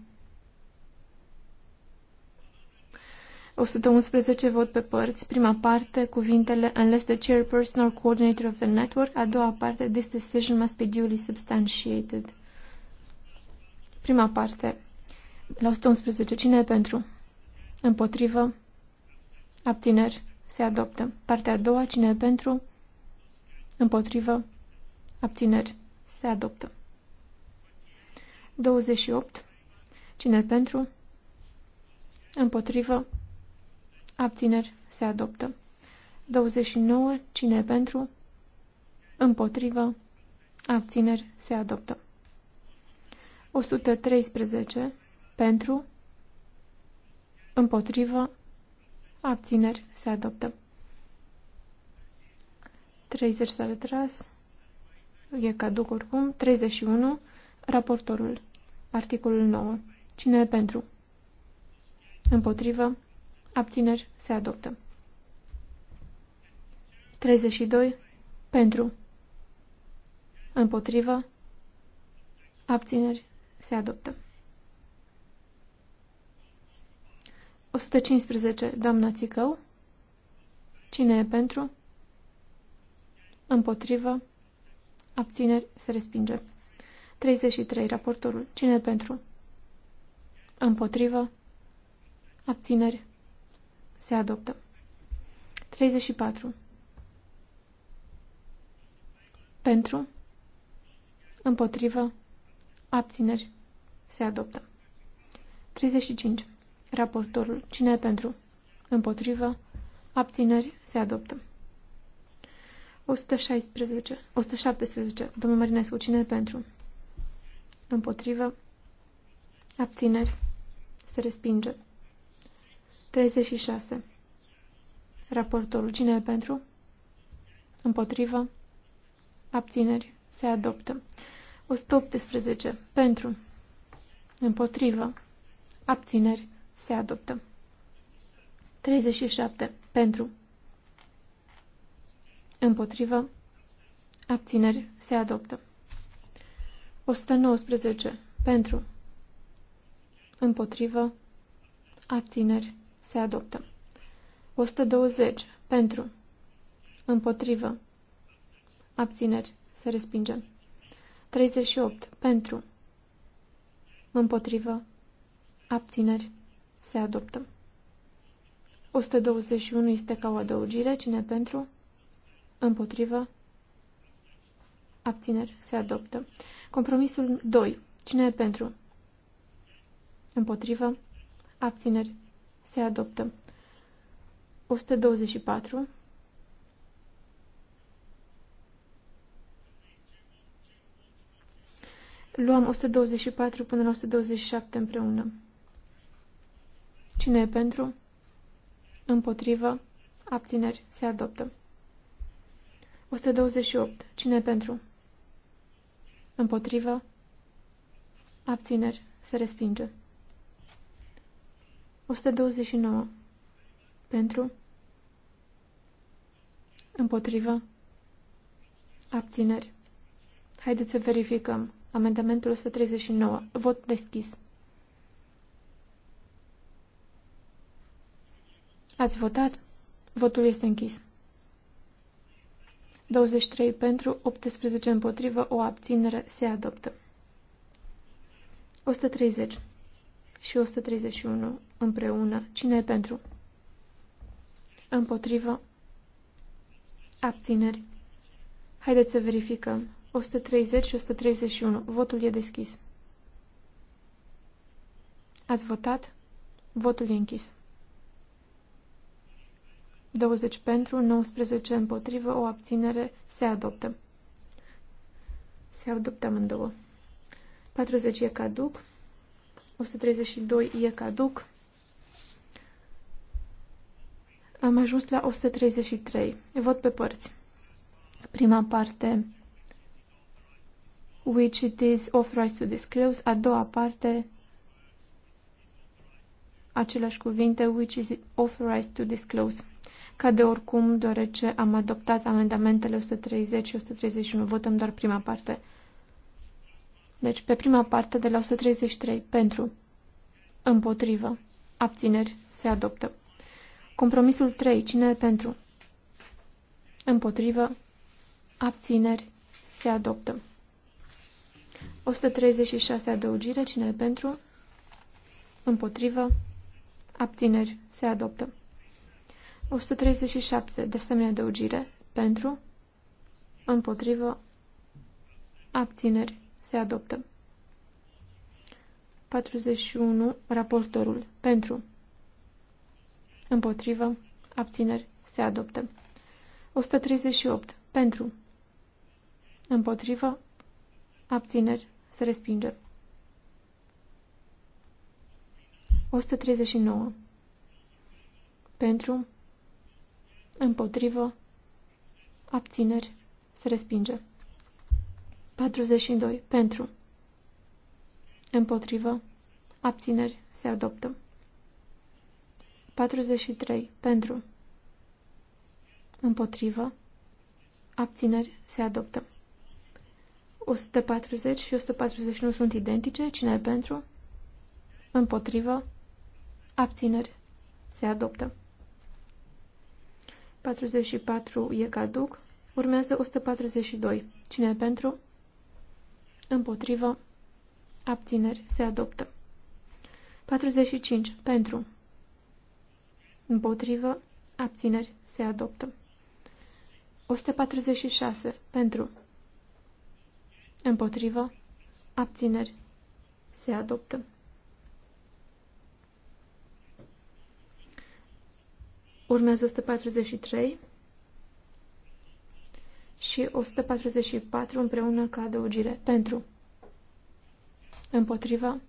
111 vot pe părți. Prima parte, cuvintele Unless the chairperson or coordinator of the network. A doua parte, This decision must be duly substantiated. Prima parte, la 111. Cine e pentru? Împotrivă? Abțineri? Se adoptă. Partea a doua. Cine e pentru? Împotrivă? Abțineri? Se adoptă. 28. Cine e pentru? Împotrivă? Abțineri? Se adoptă. 29. Cine e pentru? Împotrivă? Abțineri? Se adoptă. 113 pentru, împotrivă, abțineri, se adoptă. 30 s-a retras, e caduc oricum, 31, raportorul, articolul 9. Cine e pentru? Împotrivă, abțineri, se adoptă. 32, pentru, împotrivă, abțineri, se adoptă. 115, doamna Țicău. Cine e pentru? Împotrivă. Abțineri. Se respinge. 33. Raportorul. Cine e pentru? Împotrivă. Abțineri. Se adoptă. 34. Pentru. Împotrivă. Abțineri. Se adoptă. 35. Raportorul. Cine e pentru? Împotrivă. Abțineri. Se adoptă. 116. 117. Domnul Marinescu. Cine e pentru? Împotrivă. Abțineri. Se respinge. 36. Raportorul. Cine e pentru? Împotrivă. Abțineri. Se adoptă. 118. Pentru. Împotrivă. Abțineri. Se adoptă. 37. Pentru. Împotrivă. Abțineri. Se adoptă. 119. Pentru. Împotrivă. Abțineri. Se adoptă. 120. Pentru. Împotrivă. Abțineri. Se respinge. 38. Pentru. Împotrivă. Abțineri. Se adoptă. 121 este ca o adăugire. Cine pentru? Împotrivă? Abțineri. Se adoptă. Compromisul 2. Cine e pentru? Împotrivă? Abțineri. Se adoptă. 124. Luăm 124 până la 127 împreună. Cine e pentru? Împotrivă. Abțineri. Se adoptă. 128. Cine e pentru? Împotrivă. Abțineri. Se respinge. 129. Pentru. Împotrivă. Abțineri. Haideți să verificăm. Amendamentul 139. Vot deschis. Ați votat? Votul este închis. 23 pentru, 18 împotrivă, o abținere se adoptă. 130 și 131 împreună. Cine e pentru? Împotrivă. Abțineri. Haideți să verificăm. 130 și 131. Votul e deschis. Ați votat? Votul e închis. 20 pentru, 19 împotrivă, o abținere se adoptă. Se adoptă amândouă. 40 e caduc, 132 e caduc. Am ajuns la 133. Vot pe părți. Prima parte, which it is authorized to disclose. A doua parte, aceleași cuvinte, which is authorized to disclose ca de oricum, deoarece am adoptat amendamentele 130 și 131. Votăm doar prima parte. Deci, pe prima parte, de la 133, pentru, împotrivă, abțineri, se adoptă. Compromisul 3, cine pentru? Împotrivă, abțineri, se adoptă. 136 adăugire, cine pentru? Împotrivă, abțineri, se adoptă. 137 de de adăugire pentru, împotrivă, abțineri se adoptă. 41. Raportorul pentru, împotrivă, abțineri se adoptă. 138. Pentru, împotrivă, abțineri se respinge. 139. Pentru, împotrivă, abțineri, se respinge. 42. Pentru, împotrivă, abțineri, se adoptă. 43. Pentru, împotrivă, abțineri, se adoptă. 140 și 141 sunt identice. Cine e pentru? Împotrivă, abțineri, se adoptă. 44 e caduc. Urmează 142. Cine e pentru? Împotrivă. Abțineri. Se adoptă. 45. Pentru. Împotrivă. Abțineri. Se adoptă. 146. Pentru. Împotrivă. Abțineri. Se adoptă. Urmează 143 și 144 împreună ca adăugire. Pentru. Împotriva.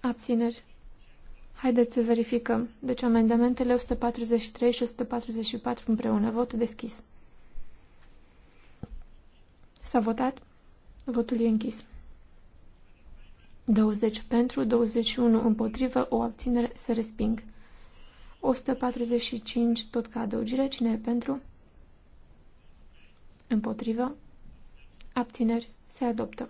Abțineri. Haideți să verificăm. Deci amendamentele 143 și 144 împreună. Vot deschis. S-a votat. Votul e închis. 20 pentru, 21 împotrivă, o abținere se resping. 145 tot ca adăugire. Cine e pentru? Împotrivă. Abțineri. Se adoptă.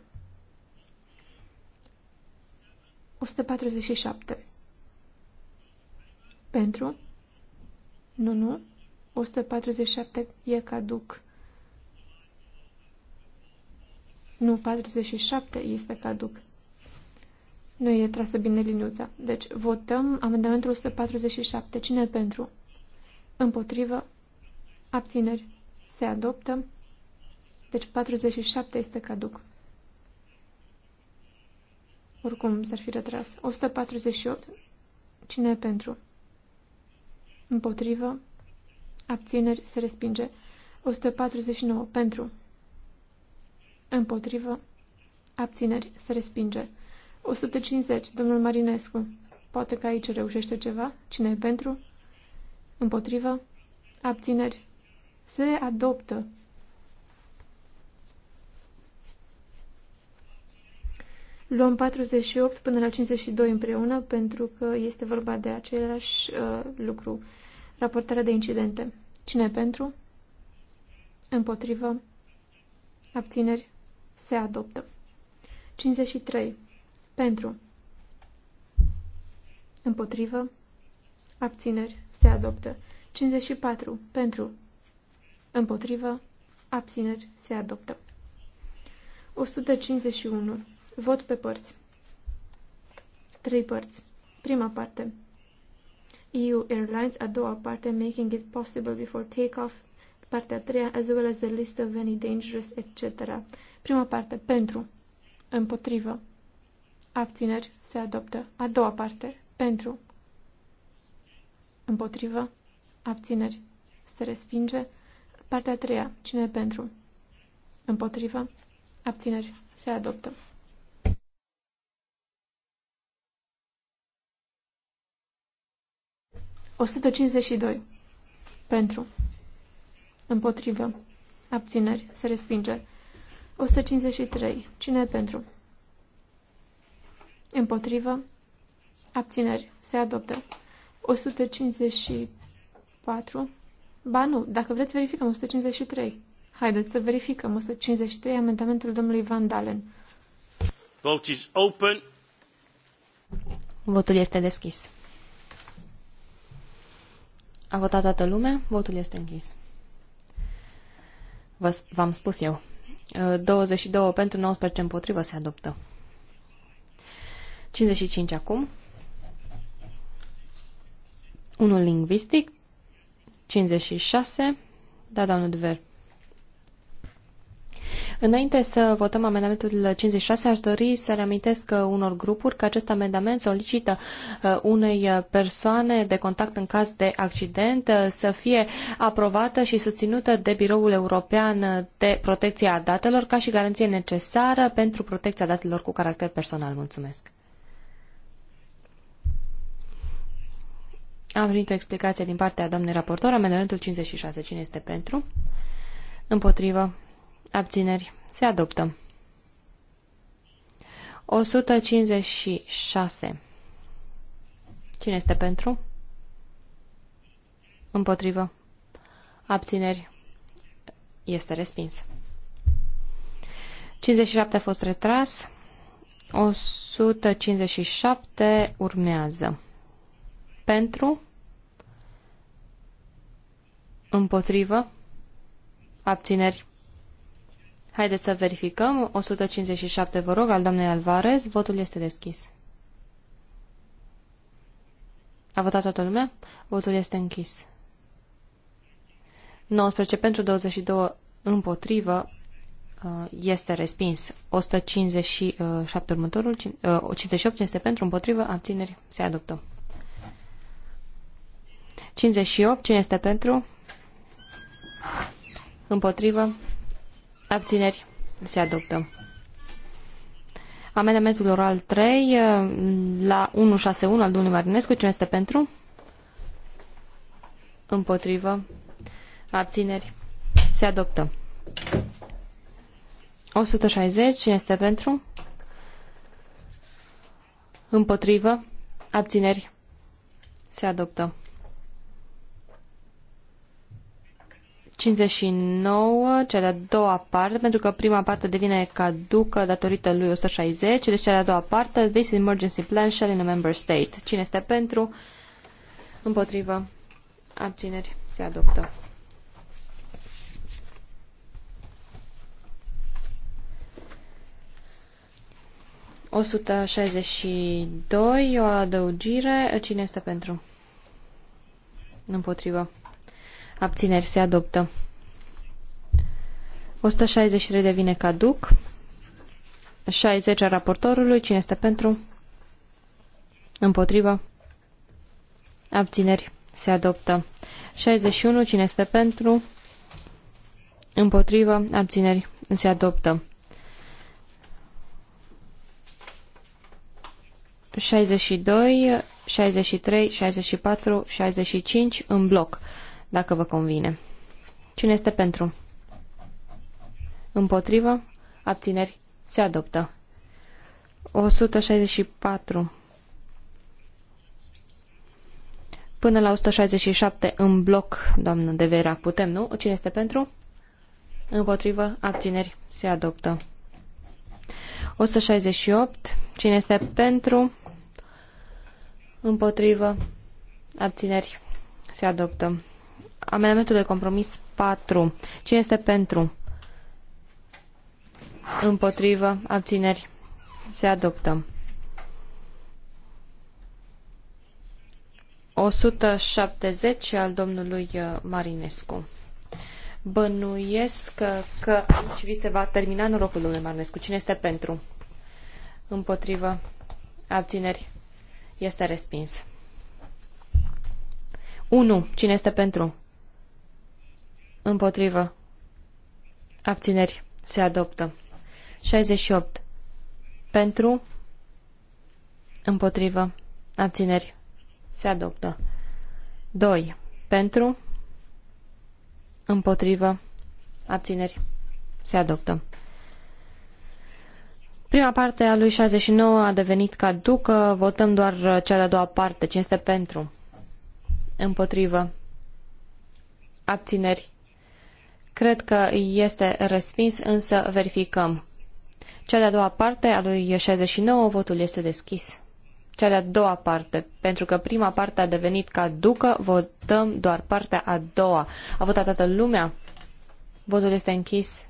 147. Pentru? Nu, nu. 147 e caduc. Nu, 47 este caduc. Nu e trasă bine liniuța. Deci votăm amendamentul 147. Cine pentru? Împotrivă. Abțineri. Se adoptă. Deci 47 este caduc. Oricum s-ar fi retras. 148. Cine e pentru? Împotrivă. Abțineri. Se respinge. 149. Pentru. Împotrivă. Abțineri. Se respinge. 150, domnul Marinescu. Poate că aici reușește ceva. Cine e pentru? Împotrivă? Abțineri? Se adoptă. Luăm 48 până la 52 împreună pentru că este vorba de același uh, lucru. Raportarea de incidente. Cine pentru? Împotrivă? Abțineri? Se adoptă. 53. Pentru. Împotrivă. Abțineri. Se adoptă. 54. Pentru. Împotrivă. Abțineri. Se adoptă. 151. Vot pe părți. 3 părți. Prima parte. EU Airlines, a doua parte, Making it possible before takeoff, partea a treia, as well as the list of any dangerous, etc. Prima parte, pentru, împotrivă, Abțineri se adoptă. A doua parte. Pentru. Împotrivă. Abțineri se respinge. Partea a treia. Cine pentru? Împotrivă. Abțineri se adoptă. O 152. Pentru. Împotrivă. Abțineri. Se respinge. 153. Cine pentru? Împotrivă. Abțineri. Se adoptă. 154. Ba nu, dacă vreți verificăm 153. Haideți să verificăm 153 amendamentul domnului Van Dalen. Vote is open. Votul este deschis. A votat toată lumea, votul este închis. V-am spus eu. 22 uh, pentru 19 împotrivă se adoptă. 55 acum. Unul lingvistic. 56. Da, doamnă Duver. Înainte să votăm amendamentul 56, aș dori să reamintesc unor grupuri că acest amendament solicită uh, unei uh, persoane de contact în caz de accident uh, să fie aprobată și susținută de Biroul European de Protecție a Datelor ca și garanție necesară pentru protecția datelor cu caracter personal. Mulțumesc! Am primit o explicație din partea doamnei raportor, amendamentul 56. Cine este pentru? Împotrivă. Abțineri. Se adoptă. 156. Cine este pentru? Împotrivă. Abțineri. Este respins. 57 a fost retras. 157 urmează pentru, împotrivă, abțineri. Haideți să verificăm. 157, vă rog, al doamnei Alvarez. Votul este deschis. A votat toată lumea? Votul este închis. 19 pentru 22 împotrivă uh, este respins. 157 următorul, 58 uh, este pentru împotrivă, abțineri se adoptă. 58. Cine este pentru? Împotrivă. Abțineri. Se adoptă. Amendamentul oral 3 uh, la 161 al domnului Marinescu. Cine este pentru? Împotrivă. Abțineri. Se adoptă. 160. Cine este pentru? Împotrivă. Abțineri. Se adoptă. 59, cea de-a doua parte, pentru că prima parte devine caducă datorită lui 160, deci cea de-a doua parte, This Emergency Plan shall in a Member State. Cine este pentru? Împotrivă. Abțineri. Se adoptă. O 162, o adăugire. Cine este pentru? Împotrivă abțineri se adoptă. 163 devine caduc. 60 a raportorului. Cine este pentru? Împotriva. Abțineri. Se adoptă. 61. Cine este pentru? Împotrivă. Abțineri. Se adoptă. 62, 63, 64, 65 în bloc dacă vă convine. Cine este pentru? Împotrivă? Abțineri? Se adoptă. 164 până la 167 în bloc, doamnă de Vera. Putem, nu? Cine este pentru? Împotrivă? Abțineri? Se adoptă. 168. Cine este pentru? Împotrivă? Abțineri? Se adoptă. Amendamentul de compromis 4. Cine este pentru? Împotrivă. Abțineri. Se adoptă. 170 al domnului uh, Marinescu. Bănuiesc că, aici vi se va termina norocul, domnule Marinescu. Cine este pentru? Împotrivă. Abțineri. Este respins. 1. Cine este pentru? Împotrivă. Abțineri. Se adoptă. 68. Pentru. Împotrivă. Abțineri. Se adoptă. 2. Pentru. Împotrivă. Abțineri. Se adoptă. Prima parte a lui 69 a devenit caducă. Votăm doar cea de-a doua parte. Cine este pentru? Împotrivă. Abțineri. Cred că este respins, însă verificăm. Cea de-a doua parte a lui 69, votul este deschis. Cea de-a doua parte, pentru că prima parte a devenit caducă, votăm doar partea a doua. A votat toată lumea? Votul este închis.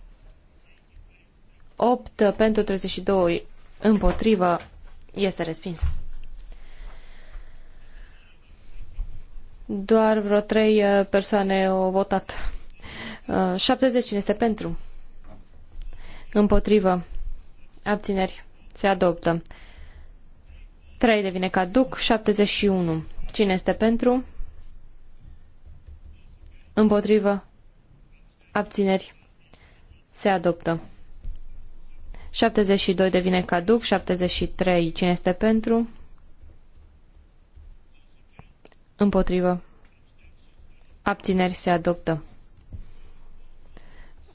8 pentru 32 împotrivă este respins. Doar vreo trei eh, persoane au votat. 70 uh, cine este pentru? Împotrivă. Abțineri. Se adoptă. 3 devine caduc. 71. Cine este pentru? Împotrivă. Abțineri. Se adoptă. 72 devine caduc. 73. Cine este pentru? Împotrivă. Abțineri se adoptă.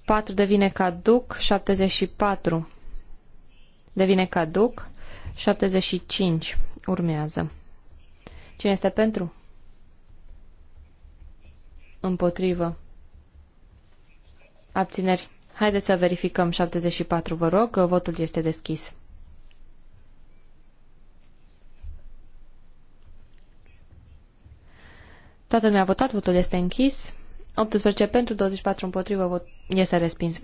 4 devine caduc, 74 devine caduc, 75 urmează. Cine este pentru? Împotrivă. Abțineri. Haideți să verificăm 74, vă rog, că votul este deschis. Toată lumea a votat, votul este închis. 18 pentru, 24 împotrivă, vot este respins.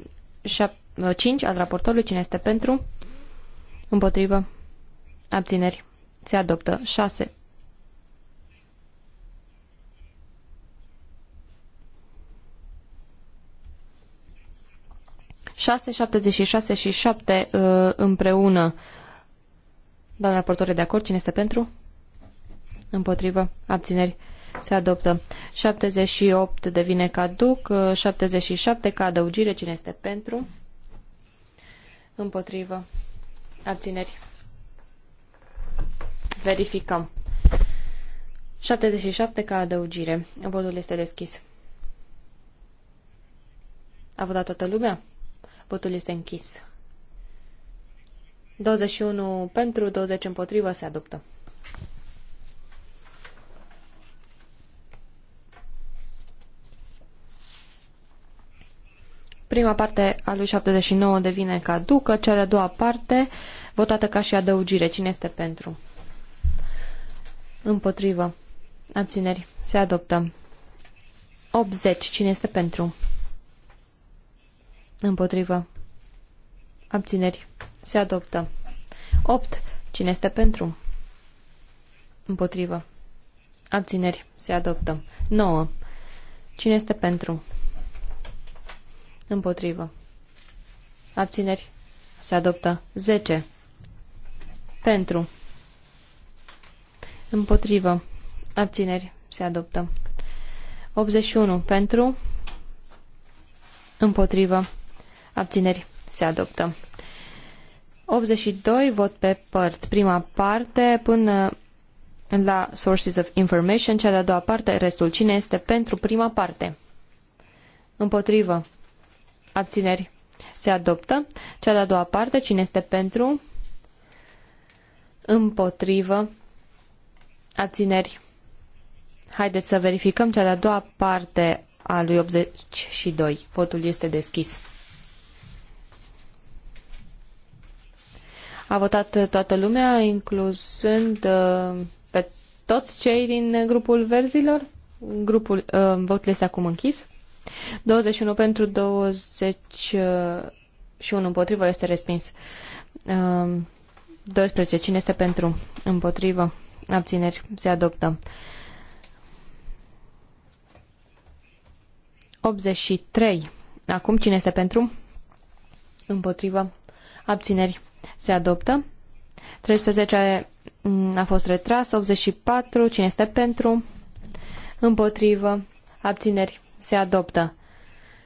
5 al raportorului, cine este pentru? Împotrivă. Abțineri. Se adoptă. 6. șase, șaptezeci și șase și șapte uh, împreună. Doamna raportor, de acord? Cine este pentru? Împotrivă. Abțineri se adoptă. 78 devine caduc, 77 ca adăugire, cine este pentru? Împotrivă. Abțineri. Verificăm. 77 ca adăugire. Votul este deschis. A votat toată lumea? Votul este închis. 21 pentru, 20 împotrivă, se adoptă. Prima parte a lui 79 devine caducă, cea de-a doua parte votată ca și adăugire. Cine este pentru? Împotrivă. Abțineri. Se adoptă. 80. Cine este pentru? Împotrivă. Abțineri. Se adoptă. 8. Cine este pentru? Împotrivă. Abțineri. Se adoptă. 9. Cine este pentru? Împotrivă. Abțineri. Se adoptă. 10. Pentru. Împotrivă. Abțineri. Se adoptă. 81. Pentru. Împotrivă. Abțineri. Se adoptă. 82. Vot pe părți. Prima parte până la Sources of Information. Cea de-a doua parte. Restul. Cine este pentru prima parte? Împotrivă abțineri se adoptă. Cea de-a doua parte, cine este pentru, împotrivă, abțineri. Haideți să verificăm cea de-a doua parte a lui 82. Votul este deschis. A votat toată lumea, incluzând uh, pe toți cei din grupul verzilor. Grupul, uh, votul este acum închis. 21 pentru 21 împotrivă este respins. 12. Ehm, cine este pentru? Împotrivă. Abțineri. Se adoptă. 83. Acum cine este pentru? Împotrivă. Abțineri. Se adoptă. 13 mm, a fost retras. 84. Cine este pentru? Împotrivă. Abțineri se adoptă.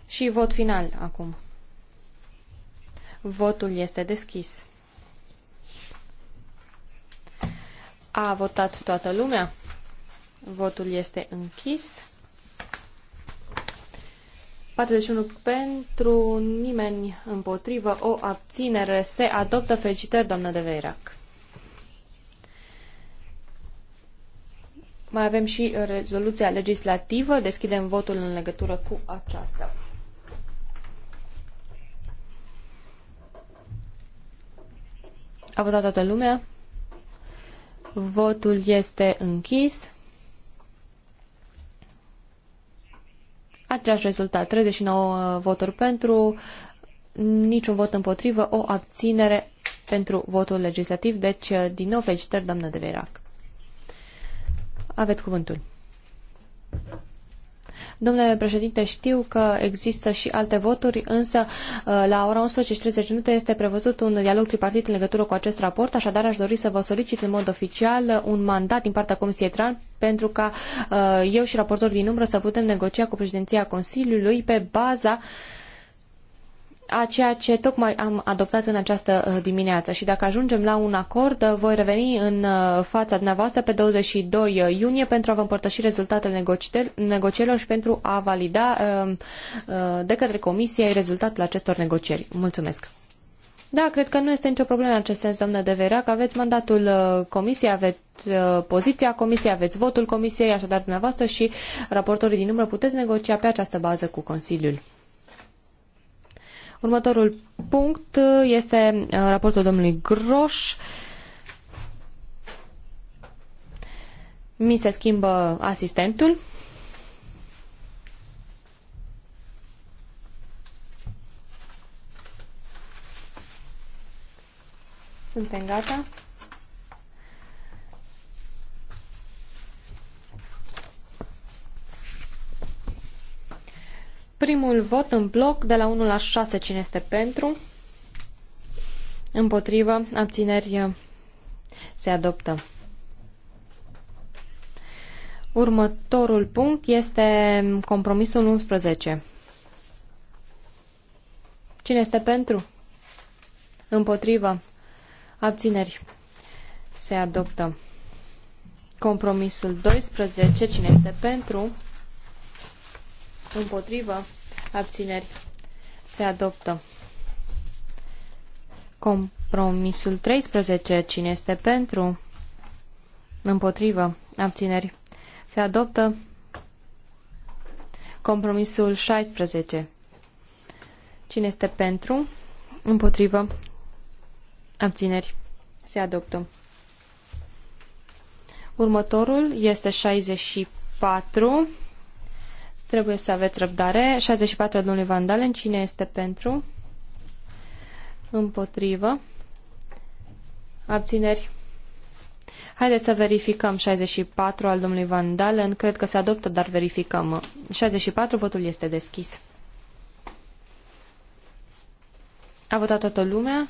Și vot final acum. Votul este deschis. A votat toată lumea. Votul este închis. 41 pentru, nimeni împotrivă, o abținere. Se adoptă. Felicitări, doamnă de Veirac. Mai avem și uh, rezoluția legislativă. Deschidem votul în legătură cu aceasta. A votat toată lumea. Votul este închis. Același rezultat, 39 uh, voturi pentru, niciun vot împotrivă, o abținere pentru votul legislativ. Deci, uh, din nou, felicitări, doamnă de Verac. Aveți cuvântul. Domnule președinte, știu că există și alte voturi, însă uh, la ora 11.30 minute este prevăzut un dialog tripartit în legătură cu acest raport, așadar aș dori să vă solicit în mod oficial un mandat din partea Comisiei Tran pentru ca uh, eu și raportorii din umbră să putem negocia cu președinția Consiliului pe baza uh, a ceea ce tocmai am adoptat în această uh, dimineață și dacă ajungem la un acord, uh, voi reveni în uh, fața dumneavoastră pe 22 iunie pentru a vă împărtăși rezultatele negocierilor și pentru a valida de către Comisie rezultatul acestor negocieri. Mulțumesc! Da, cred că nu este nicio problemă în acest sens, doamnă de că Aveți mandatul comisiei, aveți poziția comisiei, aveți votul comisiei, așadar dumneavoastră și raportorii din umbră puteți negocia pe această bază cu Consiliul. Următorul punct este uh, raportul domnului Groș. Mi se schimbă asistentul. Suntem gata. Primul vot în bloc, de la 1 la 6, cine este pentru? Împotrivă, abțineri se adoptă. Următorul punct este compromisul 11. Cine este pentru? Împotrivă. Abțineri. Se adoptă. Compromisul 12. Cine este pentru? Împotrivă. Abțineri. Se adoptă. Compromisul 13. Cine este pentru? Împotrivă. Abțineri. Se adoptă. Compromisul 16. Cine este pentru? Împotrivă. Abțineri. Se adoptă. Următorul este 64. Trebuie să aveți răbdare. 64 al domnului Vandalen, Cine este pentru? Împotrivă. Abțineri. Haideți să verificăm 64 al domnului Van Dalen. Cred că se adoptă, dar verificăm. 64, votul este deschis. A votat toată lumea.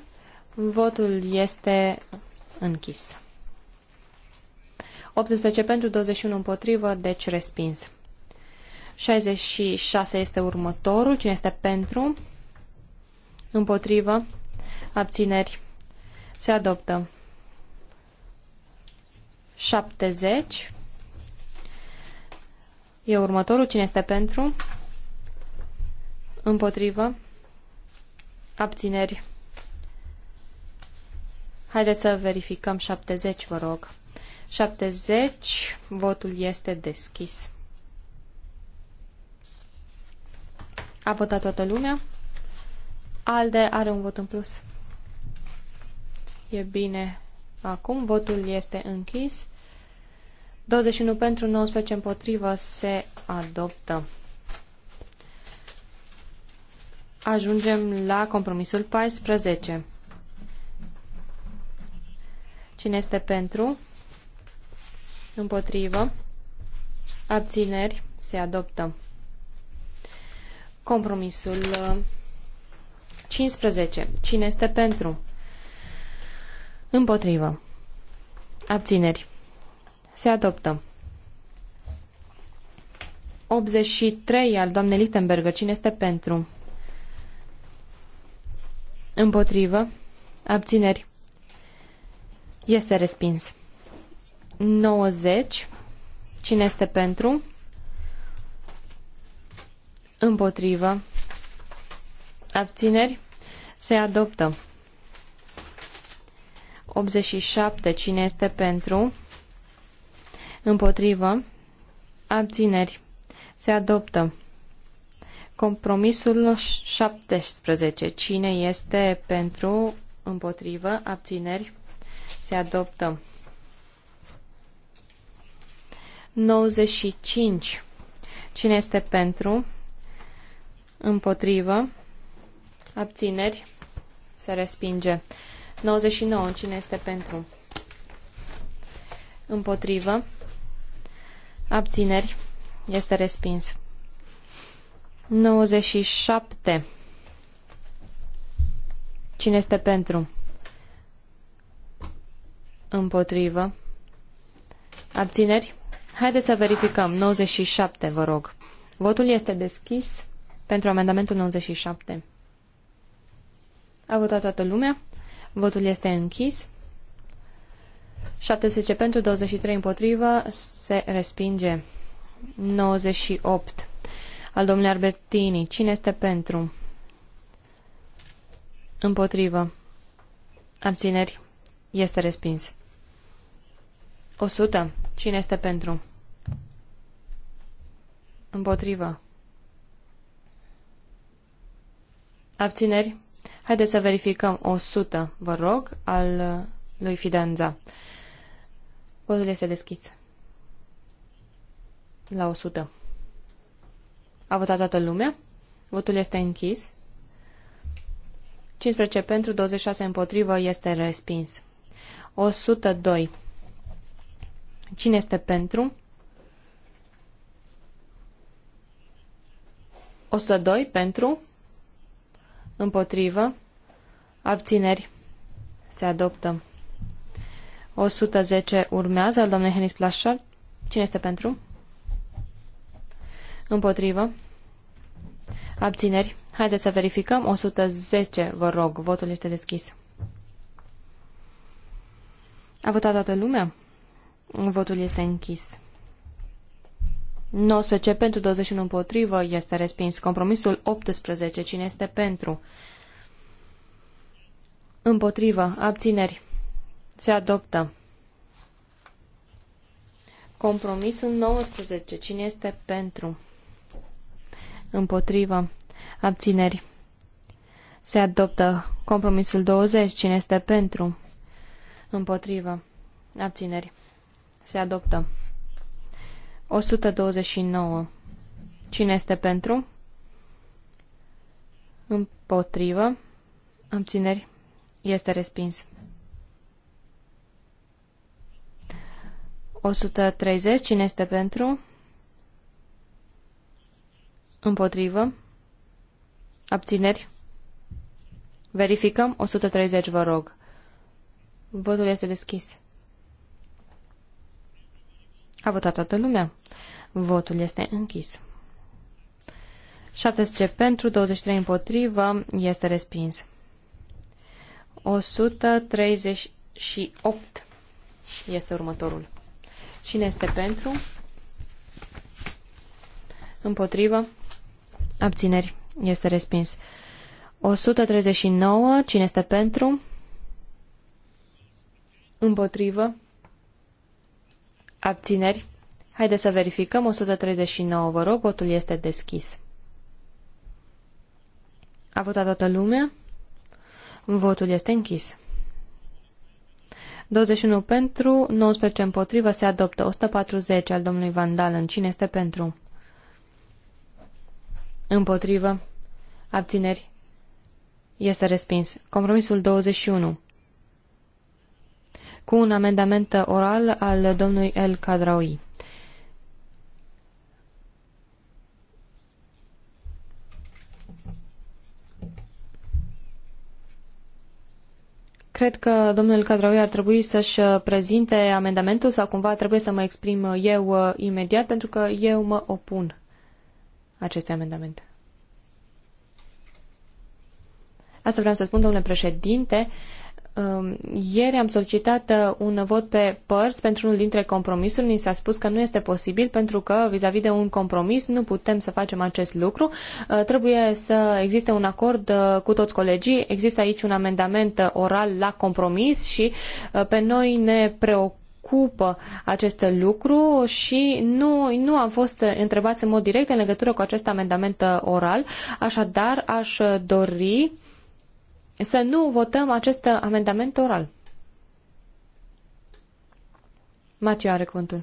Votul este închis. 18 pentru, 21 împotrivă, deci respins. 66 este următorul. Cine este pentru? Împotrivă? Abțineri? Se adoptă. 70 e următorul. Cine este pentru? Împotrivă? Abțineri? Haideți să verificăm 70, vă rog. 70, votul este deschis. A votat toată lumea. ALDE are un vot în plus. E bine. Acum votul este închis. 21 pentru, 19 împotrivă se adoptă. Ajungem la compromisul 14. Cine este pentru? Împotrivă. Abțineri. Se adoptă. Compromisul 15. Uh, Cine este pentru? Împotrivă. Abțineri. Se adoptă. 83 al doamnei Lichtenberger. Cine este pentru? Împotrivă. Abțineri. Este respins. 90. Cine este pentru? Împotrivă. Abțineri. Se adoptă. 87. Cine este pentru? Împotrivă. Abțineri. Se adoptă. Compromisul 17. Cine este pentru? Împotrivă. Abțineri. Se adoptă. 95. Cine este pentru? împotrivă, abțineri, se respinge. 99. Cine este pentru? Împotrivă, abțineri, este respins. 97. Cine este pentru? Împotrivă. Abțineri? Haideți să verificăm. 97, vă rog. Votul este deschis pentru amendamentul 97. A votat toată lumea. Votul este închis. 17 pentru, 23 împotrivă, se respinge. 98. Al domnului Albertini. Cine este pentru? Împotrivă. Abțineri. Este respins. 100. Cine este pentru? Împotrivă. Abțineri? Haideți să verificăm 100, vă rog, al uh, lui Fidanza. Votul este deschis. La 100. A votat toată lumea? Votul este închis. 15 pentru, 26 împotrivă, este respins. 102. Cine este pentru? 102 pentru, Împotrivă. Abțineri. Se adoptă. 110 urmează al doamnei Henis Plașar. Cine este pentru? Împotrivă. Abțineri. Haideți să verificăm. 110, vă rog. Votul este deschis. A votat toată lumea? Votul este închis. 19 pentru, 21 împotrivă, este respins. Compromisul 18, cine este pentru? Împotrivă, abțineri, se adoptă. Compromisul 19, cine este pentru? Împotrivă, abțineri, se adoptă. Compromisul 20, cine este pentru? Împotrivă, abțineri, se adoptă. 129. Cine este pentru? Împotrivă. Abțineri. Este respins. 130. Cine este pentru? Împotrivă. Abțineri. Verificăm. 130, vă rog. Votul este deschis. A votat toată lumea. Votul este închis. 70 pentru, 23 împotrivă, este respins. 138 este următorul. Cine este pentru? Împotrivă? Abțineri. Este respins. 139. Cine este pentru? Împotrivă? Abțineri? Haideți să verificăm. 139, vă rog, votul este deschis. A votat toată lumea? Votul este închis. 21 pentru, 19 împotrivă, se adoptă 140 al domnului Vandal. În Cine este pentru? Împotrivă. Abțineri. Este respins. Compromisul 21 cu un amendament oral al domnului El Cadraui. Cred că domnul Cadraui ar trebui să-și prezinte amendamentul sau cumva trebuie să mă exprim eu uh, imediat pentru că eu mă opun acestui amendament. Asta vreau să spun, domnule președinte. Uh, Um, ieri am solicitat uh, un vot pe părți pentru unul dintre compromisuri. Ni s-a spus că nu este posibil pentru că vis-a-vis -vis de un compromis nu putem să facem acest lucru. Uh, trebuie să existe un acord uh, cu toți colegii. Există aici un amendament oral la compromis și pe noi ne preocupă cupă acest lucru și nu, nu am fost întrebați în mod direct în legătură cu acest amendament oral. Așadar, aș dori să nu votăm acest amendament oral. Matiu are cuvântul.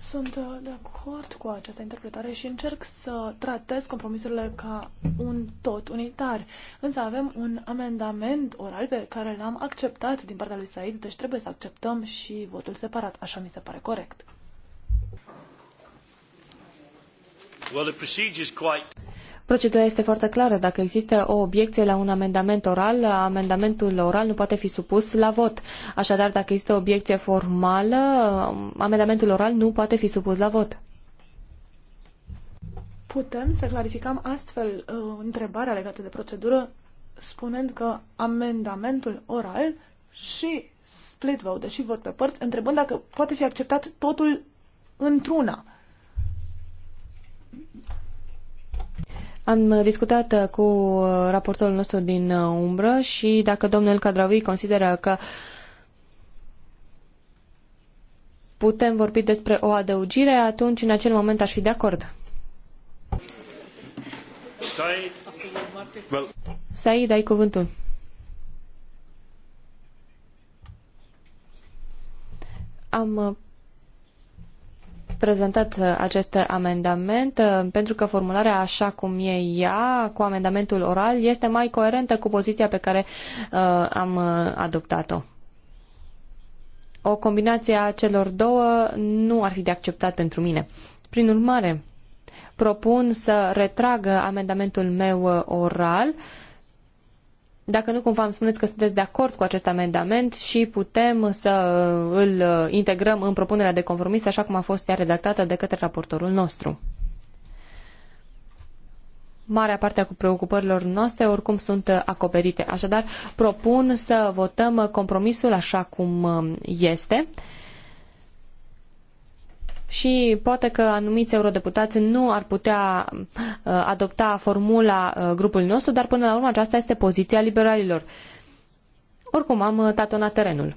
Sunt uh, de acord cu această interpretare și încerc să tratez compromisurile ca un tot unitar. Însă avem un amendament oral pe care l-am acceptat din partea lui Said, deci trebuie să acceptăm și votul separat. Așa mi se pare corect. Well, the quite... Procedura este foarte clară. Dacă există o obiecție la un amendament oral, amendamentul oral nu poate fi supus la vot. Așadar, dacă există o obiecție formală, amendamentul oral nu poate fi supus la vot. Putem să clarificăm astfel uh, întrebarea legată de procedură spunând că amendamentul oral și split vote, deși vot pe părți, întrebând dacă poate fi acceptat totul într-una. Am discutat uh, cu uh, raportorul nostru din uh, umbră și dacă domnul Cadraui consideră că putem vorbi despre o adăugire, atunci în acel moment aș fi de acord. Said, ai cuvântul. Am prezentat uh, acest amendament uh, pentru că formularea așa cum e ea, cu amendamentul oral, este mai coerentă cu poziția pe care uh, am uh, adoptat-o. O combinație a celor două nu ar fi de acceptat pentru mine. Prin urmare, propun să retrag amendamentul meu oral uh, dacă nu, cumva îmi spuneți că sunteți de acord cu acest amendament și putem să îl integrăm în propunerea de compromis așa cum a fost ea redactată de către raportorul nostru. Marea parte a preocupărilor noastre oricum sunt acoperite. Așadar, propun să votăm compromisul așa cum este și poate că anumiți eurodeputați nu ar putea uh, adopta formula uh, grupului nostru, dar până la urmă aceasta este poziția liberalilor. Oricum, am uh, tatonat terenul.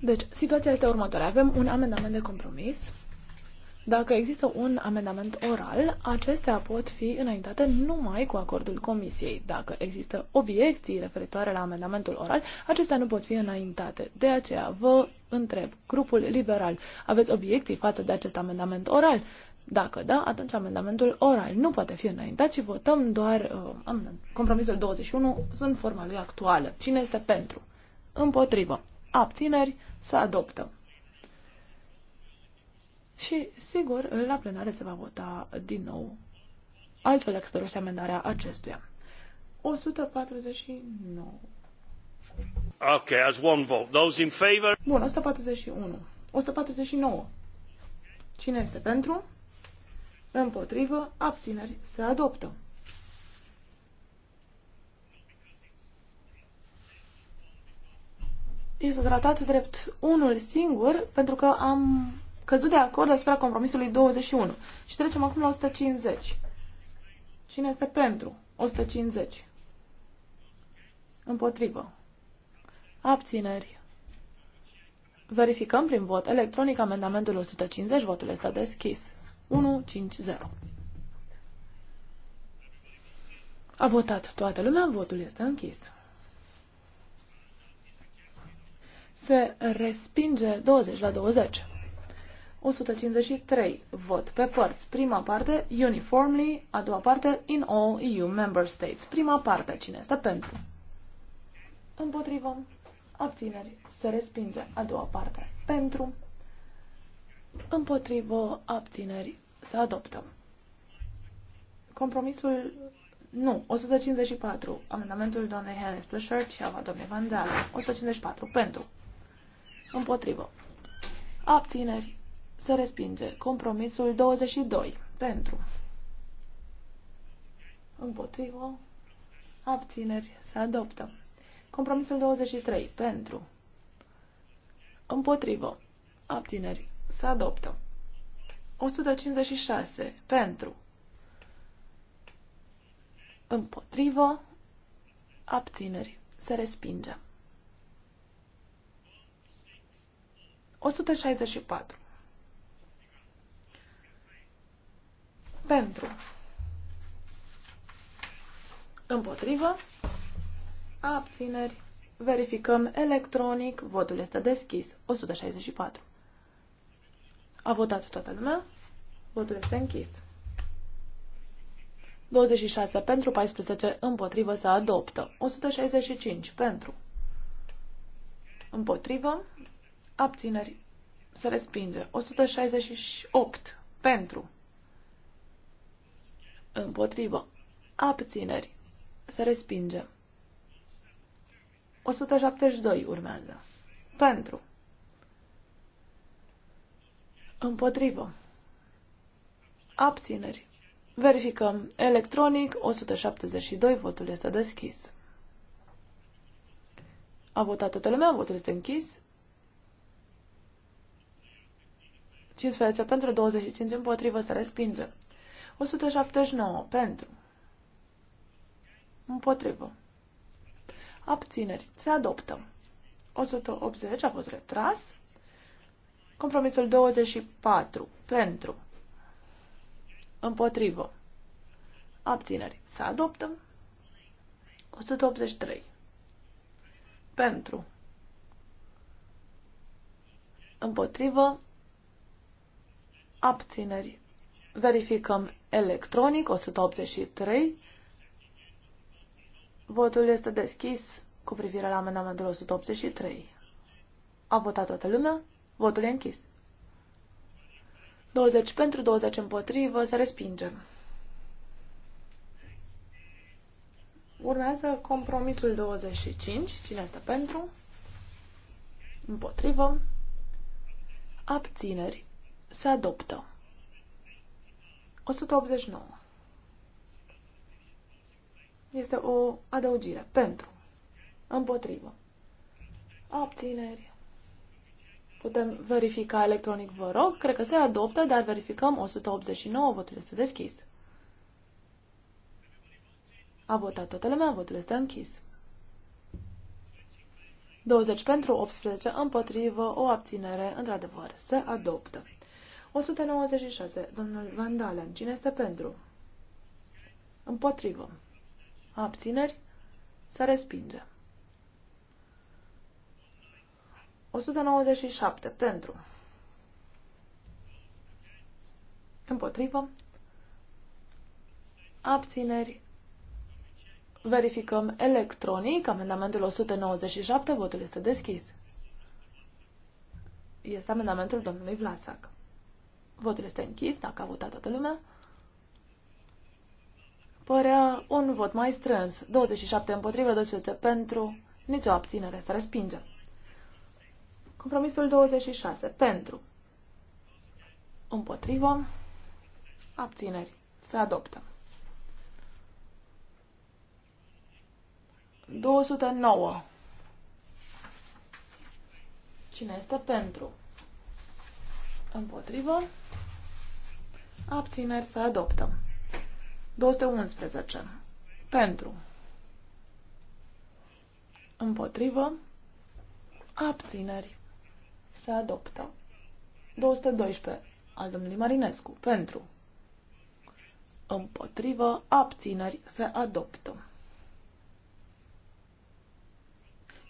Deci, situația este următoare. Avem un amendament de compromis dacă există un amendament oral, acestea pot fi înaintate numai cu acordul comisiei. Dacă există obiecții referitoare la amendamentul oral, acestea nu pot fi înaintate. De aceea vă întreb, grupul liberal, aveți obiecții față de acest amendament oral? Dacă da, atunci amendamentul oral nu poate fi înaintat și votăm doar uh, compromisul 21 în forma lui actuală. Cine este pentru? Împotrivă. Abțineri? să adoptăm și, sigur, la plenare se va vota din nou altfel extăruște amendarea acestuia. 149. Ok, as one vote. Those in favor? Bun, 141. 149. Cine este pentru? Împotrivă, abțineri, se adoptă. Este tratat drept unul singur pentru că am căzut de acord asupra compromisului 21. Și trecem acum la 150. Cine este pentru? 150. Împotrivă. Abțineri. Verificăm prin vot electronic amendamentul 150. Votul este deschis. 150. A votat toată lumea, votul este închis. Se respinge 20 la 20. 153 vot pe părți. Prima parte, uniformly, a doua parte, in all EU member states. Prima parte, cine este pentru? Împotrivă. Abțineri. Se respinge. A doua parte, pentru. Împotrivă. Abțineri. Se adoptă. Compromisul nu, 154. Amendamentul doamnei Hannes Splashard și a doamnei Van Dalen. 154. Pentru. Împotrivă. Abțineri se respinge. Compromisul 22. Pentru. Împotrivă. Abțineri. Se adoptă. Compromisul 23. Pentru. Împotrivă. Abțineri. Se adoptă. 156. Pentru. Împotrivă. Abțineri. Se respinge. 164. Pentru. Împotrivă. Abțineri. Verificăm electronic. Votul este deschis. 164. A votat toată lumea. Votul este închis. 26 pentru, 14 împotrivă, se adoptă. 165 pentru, împotrivă, abțineri, se respinge. 168 pentru, Împotrivă. Abțineri. să respinge. 172 urmează. Pentru. Împotrivă. Abțineri. Verificăm electronic 172, votul este deschis. A votat toată lumea, votul este închis. 15 pentru 25 împotrivă să respinge. 179 pentru. Împotrivă. Abțineri. Se adoptă. 180 a fost retras. Compromisul 24 pentru. Împotrivă. Abțineri. Se adoptă. 183 pentru. Împotrivă. Abțineri. Verificăm electronic 183. Votul este deschis cu privire la amendamentul 183. A votat toată lumea? Votul e închis. 20 pentru, 20 împotrivă, se respinge. Urmează compromisul 25. Cine este pentru? Împotrivă. Abțineri. Se adoptă. 189. Este o adăugire. Pentru. Împotrivă. obțineri. Putem verifica electronic, vă rog. Cred că se adoptă, dar verificăm 189. Votul este deschis. A votat toată lumea, votul este închis. 20 pentru, 18 împotrivă, o abținere, într-adevăr, se adoptă. 196. Domnul Van Dalen. Cine este pentru? Împotrivă. Abțineri? Să respinge. 197. Pentru. Împotrivă. Abțineri. Verificăm electronic. Amendamentul 197. Votul este deschis. Este amendamentul domnului Vlasac. Votul este închis, dacă a votat toată lumea. Părea un vot mai strâns, 27 împotrivă, 12 pentru, nicio abținere, se respinge. Compromisul 26, pentru, împotrivă, abțineri, se adoptă. 209. Cine este pentru? Împotrivă. Abțineri să adoptă. 211. Pentru. Împotrivă. Abțineri să adoptă. 212 al domnului Marinescu. Pentru. Împotrivă. Abțineri să adoptă.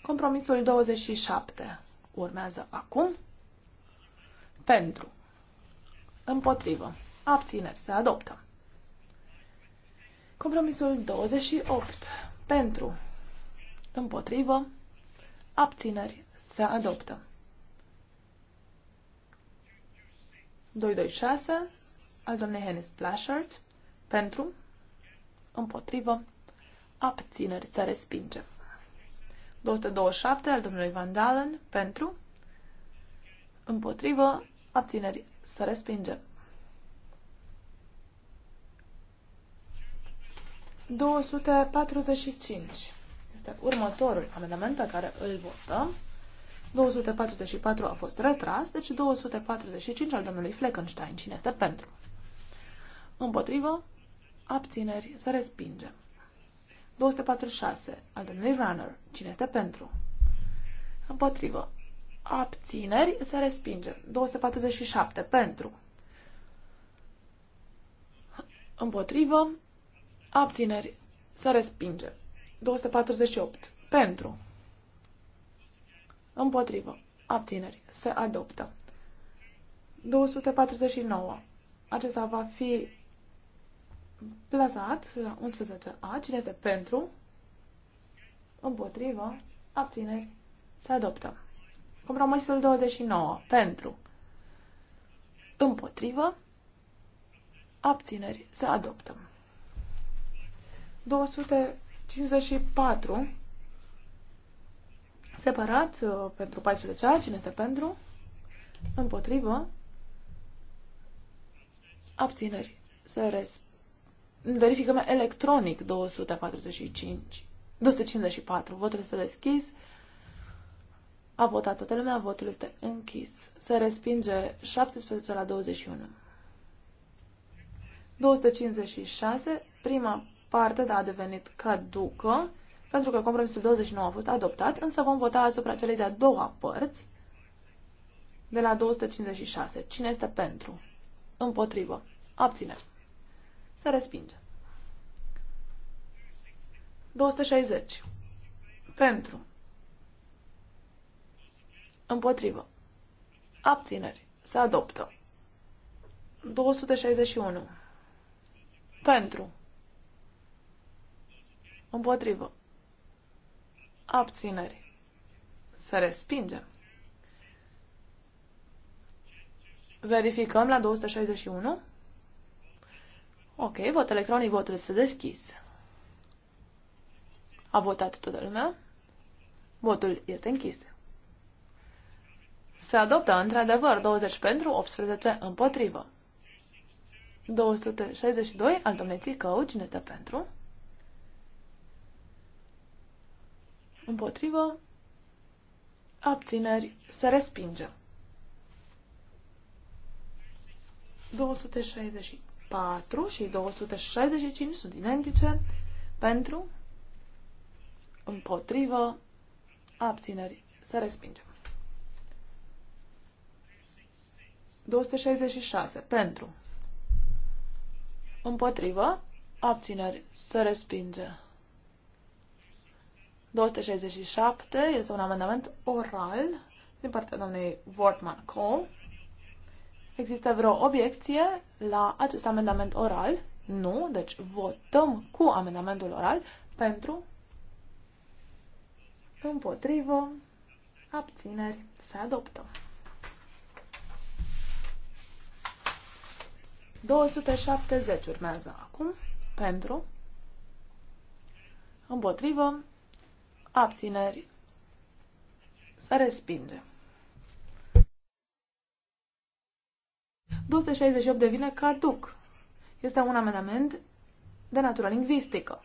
Compromisul 27 urmează acum. Pentru. Împotrivă. Abțineri. Se adoptă. Compromisul 28. Pentru. Împotrivă. Abțineri. Se adoptă. 226 al doamnei Hennis Blashard. Pentru. Împotrivă. Abțineri. Se respinge. 227 al domnului Van Dalen. Pentru. Împotrivă abținerii. să respingem. 245 este următorul amendament pe care îl votăm. 244 a fost retras, deci 245 al domnului Fleckenstein. Cine este pentru? Împotrivă, abțineri, să respingem. 246 al domnului Runner. Cine este pentru? Împotrivă, abțineri, se respinge. 247 pentru, împotrivă, abțineri, se respinge. 248 pentru, împotrivă, abțineri, se adoptă. 249. Acesta va fi plasat la 11A. Cine este pentru? Împotrivă. Abțineri. Se adoptă. Compromisul 29. Pentru. Împotrivă. Abțineri. să adoptăm 254. Separat uh, pentru 14 ani. Cine este pentru? Împotrivă. Abțineri. să resp- Verificăm electronic 245. 254. Votul este deschis. A votat toată lumea, votul este închis. Se respinge 17 la 21. 256, prima parte, da, a devenit caducă, pentru că compromisul 29 a fost adoptat, însă vom vota asupra celei de-a doua părți, de la 256. Cine este pentru? Împotrivă. Abțineri. Se respinge. 260. Pentru. Împotrivă. Abțineri. Se adoptă. 261. Pentru. Împotrivă. Abțineri. Să respingem. Verificăm la 261. Ok, vot electronic, votul este deschis. A votat toată lumea. Votul este închis. Se adoptă într-adevăr 20 pentru, 18 împotrivă. 262 al domneții Cău, cine este pentru? Împotrivă. Abțineri. Se respinge. 264 și 265 sunt identice. Pentru. Împotrivă. Abțineri. Se respinge. 266. Pentru. Împotrivă. Abțineri. Se respinge. 267 este un amendament oral din partea doamnei Wortman Cole. Există vreo obiecție la acest amendament oral? Nu, deci votăm cu amendamentul oral pentru, împotrivă, abțineri, se adoptă. 270 urmează acum. Pentru. Împotrivă. Abțineri. să respinge. 268 devine caduc. Este un amendament de natură lingvistică.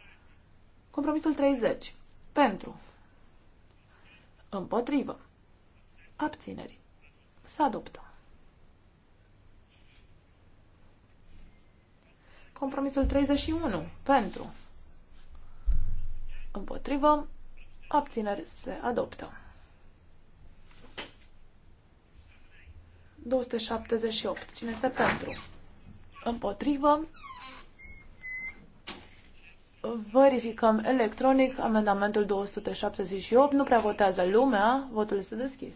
Compromisul 30. Pentru. Împotrivă. Abțineri. să adoptă. Compromisul 31. Pentru. Împotrivă. Abțineri se adoptă. 278. Cine este pentru? Împotrivă. Verificăm electronic amendamentul 278. Nu prea votează lumea. Votul este deschis.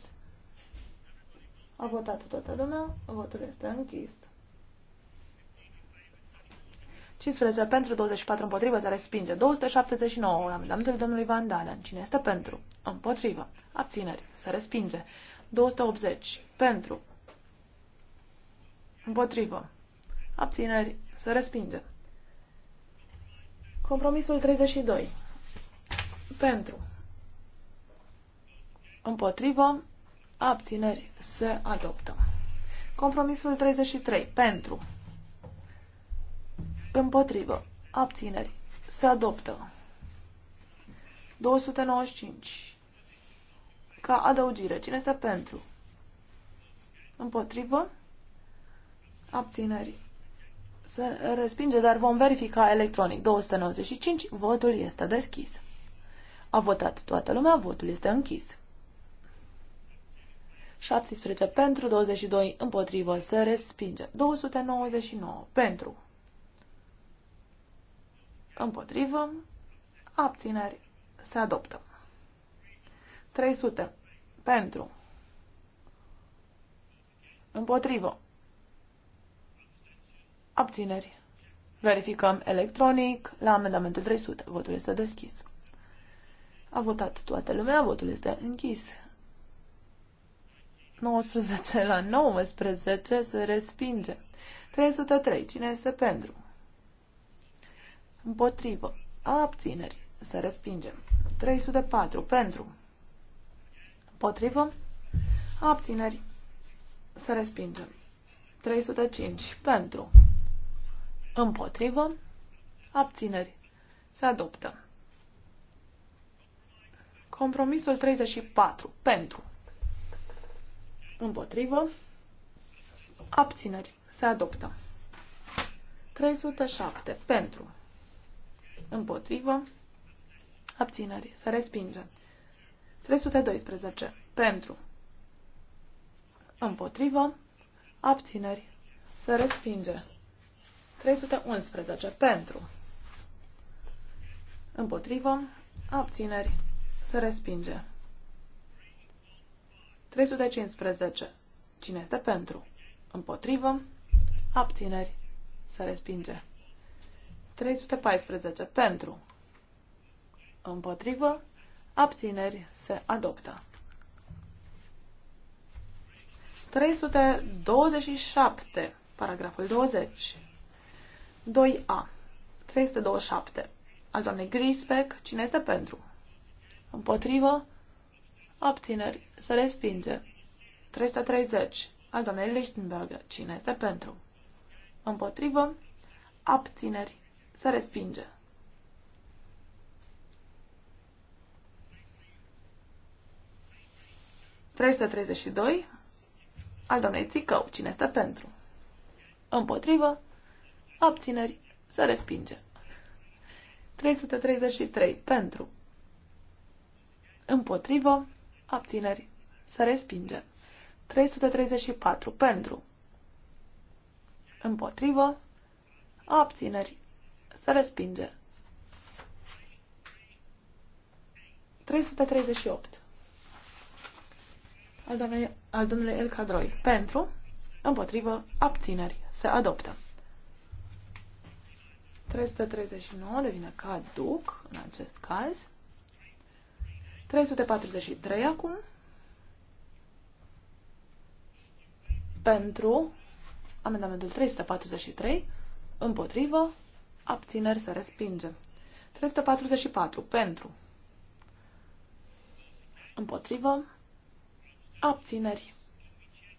A votat toată lumea. Votul este închis. 15 pentru, 24 împotrivă, se respinge. 279, amendamentul domnului Van Dalen. Cine este pentru? Împotrivă. Abțineri. Se respinge. 280 pentru. Împotrivă. Abțineri. Se respinge. Compromisul 32. Pentru. Împotrivă. Abțineri. Se adoptă. Compromisul 33. Pentru. Împotrivă. Abțineri. Se adoptă. 295. Ca adăugire. Cine este pentru? Împotrivă. Abțineri. Se respinge, dar vom verifica electronic. 295. Votul este deschis. A votat toată lumea, votul este închis. 17 pentru, 22 împotrivă, se respinge. 299 pentru. Împotrivă. Abțineri. Se adoptă. 300. Pentru. Împotrivă. Abțineri. Verificăm electronic la amendamentul 300. Votul este deschis. A votat toată lumea, votul este închis. 19 la 19 se respinge. 303. Cine este pentru? Împotrivă. Abțineri. Să respingem. 304. Pentru. Împotrivă. Abțineri. Să respingem. 305. Pentru. Împotrivă. Abțineri. Se adoptă. Compromisul 34. Pentru. Împotrivă. Abțineri. Se adoptă. 307. Pentru. Împotrivă. Abțineri. să respinge. 312. Pentru. Împotrivă. Abțineri. să respinge. 311. Pentru. Împotrivă. Abțineri. să respinge. 315. Cine este pentru? Împotrivă. Abțineri. să respinge. 314. Pentru. Împotrivă. Abțineri. Se adoptă. 327. Paragraful 20. 2a. 327. Al doamnei Grisbeck. Cine este pentru? Împotrivă. Abțineri. Se respinge. 330. Al doamnei Lichtenberger. Cine este pentru? Împotrivă. Abțineri. Se respinge. doi al doamnei Țicău. Cine este pentru? Împotrivă. Abțineri. Se respinge. 333. Pentru. Împotrivă. Abțineri. Se respinge. 334. Pentru. Împotrivă. Abțineri. Să respinge. 338 al, domnului, al domnului El Cadroi. Pentru, împotrivă, abțineri. Se adoptă. 339 devine caduc în acest caz. 343 acum. Pentru amendamentul 343, împotrivă, abțineri se respinge. 344 pentru, împotrivă, abțineri.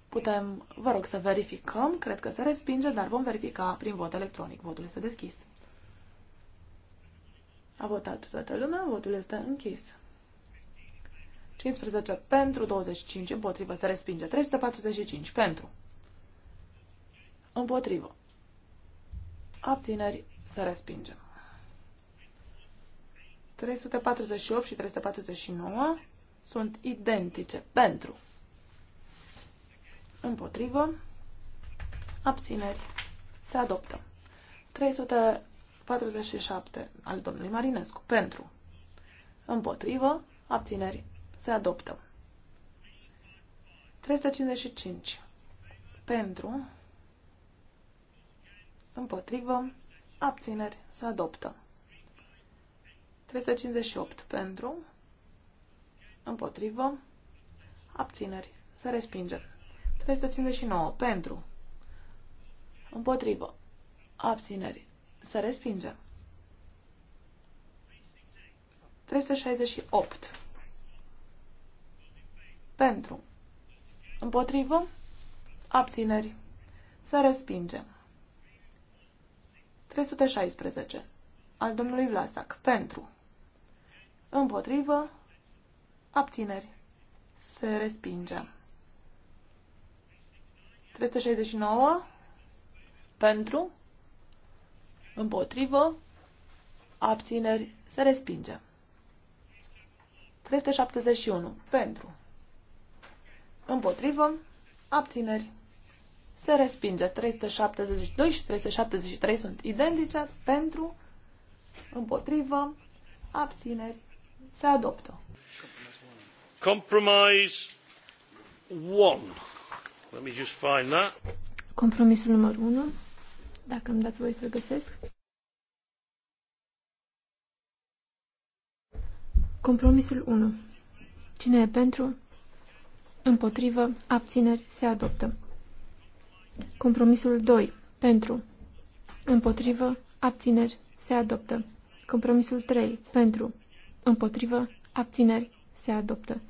Putem, vă rog să verificăm, cred că se respinge, dar vom verifica prin vot electronic. Votul este deschis. A votat toată lumea, votul este închis. 15 pentru, 25 împotrivă, se respinge. 345 pentru. Împotrivă. Abțineri să respingem. 348 și 349 sunt identice pentru împotrivă abțineri se adoptă. 347 al domnului Marinescu pentru împotrivă abțineri se adoptă. 355 pentru împotrivă Abțineri. Se adoptă. 358 pentru. Împotrivă. Abțineri. Se respinge. 359 pentru. Împotrivă. Abțineri. Se respinge. 368 pentru. Împotrivă. Abțineri. Se respinge. 316 al domnului Vlasac pentru împotrivă abțineri se respinge. 369 pentru împotrivă abțineri se respinge. 371 pentru împotrivă abțineri se respinge. 372 și 373 sunt identice pentru, împotrivă, abțineri, se adoptă. Compromise 1. Let me just find that. Compromisul numărul 1, dacă îmi dați voi să-l găsesc. Compromisul 1. Cine e pentru, împotrivă, abțineri, se adoptă. Compromisul 2. Pentru. Împotrivă. Abțineri. Se adoptă. Compromisul 3. Pentru. Împotrivă. Abțineri. Se adoptă.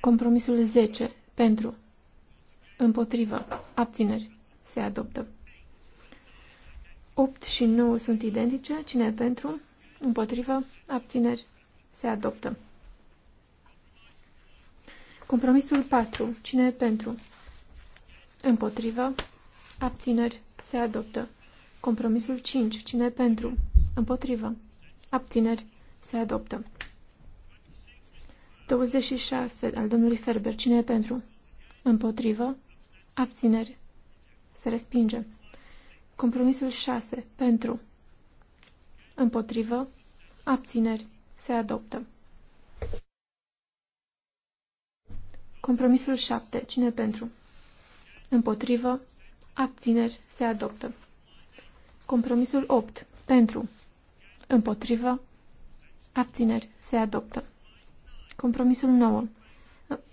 Compromisul 10. Pentru. Împotrivă. Abțineri. Se adoptă. 8 și 9 sunt identice. Cine e pentru? Împotrivă. Abțineri. Se adoptă. Compromisul 4. Cine e pentru? Împotrivă. Abțineri. Se adoptă. Compromisul 5. Cine pentru? Împotrivă. Abțineri. Se adoptă. 26. Al domnului Ferber. Cine e pentru? Împotrivă. Abțineri. Se respinge. Compromisul 6. Pentru. Împotrivă. Abțineri. Se adoptă. Compromisul 7. Cine pentru? Împotrivă. Abțineri. Se adoptă. Compromisul 8. Pentru. Împotrivă. Abțineri. Se adoptă. Compromisul 9.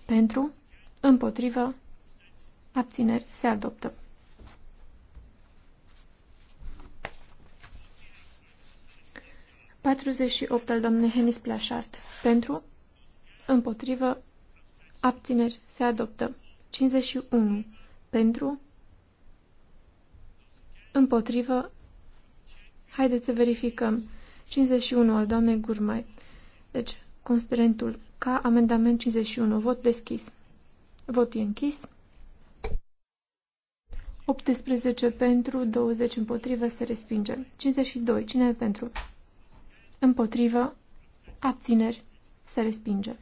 Pentru. Împotrivă. Abțineri. Se adoptă. Patruzeci și opt al domnului Henis Plașart. Pentru. Împotrivă. Abțineri. Se adoptă. 51. Pentru? Împotrivă? Haideți să verificăm. 51 al doamnei Gurmai. Deci, considerentul ca amendament 51. Vot deschis. Vot e închis. 18 pentru, 20 împotrivă, se respinge. 52. Cine e pentru? Împotrivă, abțineri, se respinge.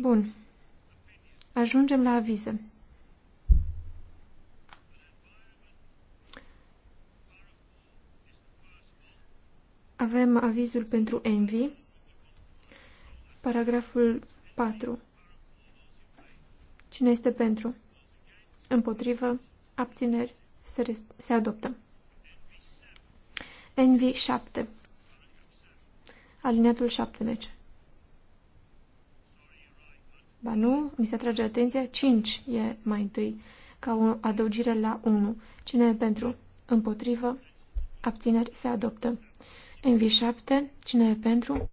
Bun. Ajungem la avize. Avem avizul pentru Envy, paragraful 4. Cine este pentru? Împotrivă? Abțineri? Se, se adoptă. Envy 7. Alineatul 7, deci. Ba nu, mi se atrage atenția, 5 e mai întâi, ca o adăugire la 1. Cine e pentru? Împotrivă. Abțineri se adoptă. Envi 7 cine e pentru?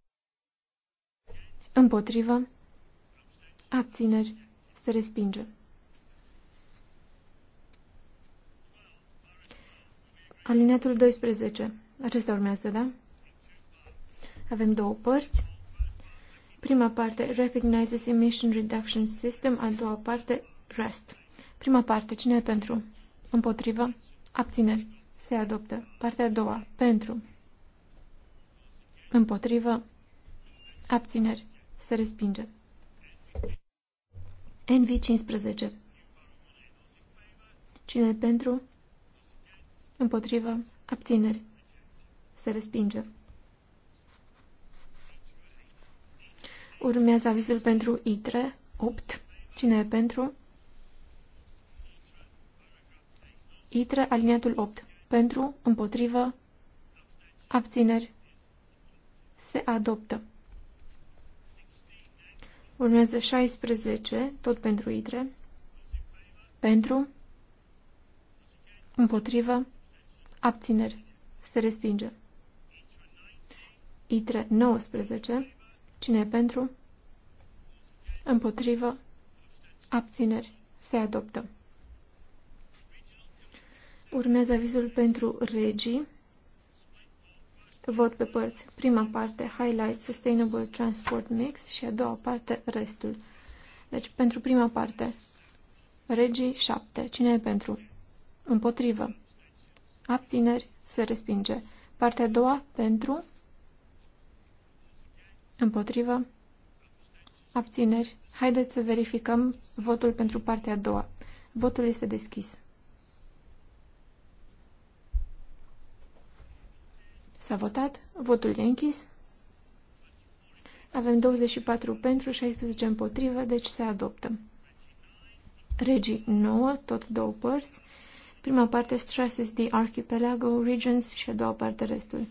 Împotrivă. Abțineri se respinge. Alineatul 12. Acesta urmează, da? Avem două părți. Prima parte, Recognizes Emission Reduction System, a doua parte, REST. Prima parte, cine e pentru? Împotrivă? Abțineri. Se adoptă. Partea a doua, pentru. Împotrivă? Abțineri. Se respinge. NV 15. Cine e pentru? Împotrivă? Abțineri. Se respinge. Urmează avizul pentru ITRE 8. Cine e pentru? ITRE aliniatul 8. Pentru, împotrivă, abțineri. Se adoptă. Urmează 16, tot pentru ITRE. Pentru, împotrivă, abțineri. Se respinge. ITRE 19 Cine e pentru? Împotrivă? Abțineri? Se adoptă. Urmează avizul pentru regii. Vot pe părți. Prima parte, Highlight Sustainable Transport Mix și a doua parte, restul. Deci, pentru prima parte, regii 7. Cine e pentru? Împotrivă. Abțineri se respinge. Partea a doua, pentru, Împotrivă? Abțineri? Haideți să verificăm votul pentru partea a doua. Votul este deschis. S-a votat, votul e închis. Avem 24 pentru, 16 împotrivă, deci se adoptă. Regii 9, tot două părți. Prima parte, Stresses the Archipelago Regions și a doua parte, restul.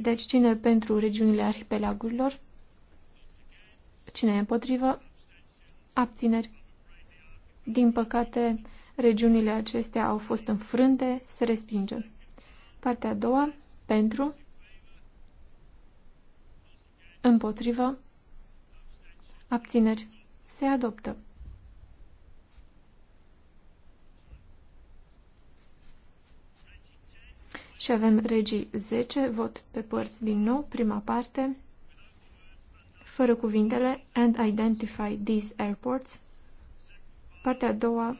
Deci cine pentru regiunile arhipelagurilor? Cine e împotrivă? Abțineri. Din păcate, regiunile acestea au fost înfrânte, se respinge. Partea a doua, pentru, împotrivă, abțineri, se adoptă. Și avem regii 10, vot pe părți din nou, prima parte, fără cuvintele and identify these airports. Partea a doua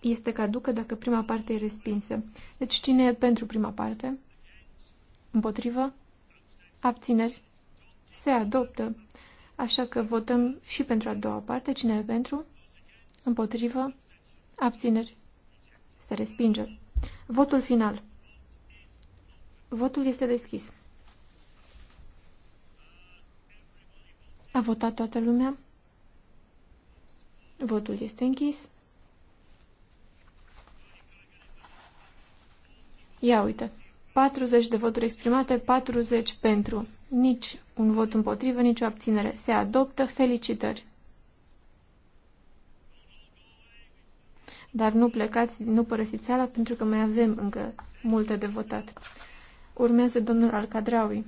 este caducă dacă prima parte e respinsă. Deci cine e pentru prima parte? Împotrivă? Abțineri? Se adoptă. Așa că votăm și pentru a doua parte. Cine e pentru? Împotrivă? Abțineri? Se respinge. Votul final. Votul este deschis. A votat toată lumea? Votul este închis. Ia uite, 40 de voturi exprimate, 40 pentru, nici un vot împotrivă, nici o abținere. Se adoptă, felicitări! Dar nu plecați, nu părăsiți sala, pentru că mai avem încă multe de votat. Urmează domnul Alcadraui.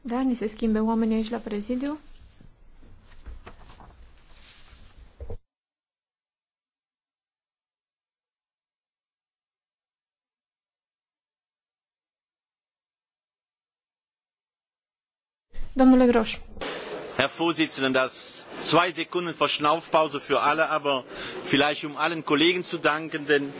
Da, ni se schimbe oamenii aici la prezidiu. Herr präsident! das zwei Sekunden Verschnaufpause für alle, aber vielleicht um allen Kollegen zu danken, denn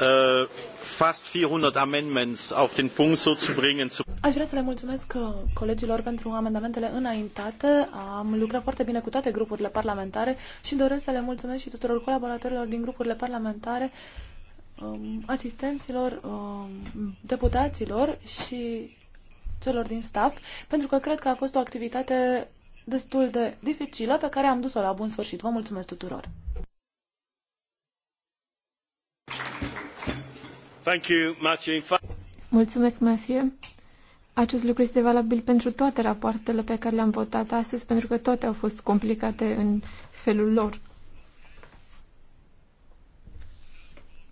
äh, fast vierhundert Amendments auf den Punkt so zu bringen. Zu Aș vrea să le mulțumesc uh, colegilor pentru amendamentele înaintate. Am lucrat foarte bine cu toate grupurile parlamentare și doresc să le mulțumesc și tuturor colaboratorilor din grupurile parlamentare, um, asistenților, um, deputaților și celor din staff, pentru că cred că a fost o activitate destul de dificilă pe care am dus-o la bun sfârșit. Vă mulțumesc tuturor! Thank you, Matthew. Mulțumesc, Matthew. Acest lucru este valabil pentru toate rapoartele pe care le-am votat astăzi, pentru că toate au fost complicate în felul lor.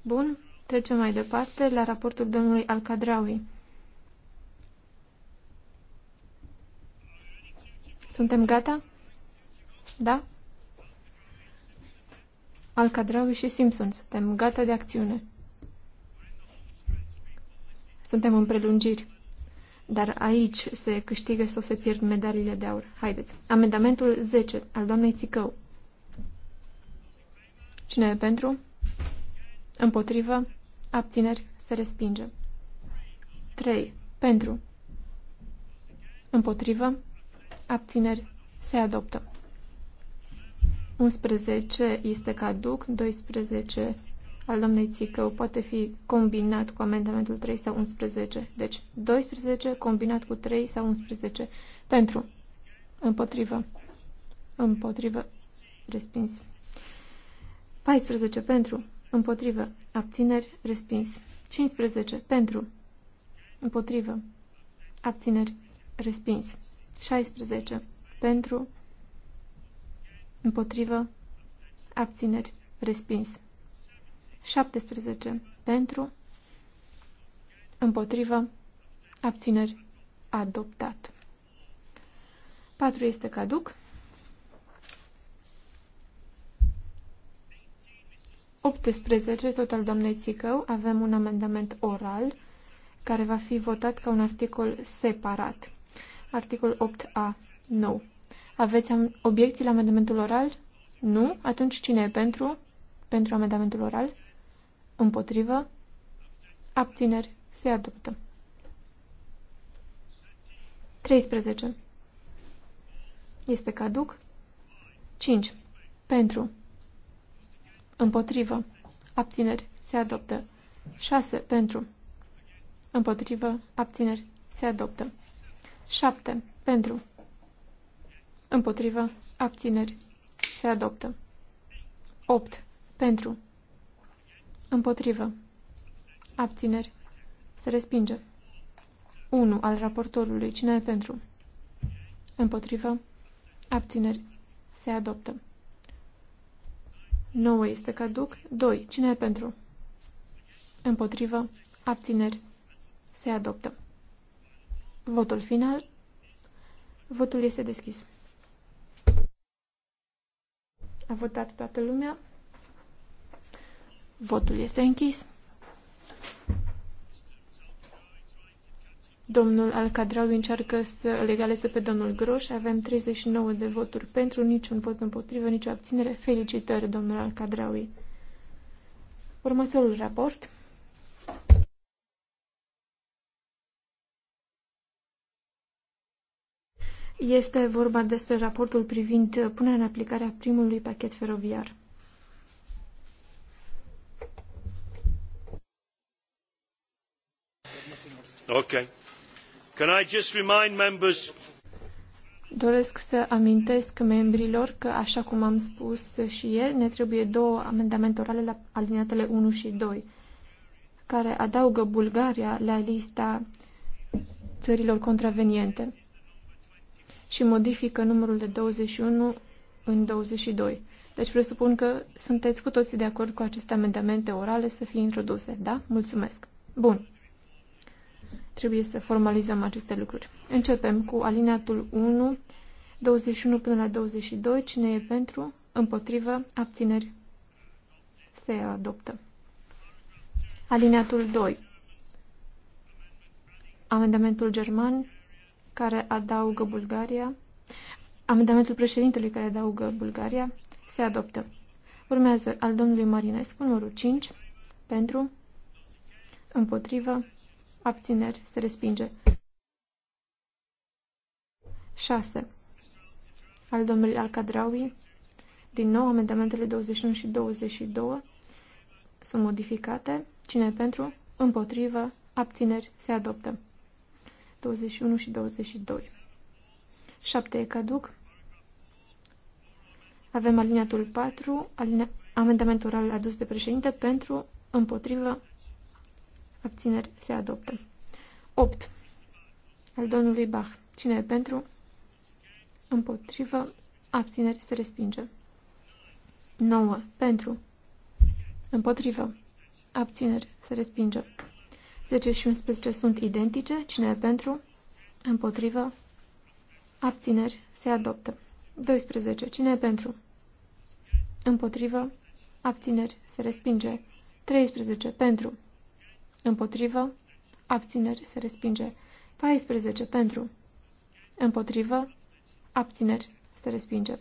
Bun, trecem mai departe la raportul domnului Alcadraui. Suntem gata? Da? Alcadrau și Simpson, suntem gata de acțiune. Suntem în prelungiri. Dar aici se câștigă sau se pierd medaliile de aur. Haideți. Amendamentul 10 al doamnei Țicău. Cine e pentru? Împotrivă? Abțineri? Se respinge. 3. Pentru. Împotrivă? abțineri, se adoptă. 11 este caduc, 12 al domnei Țicău poate fi combinat cu amendamentul 3 sau 11. Deci 12 combinat cu 3 sau 11. Pentru. Împotrivă. Împotrivă. Respins. 14 pentru. Împotrivă. Abțineri. Respins. 15 pentru. Împotrivă. Abțineri. Respins. 16. Pentru, împotrivă, abțineri, respins. 17. Pentru, împotrivă, abțineri, adoptat. 4 este caduc. 18, tot al doamnei Țicău, avem un amendament oral care va fi votat ca un articol separat. Articol 8a. nu Aveți obiecții la amendamentul oral? Nu? Atunci cine e pentru? Pentru amendamentul oral? Împotrivă? Abțineri. Se adoptă. 13. Este caduc. 5. Pentru. Împotrivă. Abțineri. Se adoptă. 6. Pentru. Împotrivă. Abțineri. Se adoptă. 7. Pentru. Împotrivă. Abțineri. Se adoptă. 8. Pentru. Împotrivă. Abțineri. Se respinge. 1. Al raportorului. Cine e pentru? Împotrivă. Abțineri. Se adoptă. 9 este caduc. 2. Cine e pentru? Împotrivă. Abțineri. Se adoptă. Votul final. Votul este deschis. A votat toată lumea. Votul este închis. Domnul Alcadrau încearcă să legaleze pe domnul Groș. Avem 39 de voturi pentru, niciun vot împotrivă, nicio abținere. Felicitări, domnul Alcadraui. Următorul raport. Este vorba despre raportul privind punerea în aplicare a primului pachet feroviar. Okay. Can I just remind members... Doresc să amintesc membrilor că, așa cum am spus și ieri, ne trebuie două amendamente orale la alineatele 1 și 2, care adaugă Bulgaria la lista țărilor contraveniente și modifică numărul de 21 în 22. Deci presupun că sunteți cu toții de acord cu aceste amendamente orale să fie introduse, da? Mulțumesc. Bun. Trebuie să formalizăm aceste lucruri. Începem cu alineatul 1, 21 până la 22. Cine e pentru? Împotrivă? Abțineri? Se adoptă. Alineatul 2. Amendamentul german care adaugă Bulgaria, amendamentul președintelui care adaugă Bulgaria, se adoptă. Urmează al domnului Marinescu, numărul 5, pentru, împotrivă, abțineri, se respinge. 6. Al domnului Alcadraui, din nou, amendamentele 21 și 22 sunt modificate. Cine pentru, împotrivă, abțineri, se adoptă. 21 și 22. 7 e caduc. Avem alineatul 4, aline... amendament oral adus de președinte pentru, împotrivă, abțineri se adoptă. 8. Al domnului Bach. Cine e pentru? Împotrivă, abțineri se respinge. 9. Pentru. Împotrivă. Abțineri se respinge. 10 și 11 sunt identice. Cine e pentru? Împotrivă? Abțineri? Se adoptă. 12. Cine e pentru? Împotrivă? Abțineri? Se respinge. 13. Pentru? Împotrivă? Abțineri? Se respinge. 14. Pentru? Împotrivă? Abțineri? Se respinge.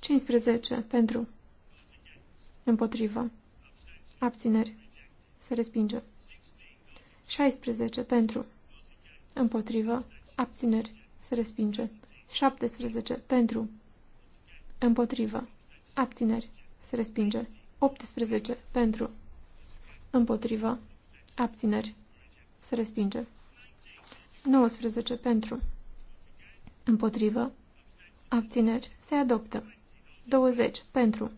15. Pentru? Împotrivă? Abțineri. Se respinge. 16 pentru. Împotrivă. Abțineri. Se respinge. 17 pentru. Împotrivă. Abțineri. Se respinge. 18 pentru. Împotrivă. Abțineri. Se respinge. 19 pentru. Împotrivă. Abțineri. Se adoptă. 20 pentru.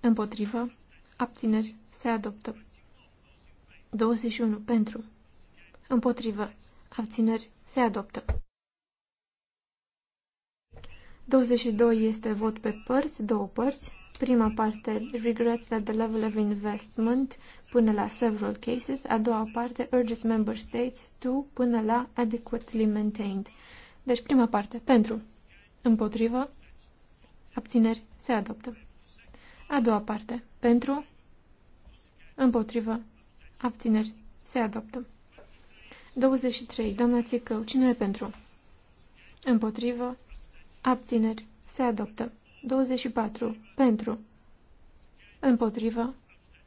Împotrivă. Abțineri. Se adoptă. 21. Pentru. Împotrivă. Abțineri. Se adoptă. 22 este vot pe părți, două părți. Prima parte, regrets at the level of investment, până la several cases. A doua parte, urges member states to, până la adequately maintained. Deci prima parte, pentru, împotrivă, abțineri, se adoptă. A doua parte. Pentru, împotrivă, abțineri, se adoptă. 23. Doamna Țicău, cine e pentru? Împotrivă, abțineri, se adoptă. 24. Pentru, împotrivă,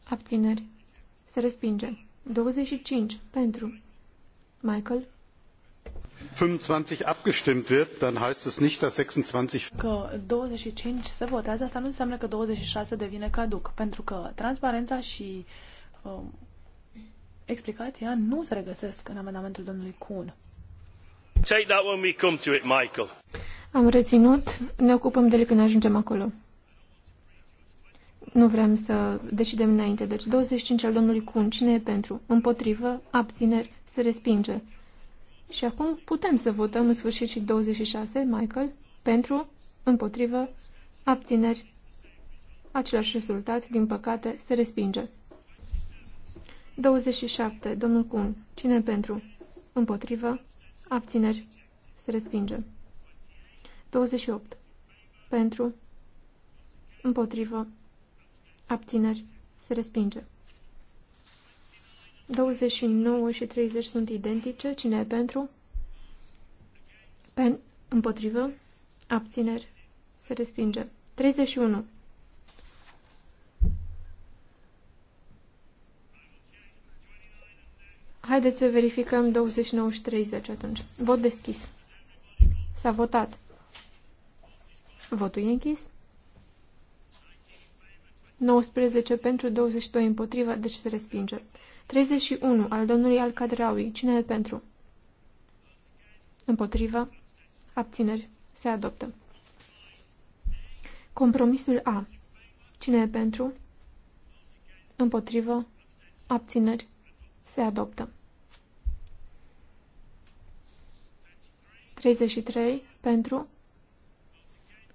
abțineri, se respinge. 25. Pentru, Michael, 25 abgestimmt wird, dann heißt es nicht, dass 26 că 25 se votează, asta nu înseamnă că 26 devine caduc, pentru că transparența și um, explicația nu se regăsesc în amendamentul domnului Kuhn. Take that when we come to it, Michael. Am reținut, ne ocupăm de el când ajungem acolo. Nu vrem să decidem înainte. Deci 25 al domnului Kuhn, cine e pentru? Împotrivă, abțineri, se respinge. Și acum putem să votăm în sfârșit și 26, Michael, pentru, împotrivă, abțineri. Același rezultat, din păcate, se respinge. 27. Domnul Cun. Cine pentru? Împotrivă. Abțineri. Se respinge. 28. Pentru. Împotrivă. Abțineri. Se respinge. 29 și 30 sunt identice. Cine e pentru? Pen împotrivă. Abțineri. Se respinge. 31. Haideți să verificăm 29 și 30 atunci. Vot deschis. S-a votat. Votul e închis. 19 pentru, 22 împotriva, deci se respinge. 31 al domnului Al-Kadraui. Cine e pentru? Împotrivă. Abțineri. Se adoptă. Compromisul A. Cine e pentru? Împotrivă. Abțineri. Se adoptă. 33. Pentru.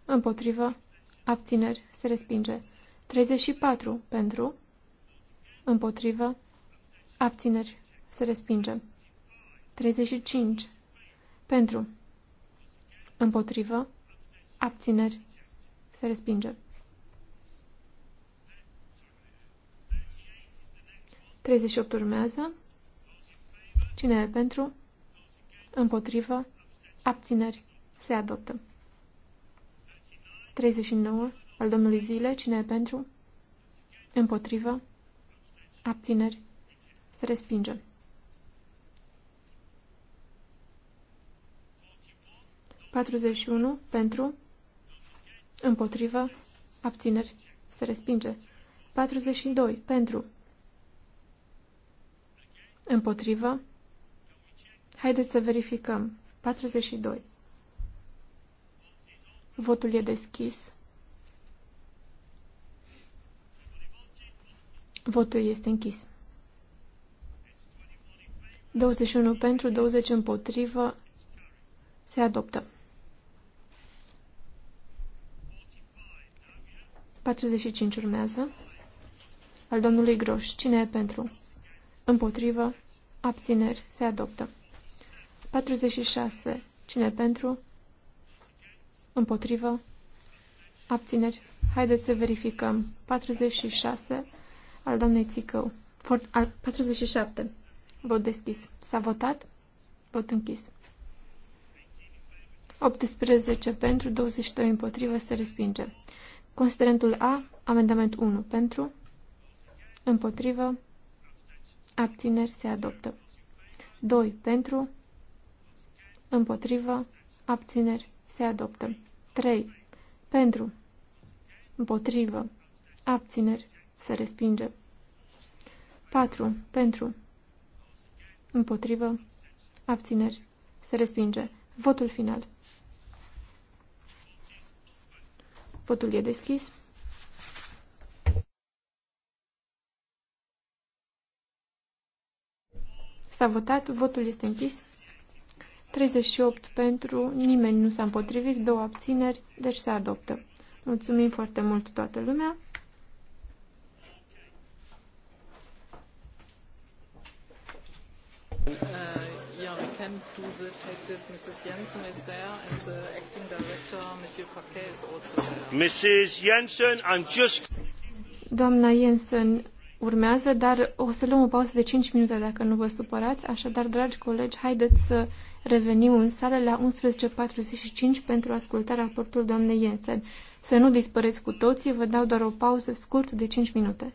Împotrivă. Abțineri. Se respinge. 34. Pentru. Împotrivă. Abțineri. Se respinge. 35. Pentru. Împotrivă. Abțineri. Se respinge. 38 urmează. Cine e pentru? Împotrivă. Abțineri. Se adoptă. 39. Al domnului Zile. Cine e pentru? Împotrivă. Abțineri. Se respinge. unu pentru, împotrivă, abțineri, se respinge. Patruzeci doi pentru, împotrivă, haideți să verificăm. Patruzeci doi. Votul e deschis. Votul este închis. 21 pentru, 20 împotrivă. Se adoptă. 45 urmează. Al domnului Groș. Cine e pentru? Împotrivă. Abțineri. Se adoptă. 46. Cine e pentru? Împotrivă. Abțineri. Haideți să verificăm. 46. Al doamnei Țicău. For, al 47. Vot deschis. S-a votat. Vot închis. 18 pentru, 22 împotrivă, se respinge. Considerentul A, amendament 1 pentru, împotrivă, abțineri, se adoptă. 2 pentru, împotrivă, abțineri, se adoptă. 3 pentru, împotrivă, abțineri, se respinge. 4 pentru, Împotrivă. Abțineri. Se respinge. Votul final. Votul e deschis. S-a votat, votul este închis. 38 pentru, nimeni nu s-a împotrivit, două abțineri, deci se adoptă. Mulțumim foarte mult toată lumea. attend to the texts. Mrs. Jensen is there, and the acting director, Monsieur Paquet, is also there. Mrs. Jensen, I'm just... Doamna Jensen urmează, dar o să luăm o pauză de 5 minute dacă nu vă supărați. Așadar, dragi colegi, haideți să revenim în sală la 11.45 pentru ascultarea raportului doamnei Jensen. Să nu dispăreți cu toții, vă dau doar o pauză scurtă de 5 minute.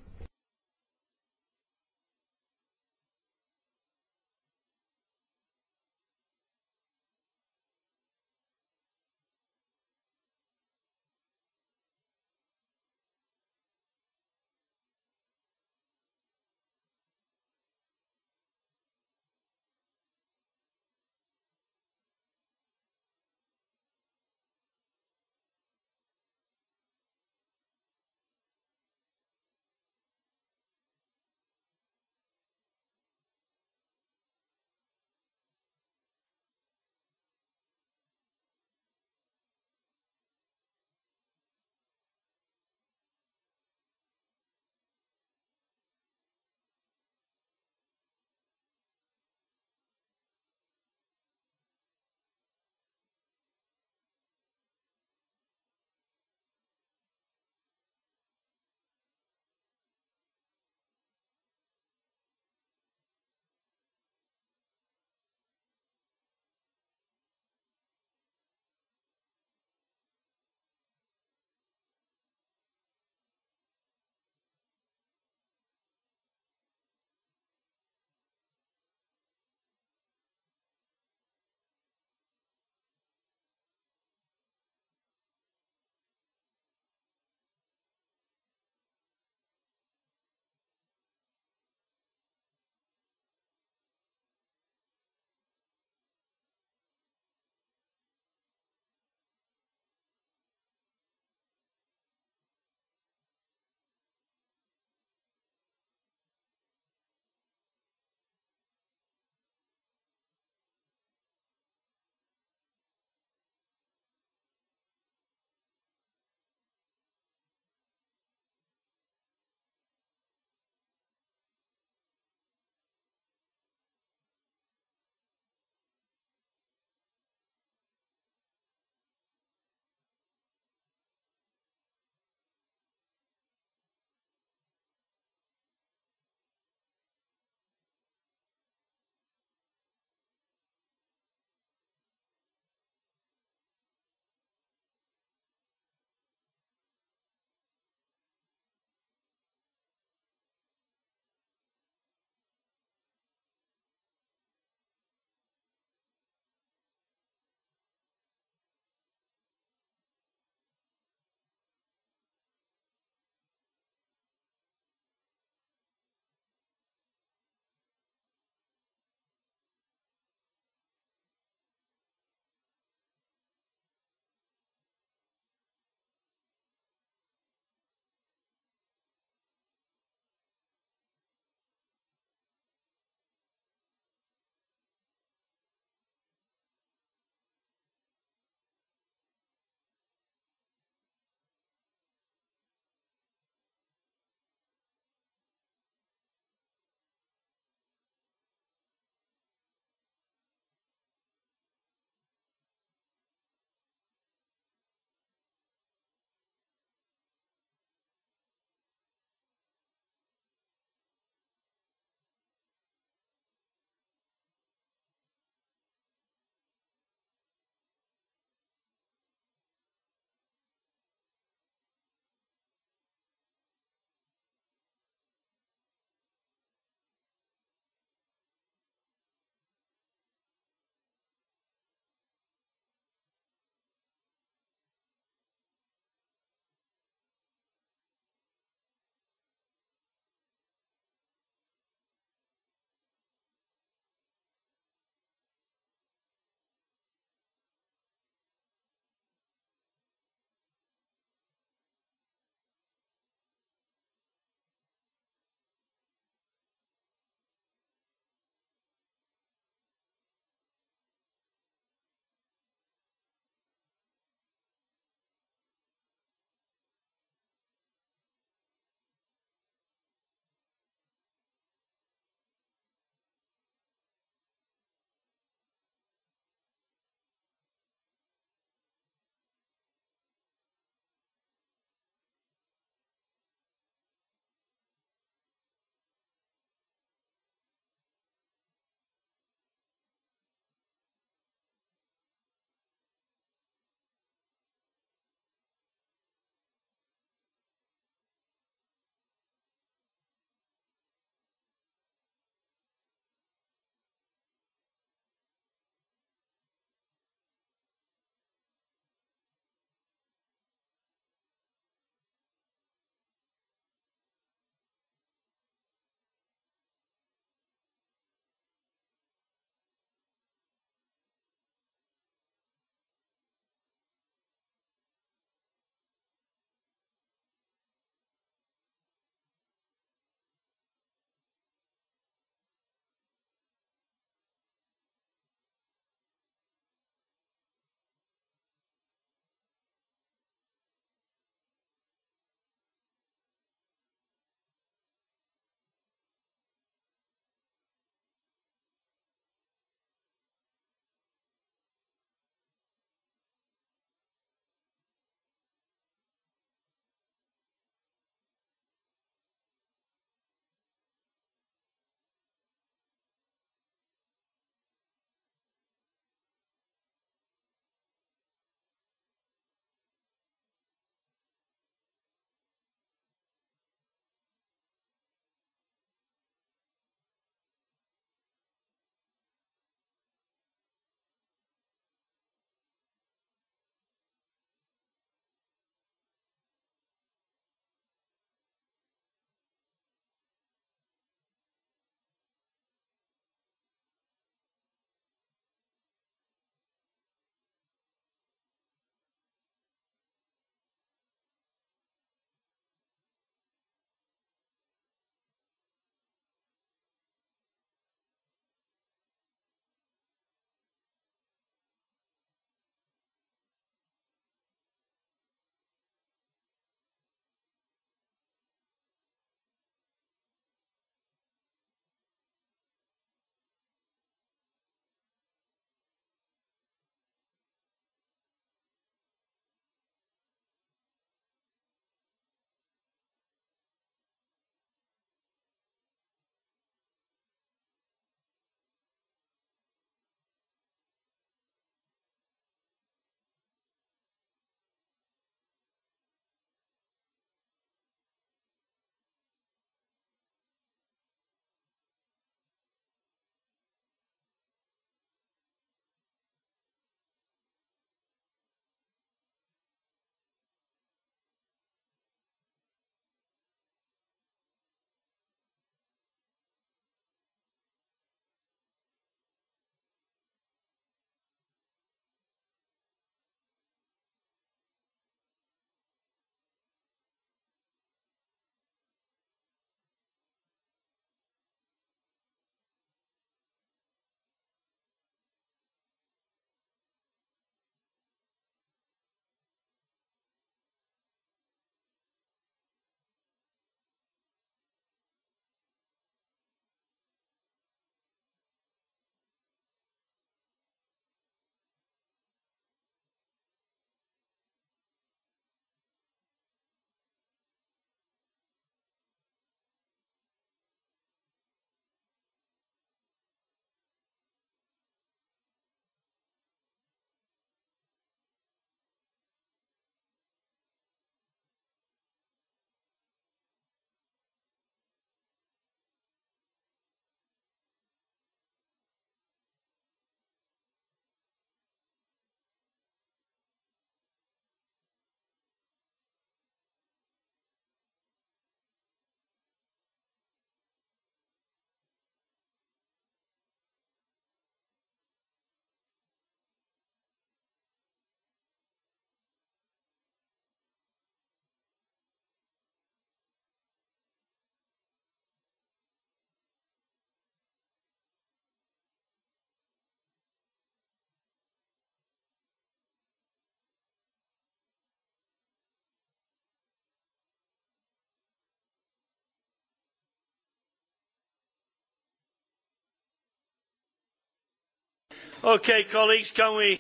Okay, colleagues, can we...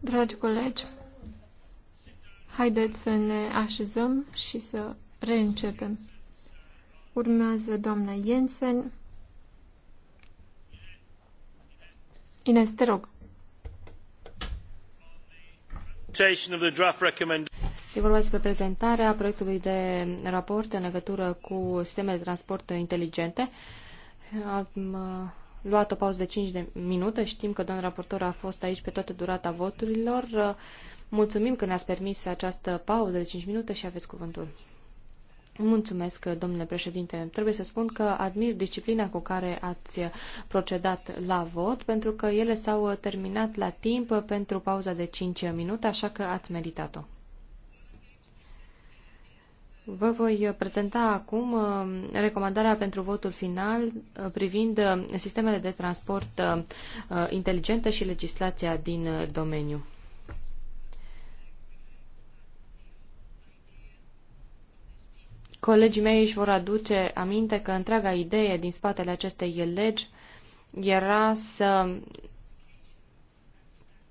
Dragi colegi, haideți să ne așezăm și să reîncepem. Urmează doamna Jensen. Ines, te rog. E vorba despre prezentarea proiectului de raport în legătură cu sisteme de transport inteligente. Am uh, luat o pauză de 5 de minute. Știm că domnul raportor a fost aici pe toată durata voturilor. Mulțumim că ne-ați permis această pauză de 5 minute și aveți cuvântul. Mulțumesc, domnule președinte. Trebuie să spun că admir disciplina cu care ați procedat la vot, pentru că ele s-au terminat la timp pentru pauza de 5 minute, așa că ați meritat-o. Vă voi prezenta acum uh, recomandarea pentru votul final uh, privind uh, sistemele de transport inteligente și legislația din domeniu. Colegii mei își vor aduce aminte că întreaga idee din spatele acestei legi era să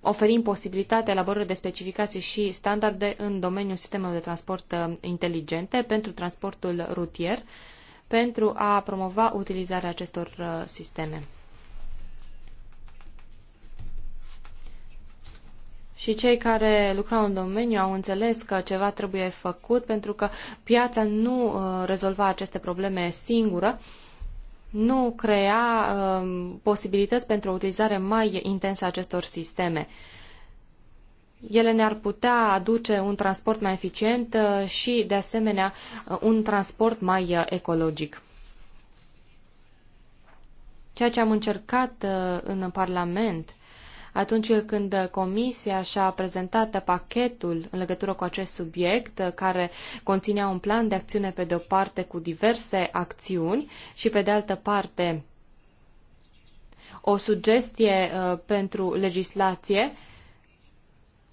oferim posibilitatea elaborării de specificații și standarde în domeniul sistemelor de transport uh, inteligente pentru transportul rutier, pentru a promova utilizarea acestor uh, sisteme. Și cei care lucrau în domeniu au înțeles că ceva trebuie făcut pentru că piața nu uh, rezolva aceste probleme singură, nu crea um, posibilități pentru o utilizare mai intensă a acestor sisteme. Ele ne-ar putea aduce un transport mai eficient uh, și, de asemenea, uh, un transport mai uh, ecologic. Ceea ce am încercat în Parlament atunci când Comisia și-a prezentat pachetul în legătură cu acest subiect, care conținea un plan de acțiune pe de o parte cu diverse acțiuni și pe de altă parte o sugestie uh, pentru legislație,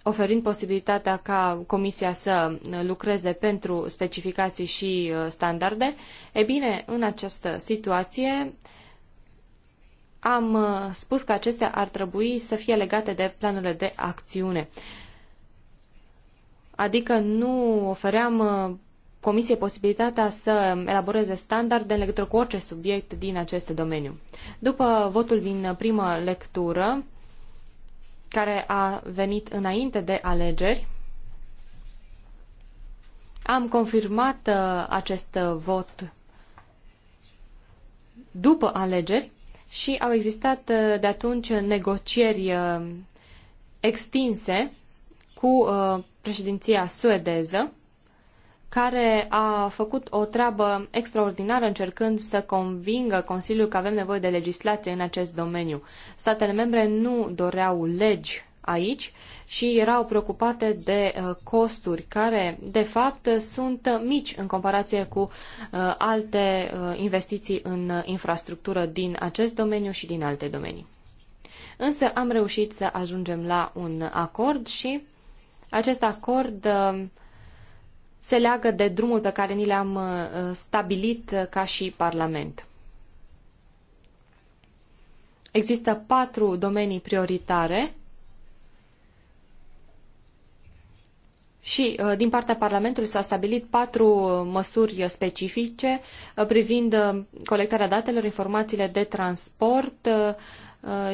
oferind posibilitatea ca Comisia să uh, lucreze pentru specificații și uh, standarde, e bine, în această situație, am uh, spus că acestea ar trebui să fie legate de planurile de acțiune. Adică nu ofeream uh, Comisiei posibilitatea să elaboreze standarde în legătură cu orice subiect din acest domeniu. După votul din primă lectură, care a venit înainte de alegeri, am confirmat uh, acest vot după alegeri și au existat uh, de atunci negocieri uh, extinse cu uh, președinția suedeză, care a făcut o treabă extraordinară încercând să convingă Consiliul că avem nevoie de legislație în acest domeniu. Statele membre nu doreau legi aici, uh, și erau preocupate de uh, costuri care, de fapt, sunt mici în comparație cu uh, alte uh, investiții în infrastructură din acest domeniu și din alte domenii. Însă am reușit să ajungem la un acord și acest acord se leagă de drumul pe care ni l-am stabilit ca și Parlament. Există patru domenii prioritare Și uh, din partea Parlamentului s-a stabilit patru măsuri specifice uh, privind uh, colectarea datelor, informațiile de transport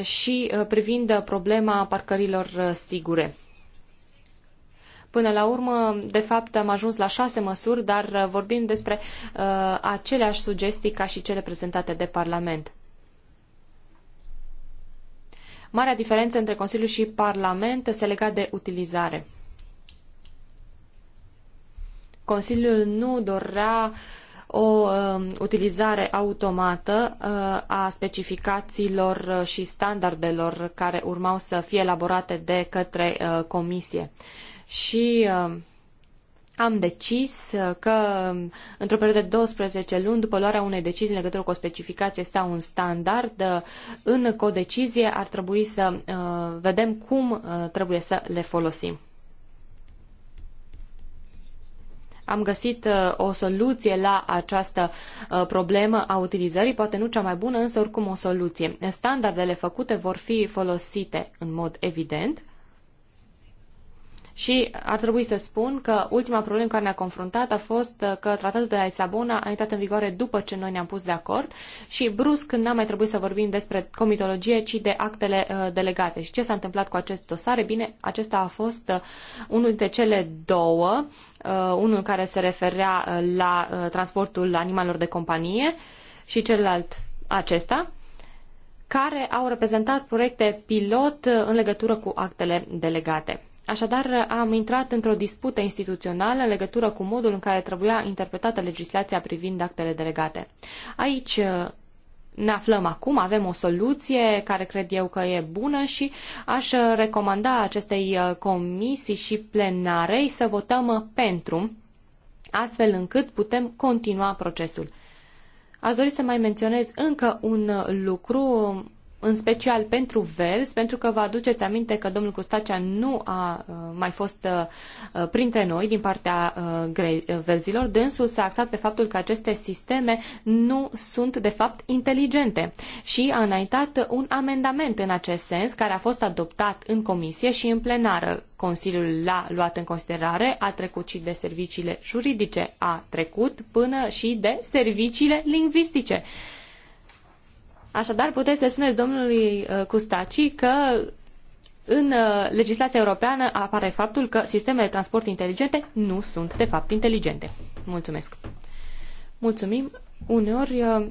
și privind problema parcărilor sigure. Până la urmă, de fapt, am ajuns la șase măsuri, dar vorbim despre aceleași sugestii ca și cele prezentate de Parlament. Marea diferență între Consiliu și Parlament se lega de utilizare. Consiliul nu dorea o um, utilizare automată uh, a specificațiilor și standardelor care urmau să fie elaborate de către uh, Comisie. Și um, am decis că um, într-o perioadă de 12 luni, după luarea unei decizii în legătură cu o specificație sau un standard, uh, în codecizie ar trebui să vedem cum trebuie să le folosim. am găsit uh, o soluție la această uh, problemă a utilizării, poate nu cea mai bună, însă oricum o soluție. Standardele făcute vor fi folosite în mod evident și ar trebui să spun că ultima problemă care ne-a confruntat a fost uh, că tratatul de la Lisabona a intrat în vigoare după ce noi ne-am pus de acord și brusc n-a mai trebuit să vorbim despre comitologie, ci de actele uh, delegate. Și ce s-a întâmplat cu acest dosar? bine, acesta a fost uh, unul dintre cele două uh, Uh, unul care se referea uh, la uh, transportul animalelor de companie și celălalt acesta, care au reprezentat proiecte pilot în legătură cu actele delegate. Așadar, am intrat într-o dispută instituțională în legătură cu modul în care trebuia interpretată legislația privind actele delegate. Aici ne aflăm acum, avem o soluție care cred eu că e bună și aș recomanda acestei uh, comisii și plenarei să votăm uh, pentru, astfel încât putem continua procesul. Aș dori să mai menționez încă un uh, lucru în special pentru Vers, pentru că vă aduceți aminte că domnul Custacea nu a uh, mai fost uh, uh, printre noi din partea verzilor. Dânsul s-a axat pe faptul că aceste sisteme nu sunt, de fapt, inteligente și a înaintat un amendament în acest sens, care a fost adoptat în comisie și în plenară. Consiliul l-a luat în considerare, a trecut și de serviciile juridice, a trecut până și de serviciile lingvistice. Așadar, puteți să spuneți domnului uh, Custaci că în uh, legislația europeană apare faptul că sistemele de transport inteligente nu sunt, de fapt, inteligente. Mulțumesc. Mulțumim. Uneori uh,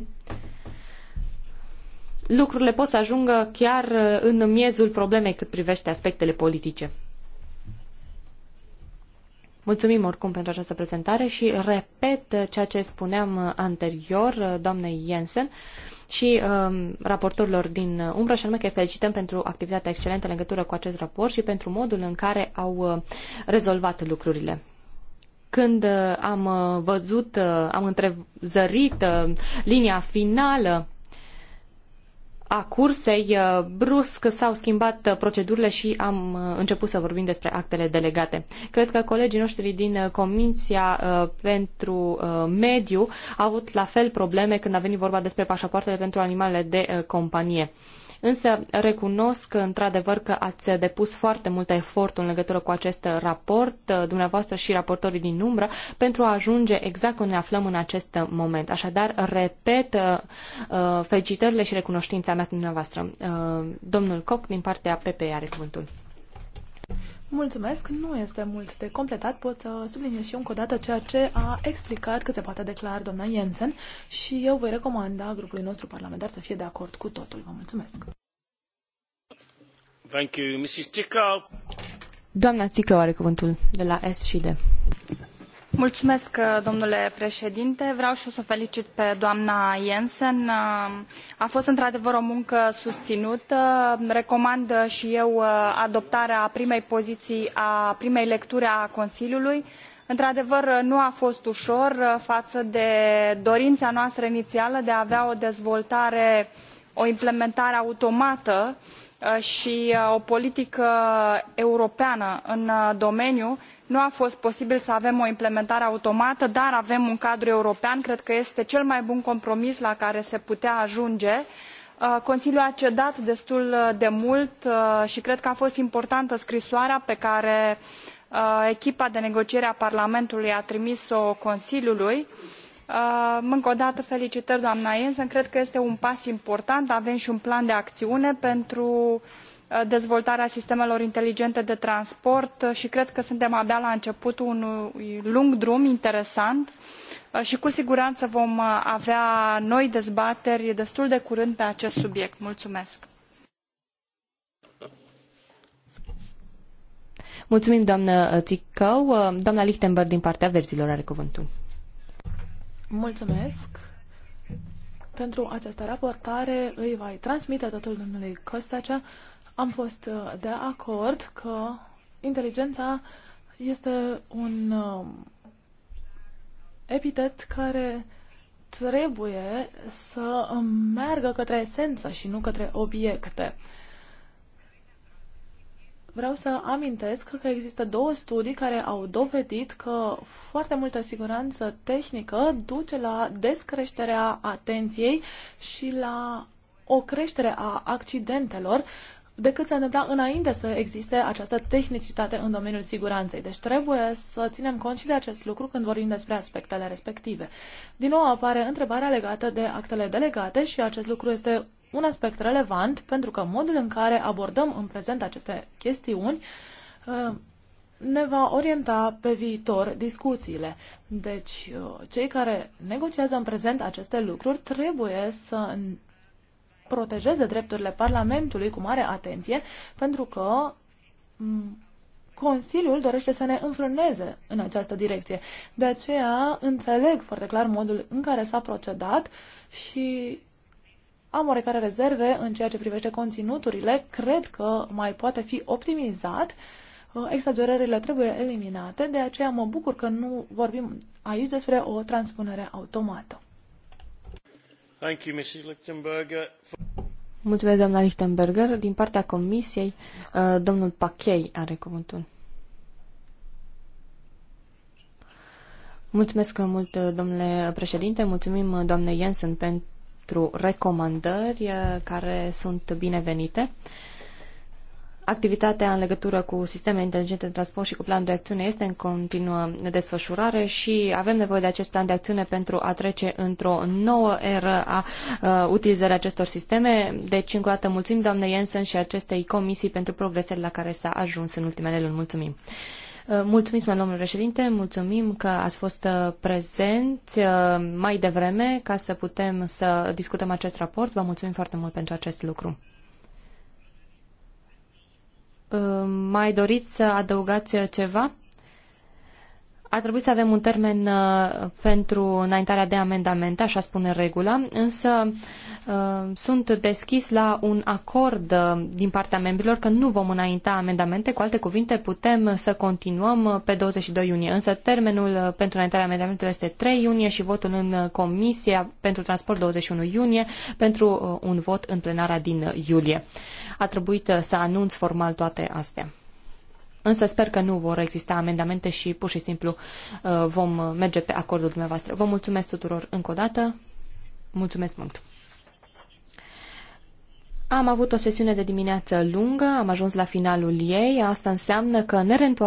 lucrurile pot să ajungă chiar în miezul problemei cât privește aspectele politice. Mulțumim oricum pentru această prezentare și repet ceea ce spuneam anterior doamnei Jensen. Uh, și um, raportorilor din umbră și anume că îi felicităm pentru activitatea excelentă în legătură cu acest raport și pentru modul în care au uh, rezolvat lucrurile când uh, am uh, văzut, am întrezărit linia finală a cursei, uh, brusc s-au schimbat uh, procedurile și am uh, început să vorbim despre actele delegate. Cred că colegii noștri din Comisia pentru Mediu au avut la fel probleme când a venit vorba despre pașapoartele pentru animalele de companie însă recunosc într-adevăr că ați depus foarte mult efort în legătură cu acest raport, dumneavoastră și raportorii din umbră, pentru a ajunge exact unde ne aflăm în acest moment. Așadar, repet uh, uh, felicitările și recunoștința mea dumneavoastră. Uh, domnul Coc, din partea PPE, are cuvântul. Mulțumesc, nu este mult de completat. Pot să subliniez și încă o dată ceea ce a explicat că se poate declara doamna Jensen și eu voi recomanda grupului nostru parlamentar să fie de acord cu totul. Vă mulțumesc. Thank you, Mrs. Doamna Țicău are cuvântul de la S și D. Mulțumesc, uh, domnule președinte. Vreau și eu să o felicit pe doamna Jensen. Uh, a fost într-adevăr o muncă susținută. Uh, recomand și eu adoptarea primei poziții, a primei lecturi a Consiliului. Într-adevăr, nu a fost ușor față de dorința noastră inițială de a avea o dezvoltare, o implementare automată și o politică europeană în domeniu nu a fost posibil să avem o implementare automată dar avem un cadru european cred că este cel mai bun compromis la care se putea ajunge uh, consiliul a cedat destul de mult uh, i cred că a fost importantă scrisoarea pe care uh, echipa de negociere a parlamentului a trimis o consiliului. încă o dată felicitări doamna jensen cred că este un pas important avem i un plan de aciune pentru Uh, dezvoltarea sistemelor inteligente de transport uh, și cred că suntem abia la începutul unui lung drum interesant uh, și cu siguranță vom avea noi dezbateri destul de curând pe acest subiect. Mulțumesc! Mulțumim, doamnă Țicău. Doamna Lichtenberg, din partea verzilor, are cuvântul. Mulțumesc pentru această raportare. Îi voi transmite totul domnului Costacea am fost uh, de acord că inteligența este un um, epitet care trebuie să meargă către esență și nu către obiecte. Vreau să amintesc că există două studii care au dovedit că foarte multă siguranță tehnică duce la descreșterea atenției și la o creștere a accidentelor decât se întâmpla înainte să existe această tehnicitate în domeniul siguranței. Deci trebuie să ținem cont și de acest lucru când vorbim despre aspectele respective. Din nou apare întrebarea legată de actele delegate și acest lucru este un aspect relevant pentru că modul în care abordăm în prezent aceste chestiuni uh, ne va orienta pe viitor discuțiile. Deci, uh, cei care negociază în prezent aceste lucruri trebuie să protejeze drepturile Parlamentului cu mare atenție, pentru că Consiliul dorește să ne înfrâneze în această direcție. De aceea înțeleg foarte clar modul în care s-a procedat și am oarecare rezerve în ceea ce privește conținuturile. Cred că mai poate fi optimizat. Exagerările trebuie eliminate, de aceea mă bucur că nu vorbim aici despre o transpunere automată. Lichtenberger. Mulțumesc, doamna Lichtenberger. Din partea comisiei, uh, domnul Pachei are cuvântul. Mulțumesc mult, uh, domnule președinte. Mulțumim, uh, doamne Jensen, pentru recomandări care sunt binevenite. Activitatea în legătură cu sisteme inteligente de transport și cu planul de acțiune este în continuă desfășurare și avem nevoie de acest plan de acțiune pentru a trece într-o nouă eră a uh, utilizării acestor sisteme. Deci, încă o dată, mulțumim doamne Jensen și acestei comisii pentru progresele la care s-a ajuns în ultimele luni. Mulțumim! Uh, mulțumim, domnule președinte, mulțumim că ați fost uh, prezenți uh, mai devreme ca să putem să discutăm acest raport. Vă mulțumim foarte mult pentru acest lucru mai doriți să adăugați ceva? Ar trebui să avem un termen uh, pentru înaintarea de amendamente, așa spune regula, însă uh, sunt deschis la un acord uh, din partea membrilor că nu vom înainta amendamente, cu alte cuvinte putem să continuăm pe 22 iunie, însă termenul pentru înaintarea amendamentelor este 3 iunie și votul în Comisia pentru Transport 21 iunie pentru un vot în plenara din iulie. A trebuit să anunț formal toate astea. Însă sper că nu vor exista amendamente și pur și simplu uh, vom merge pe acordul dumneavoastră. Vă mulțumesc tuturor încă o dată. Mulțumesc mult! Am avut o sesiune de dimineață lungă, am ajuns la finalul ei, asta înseamnă că ne reîntoarcem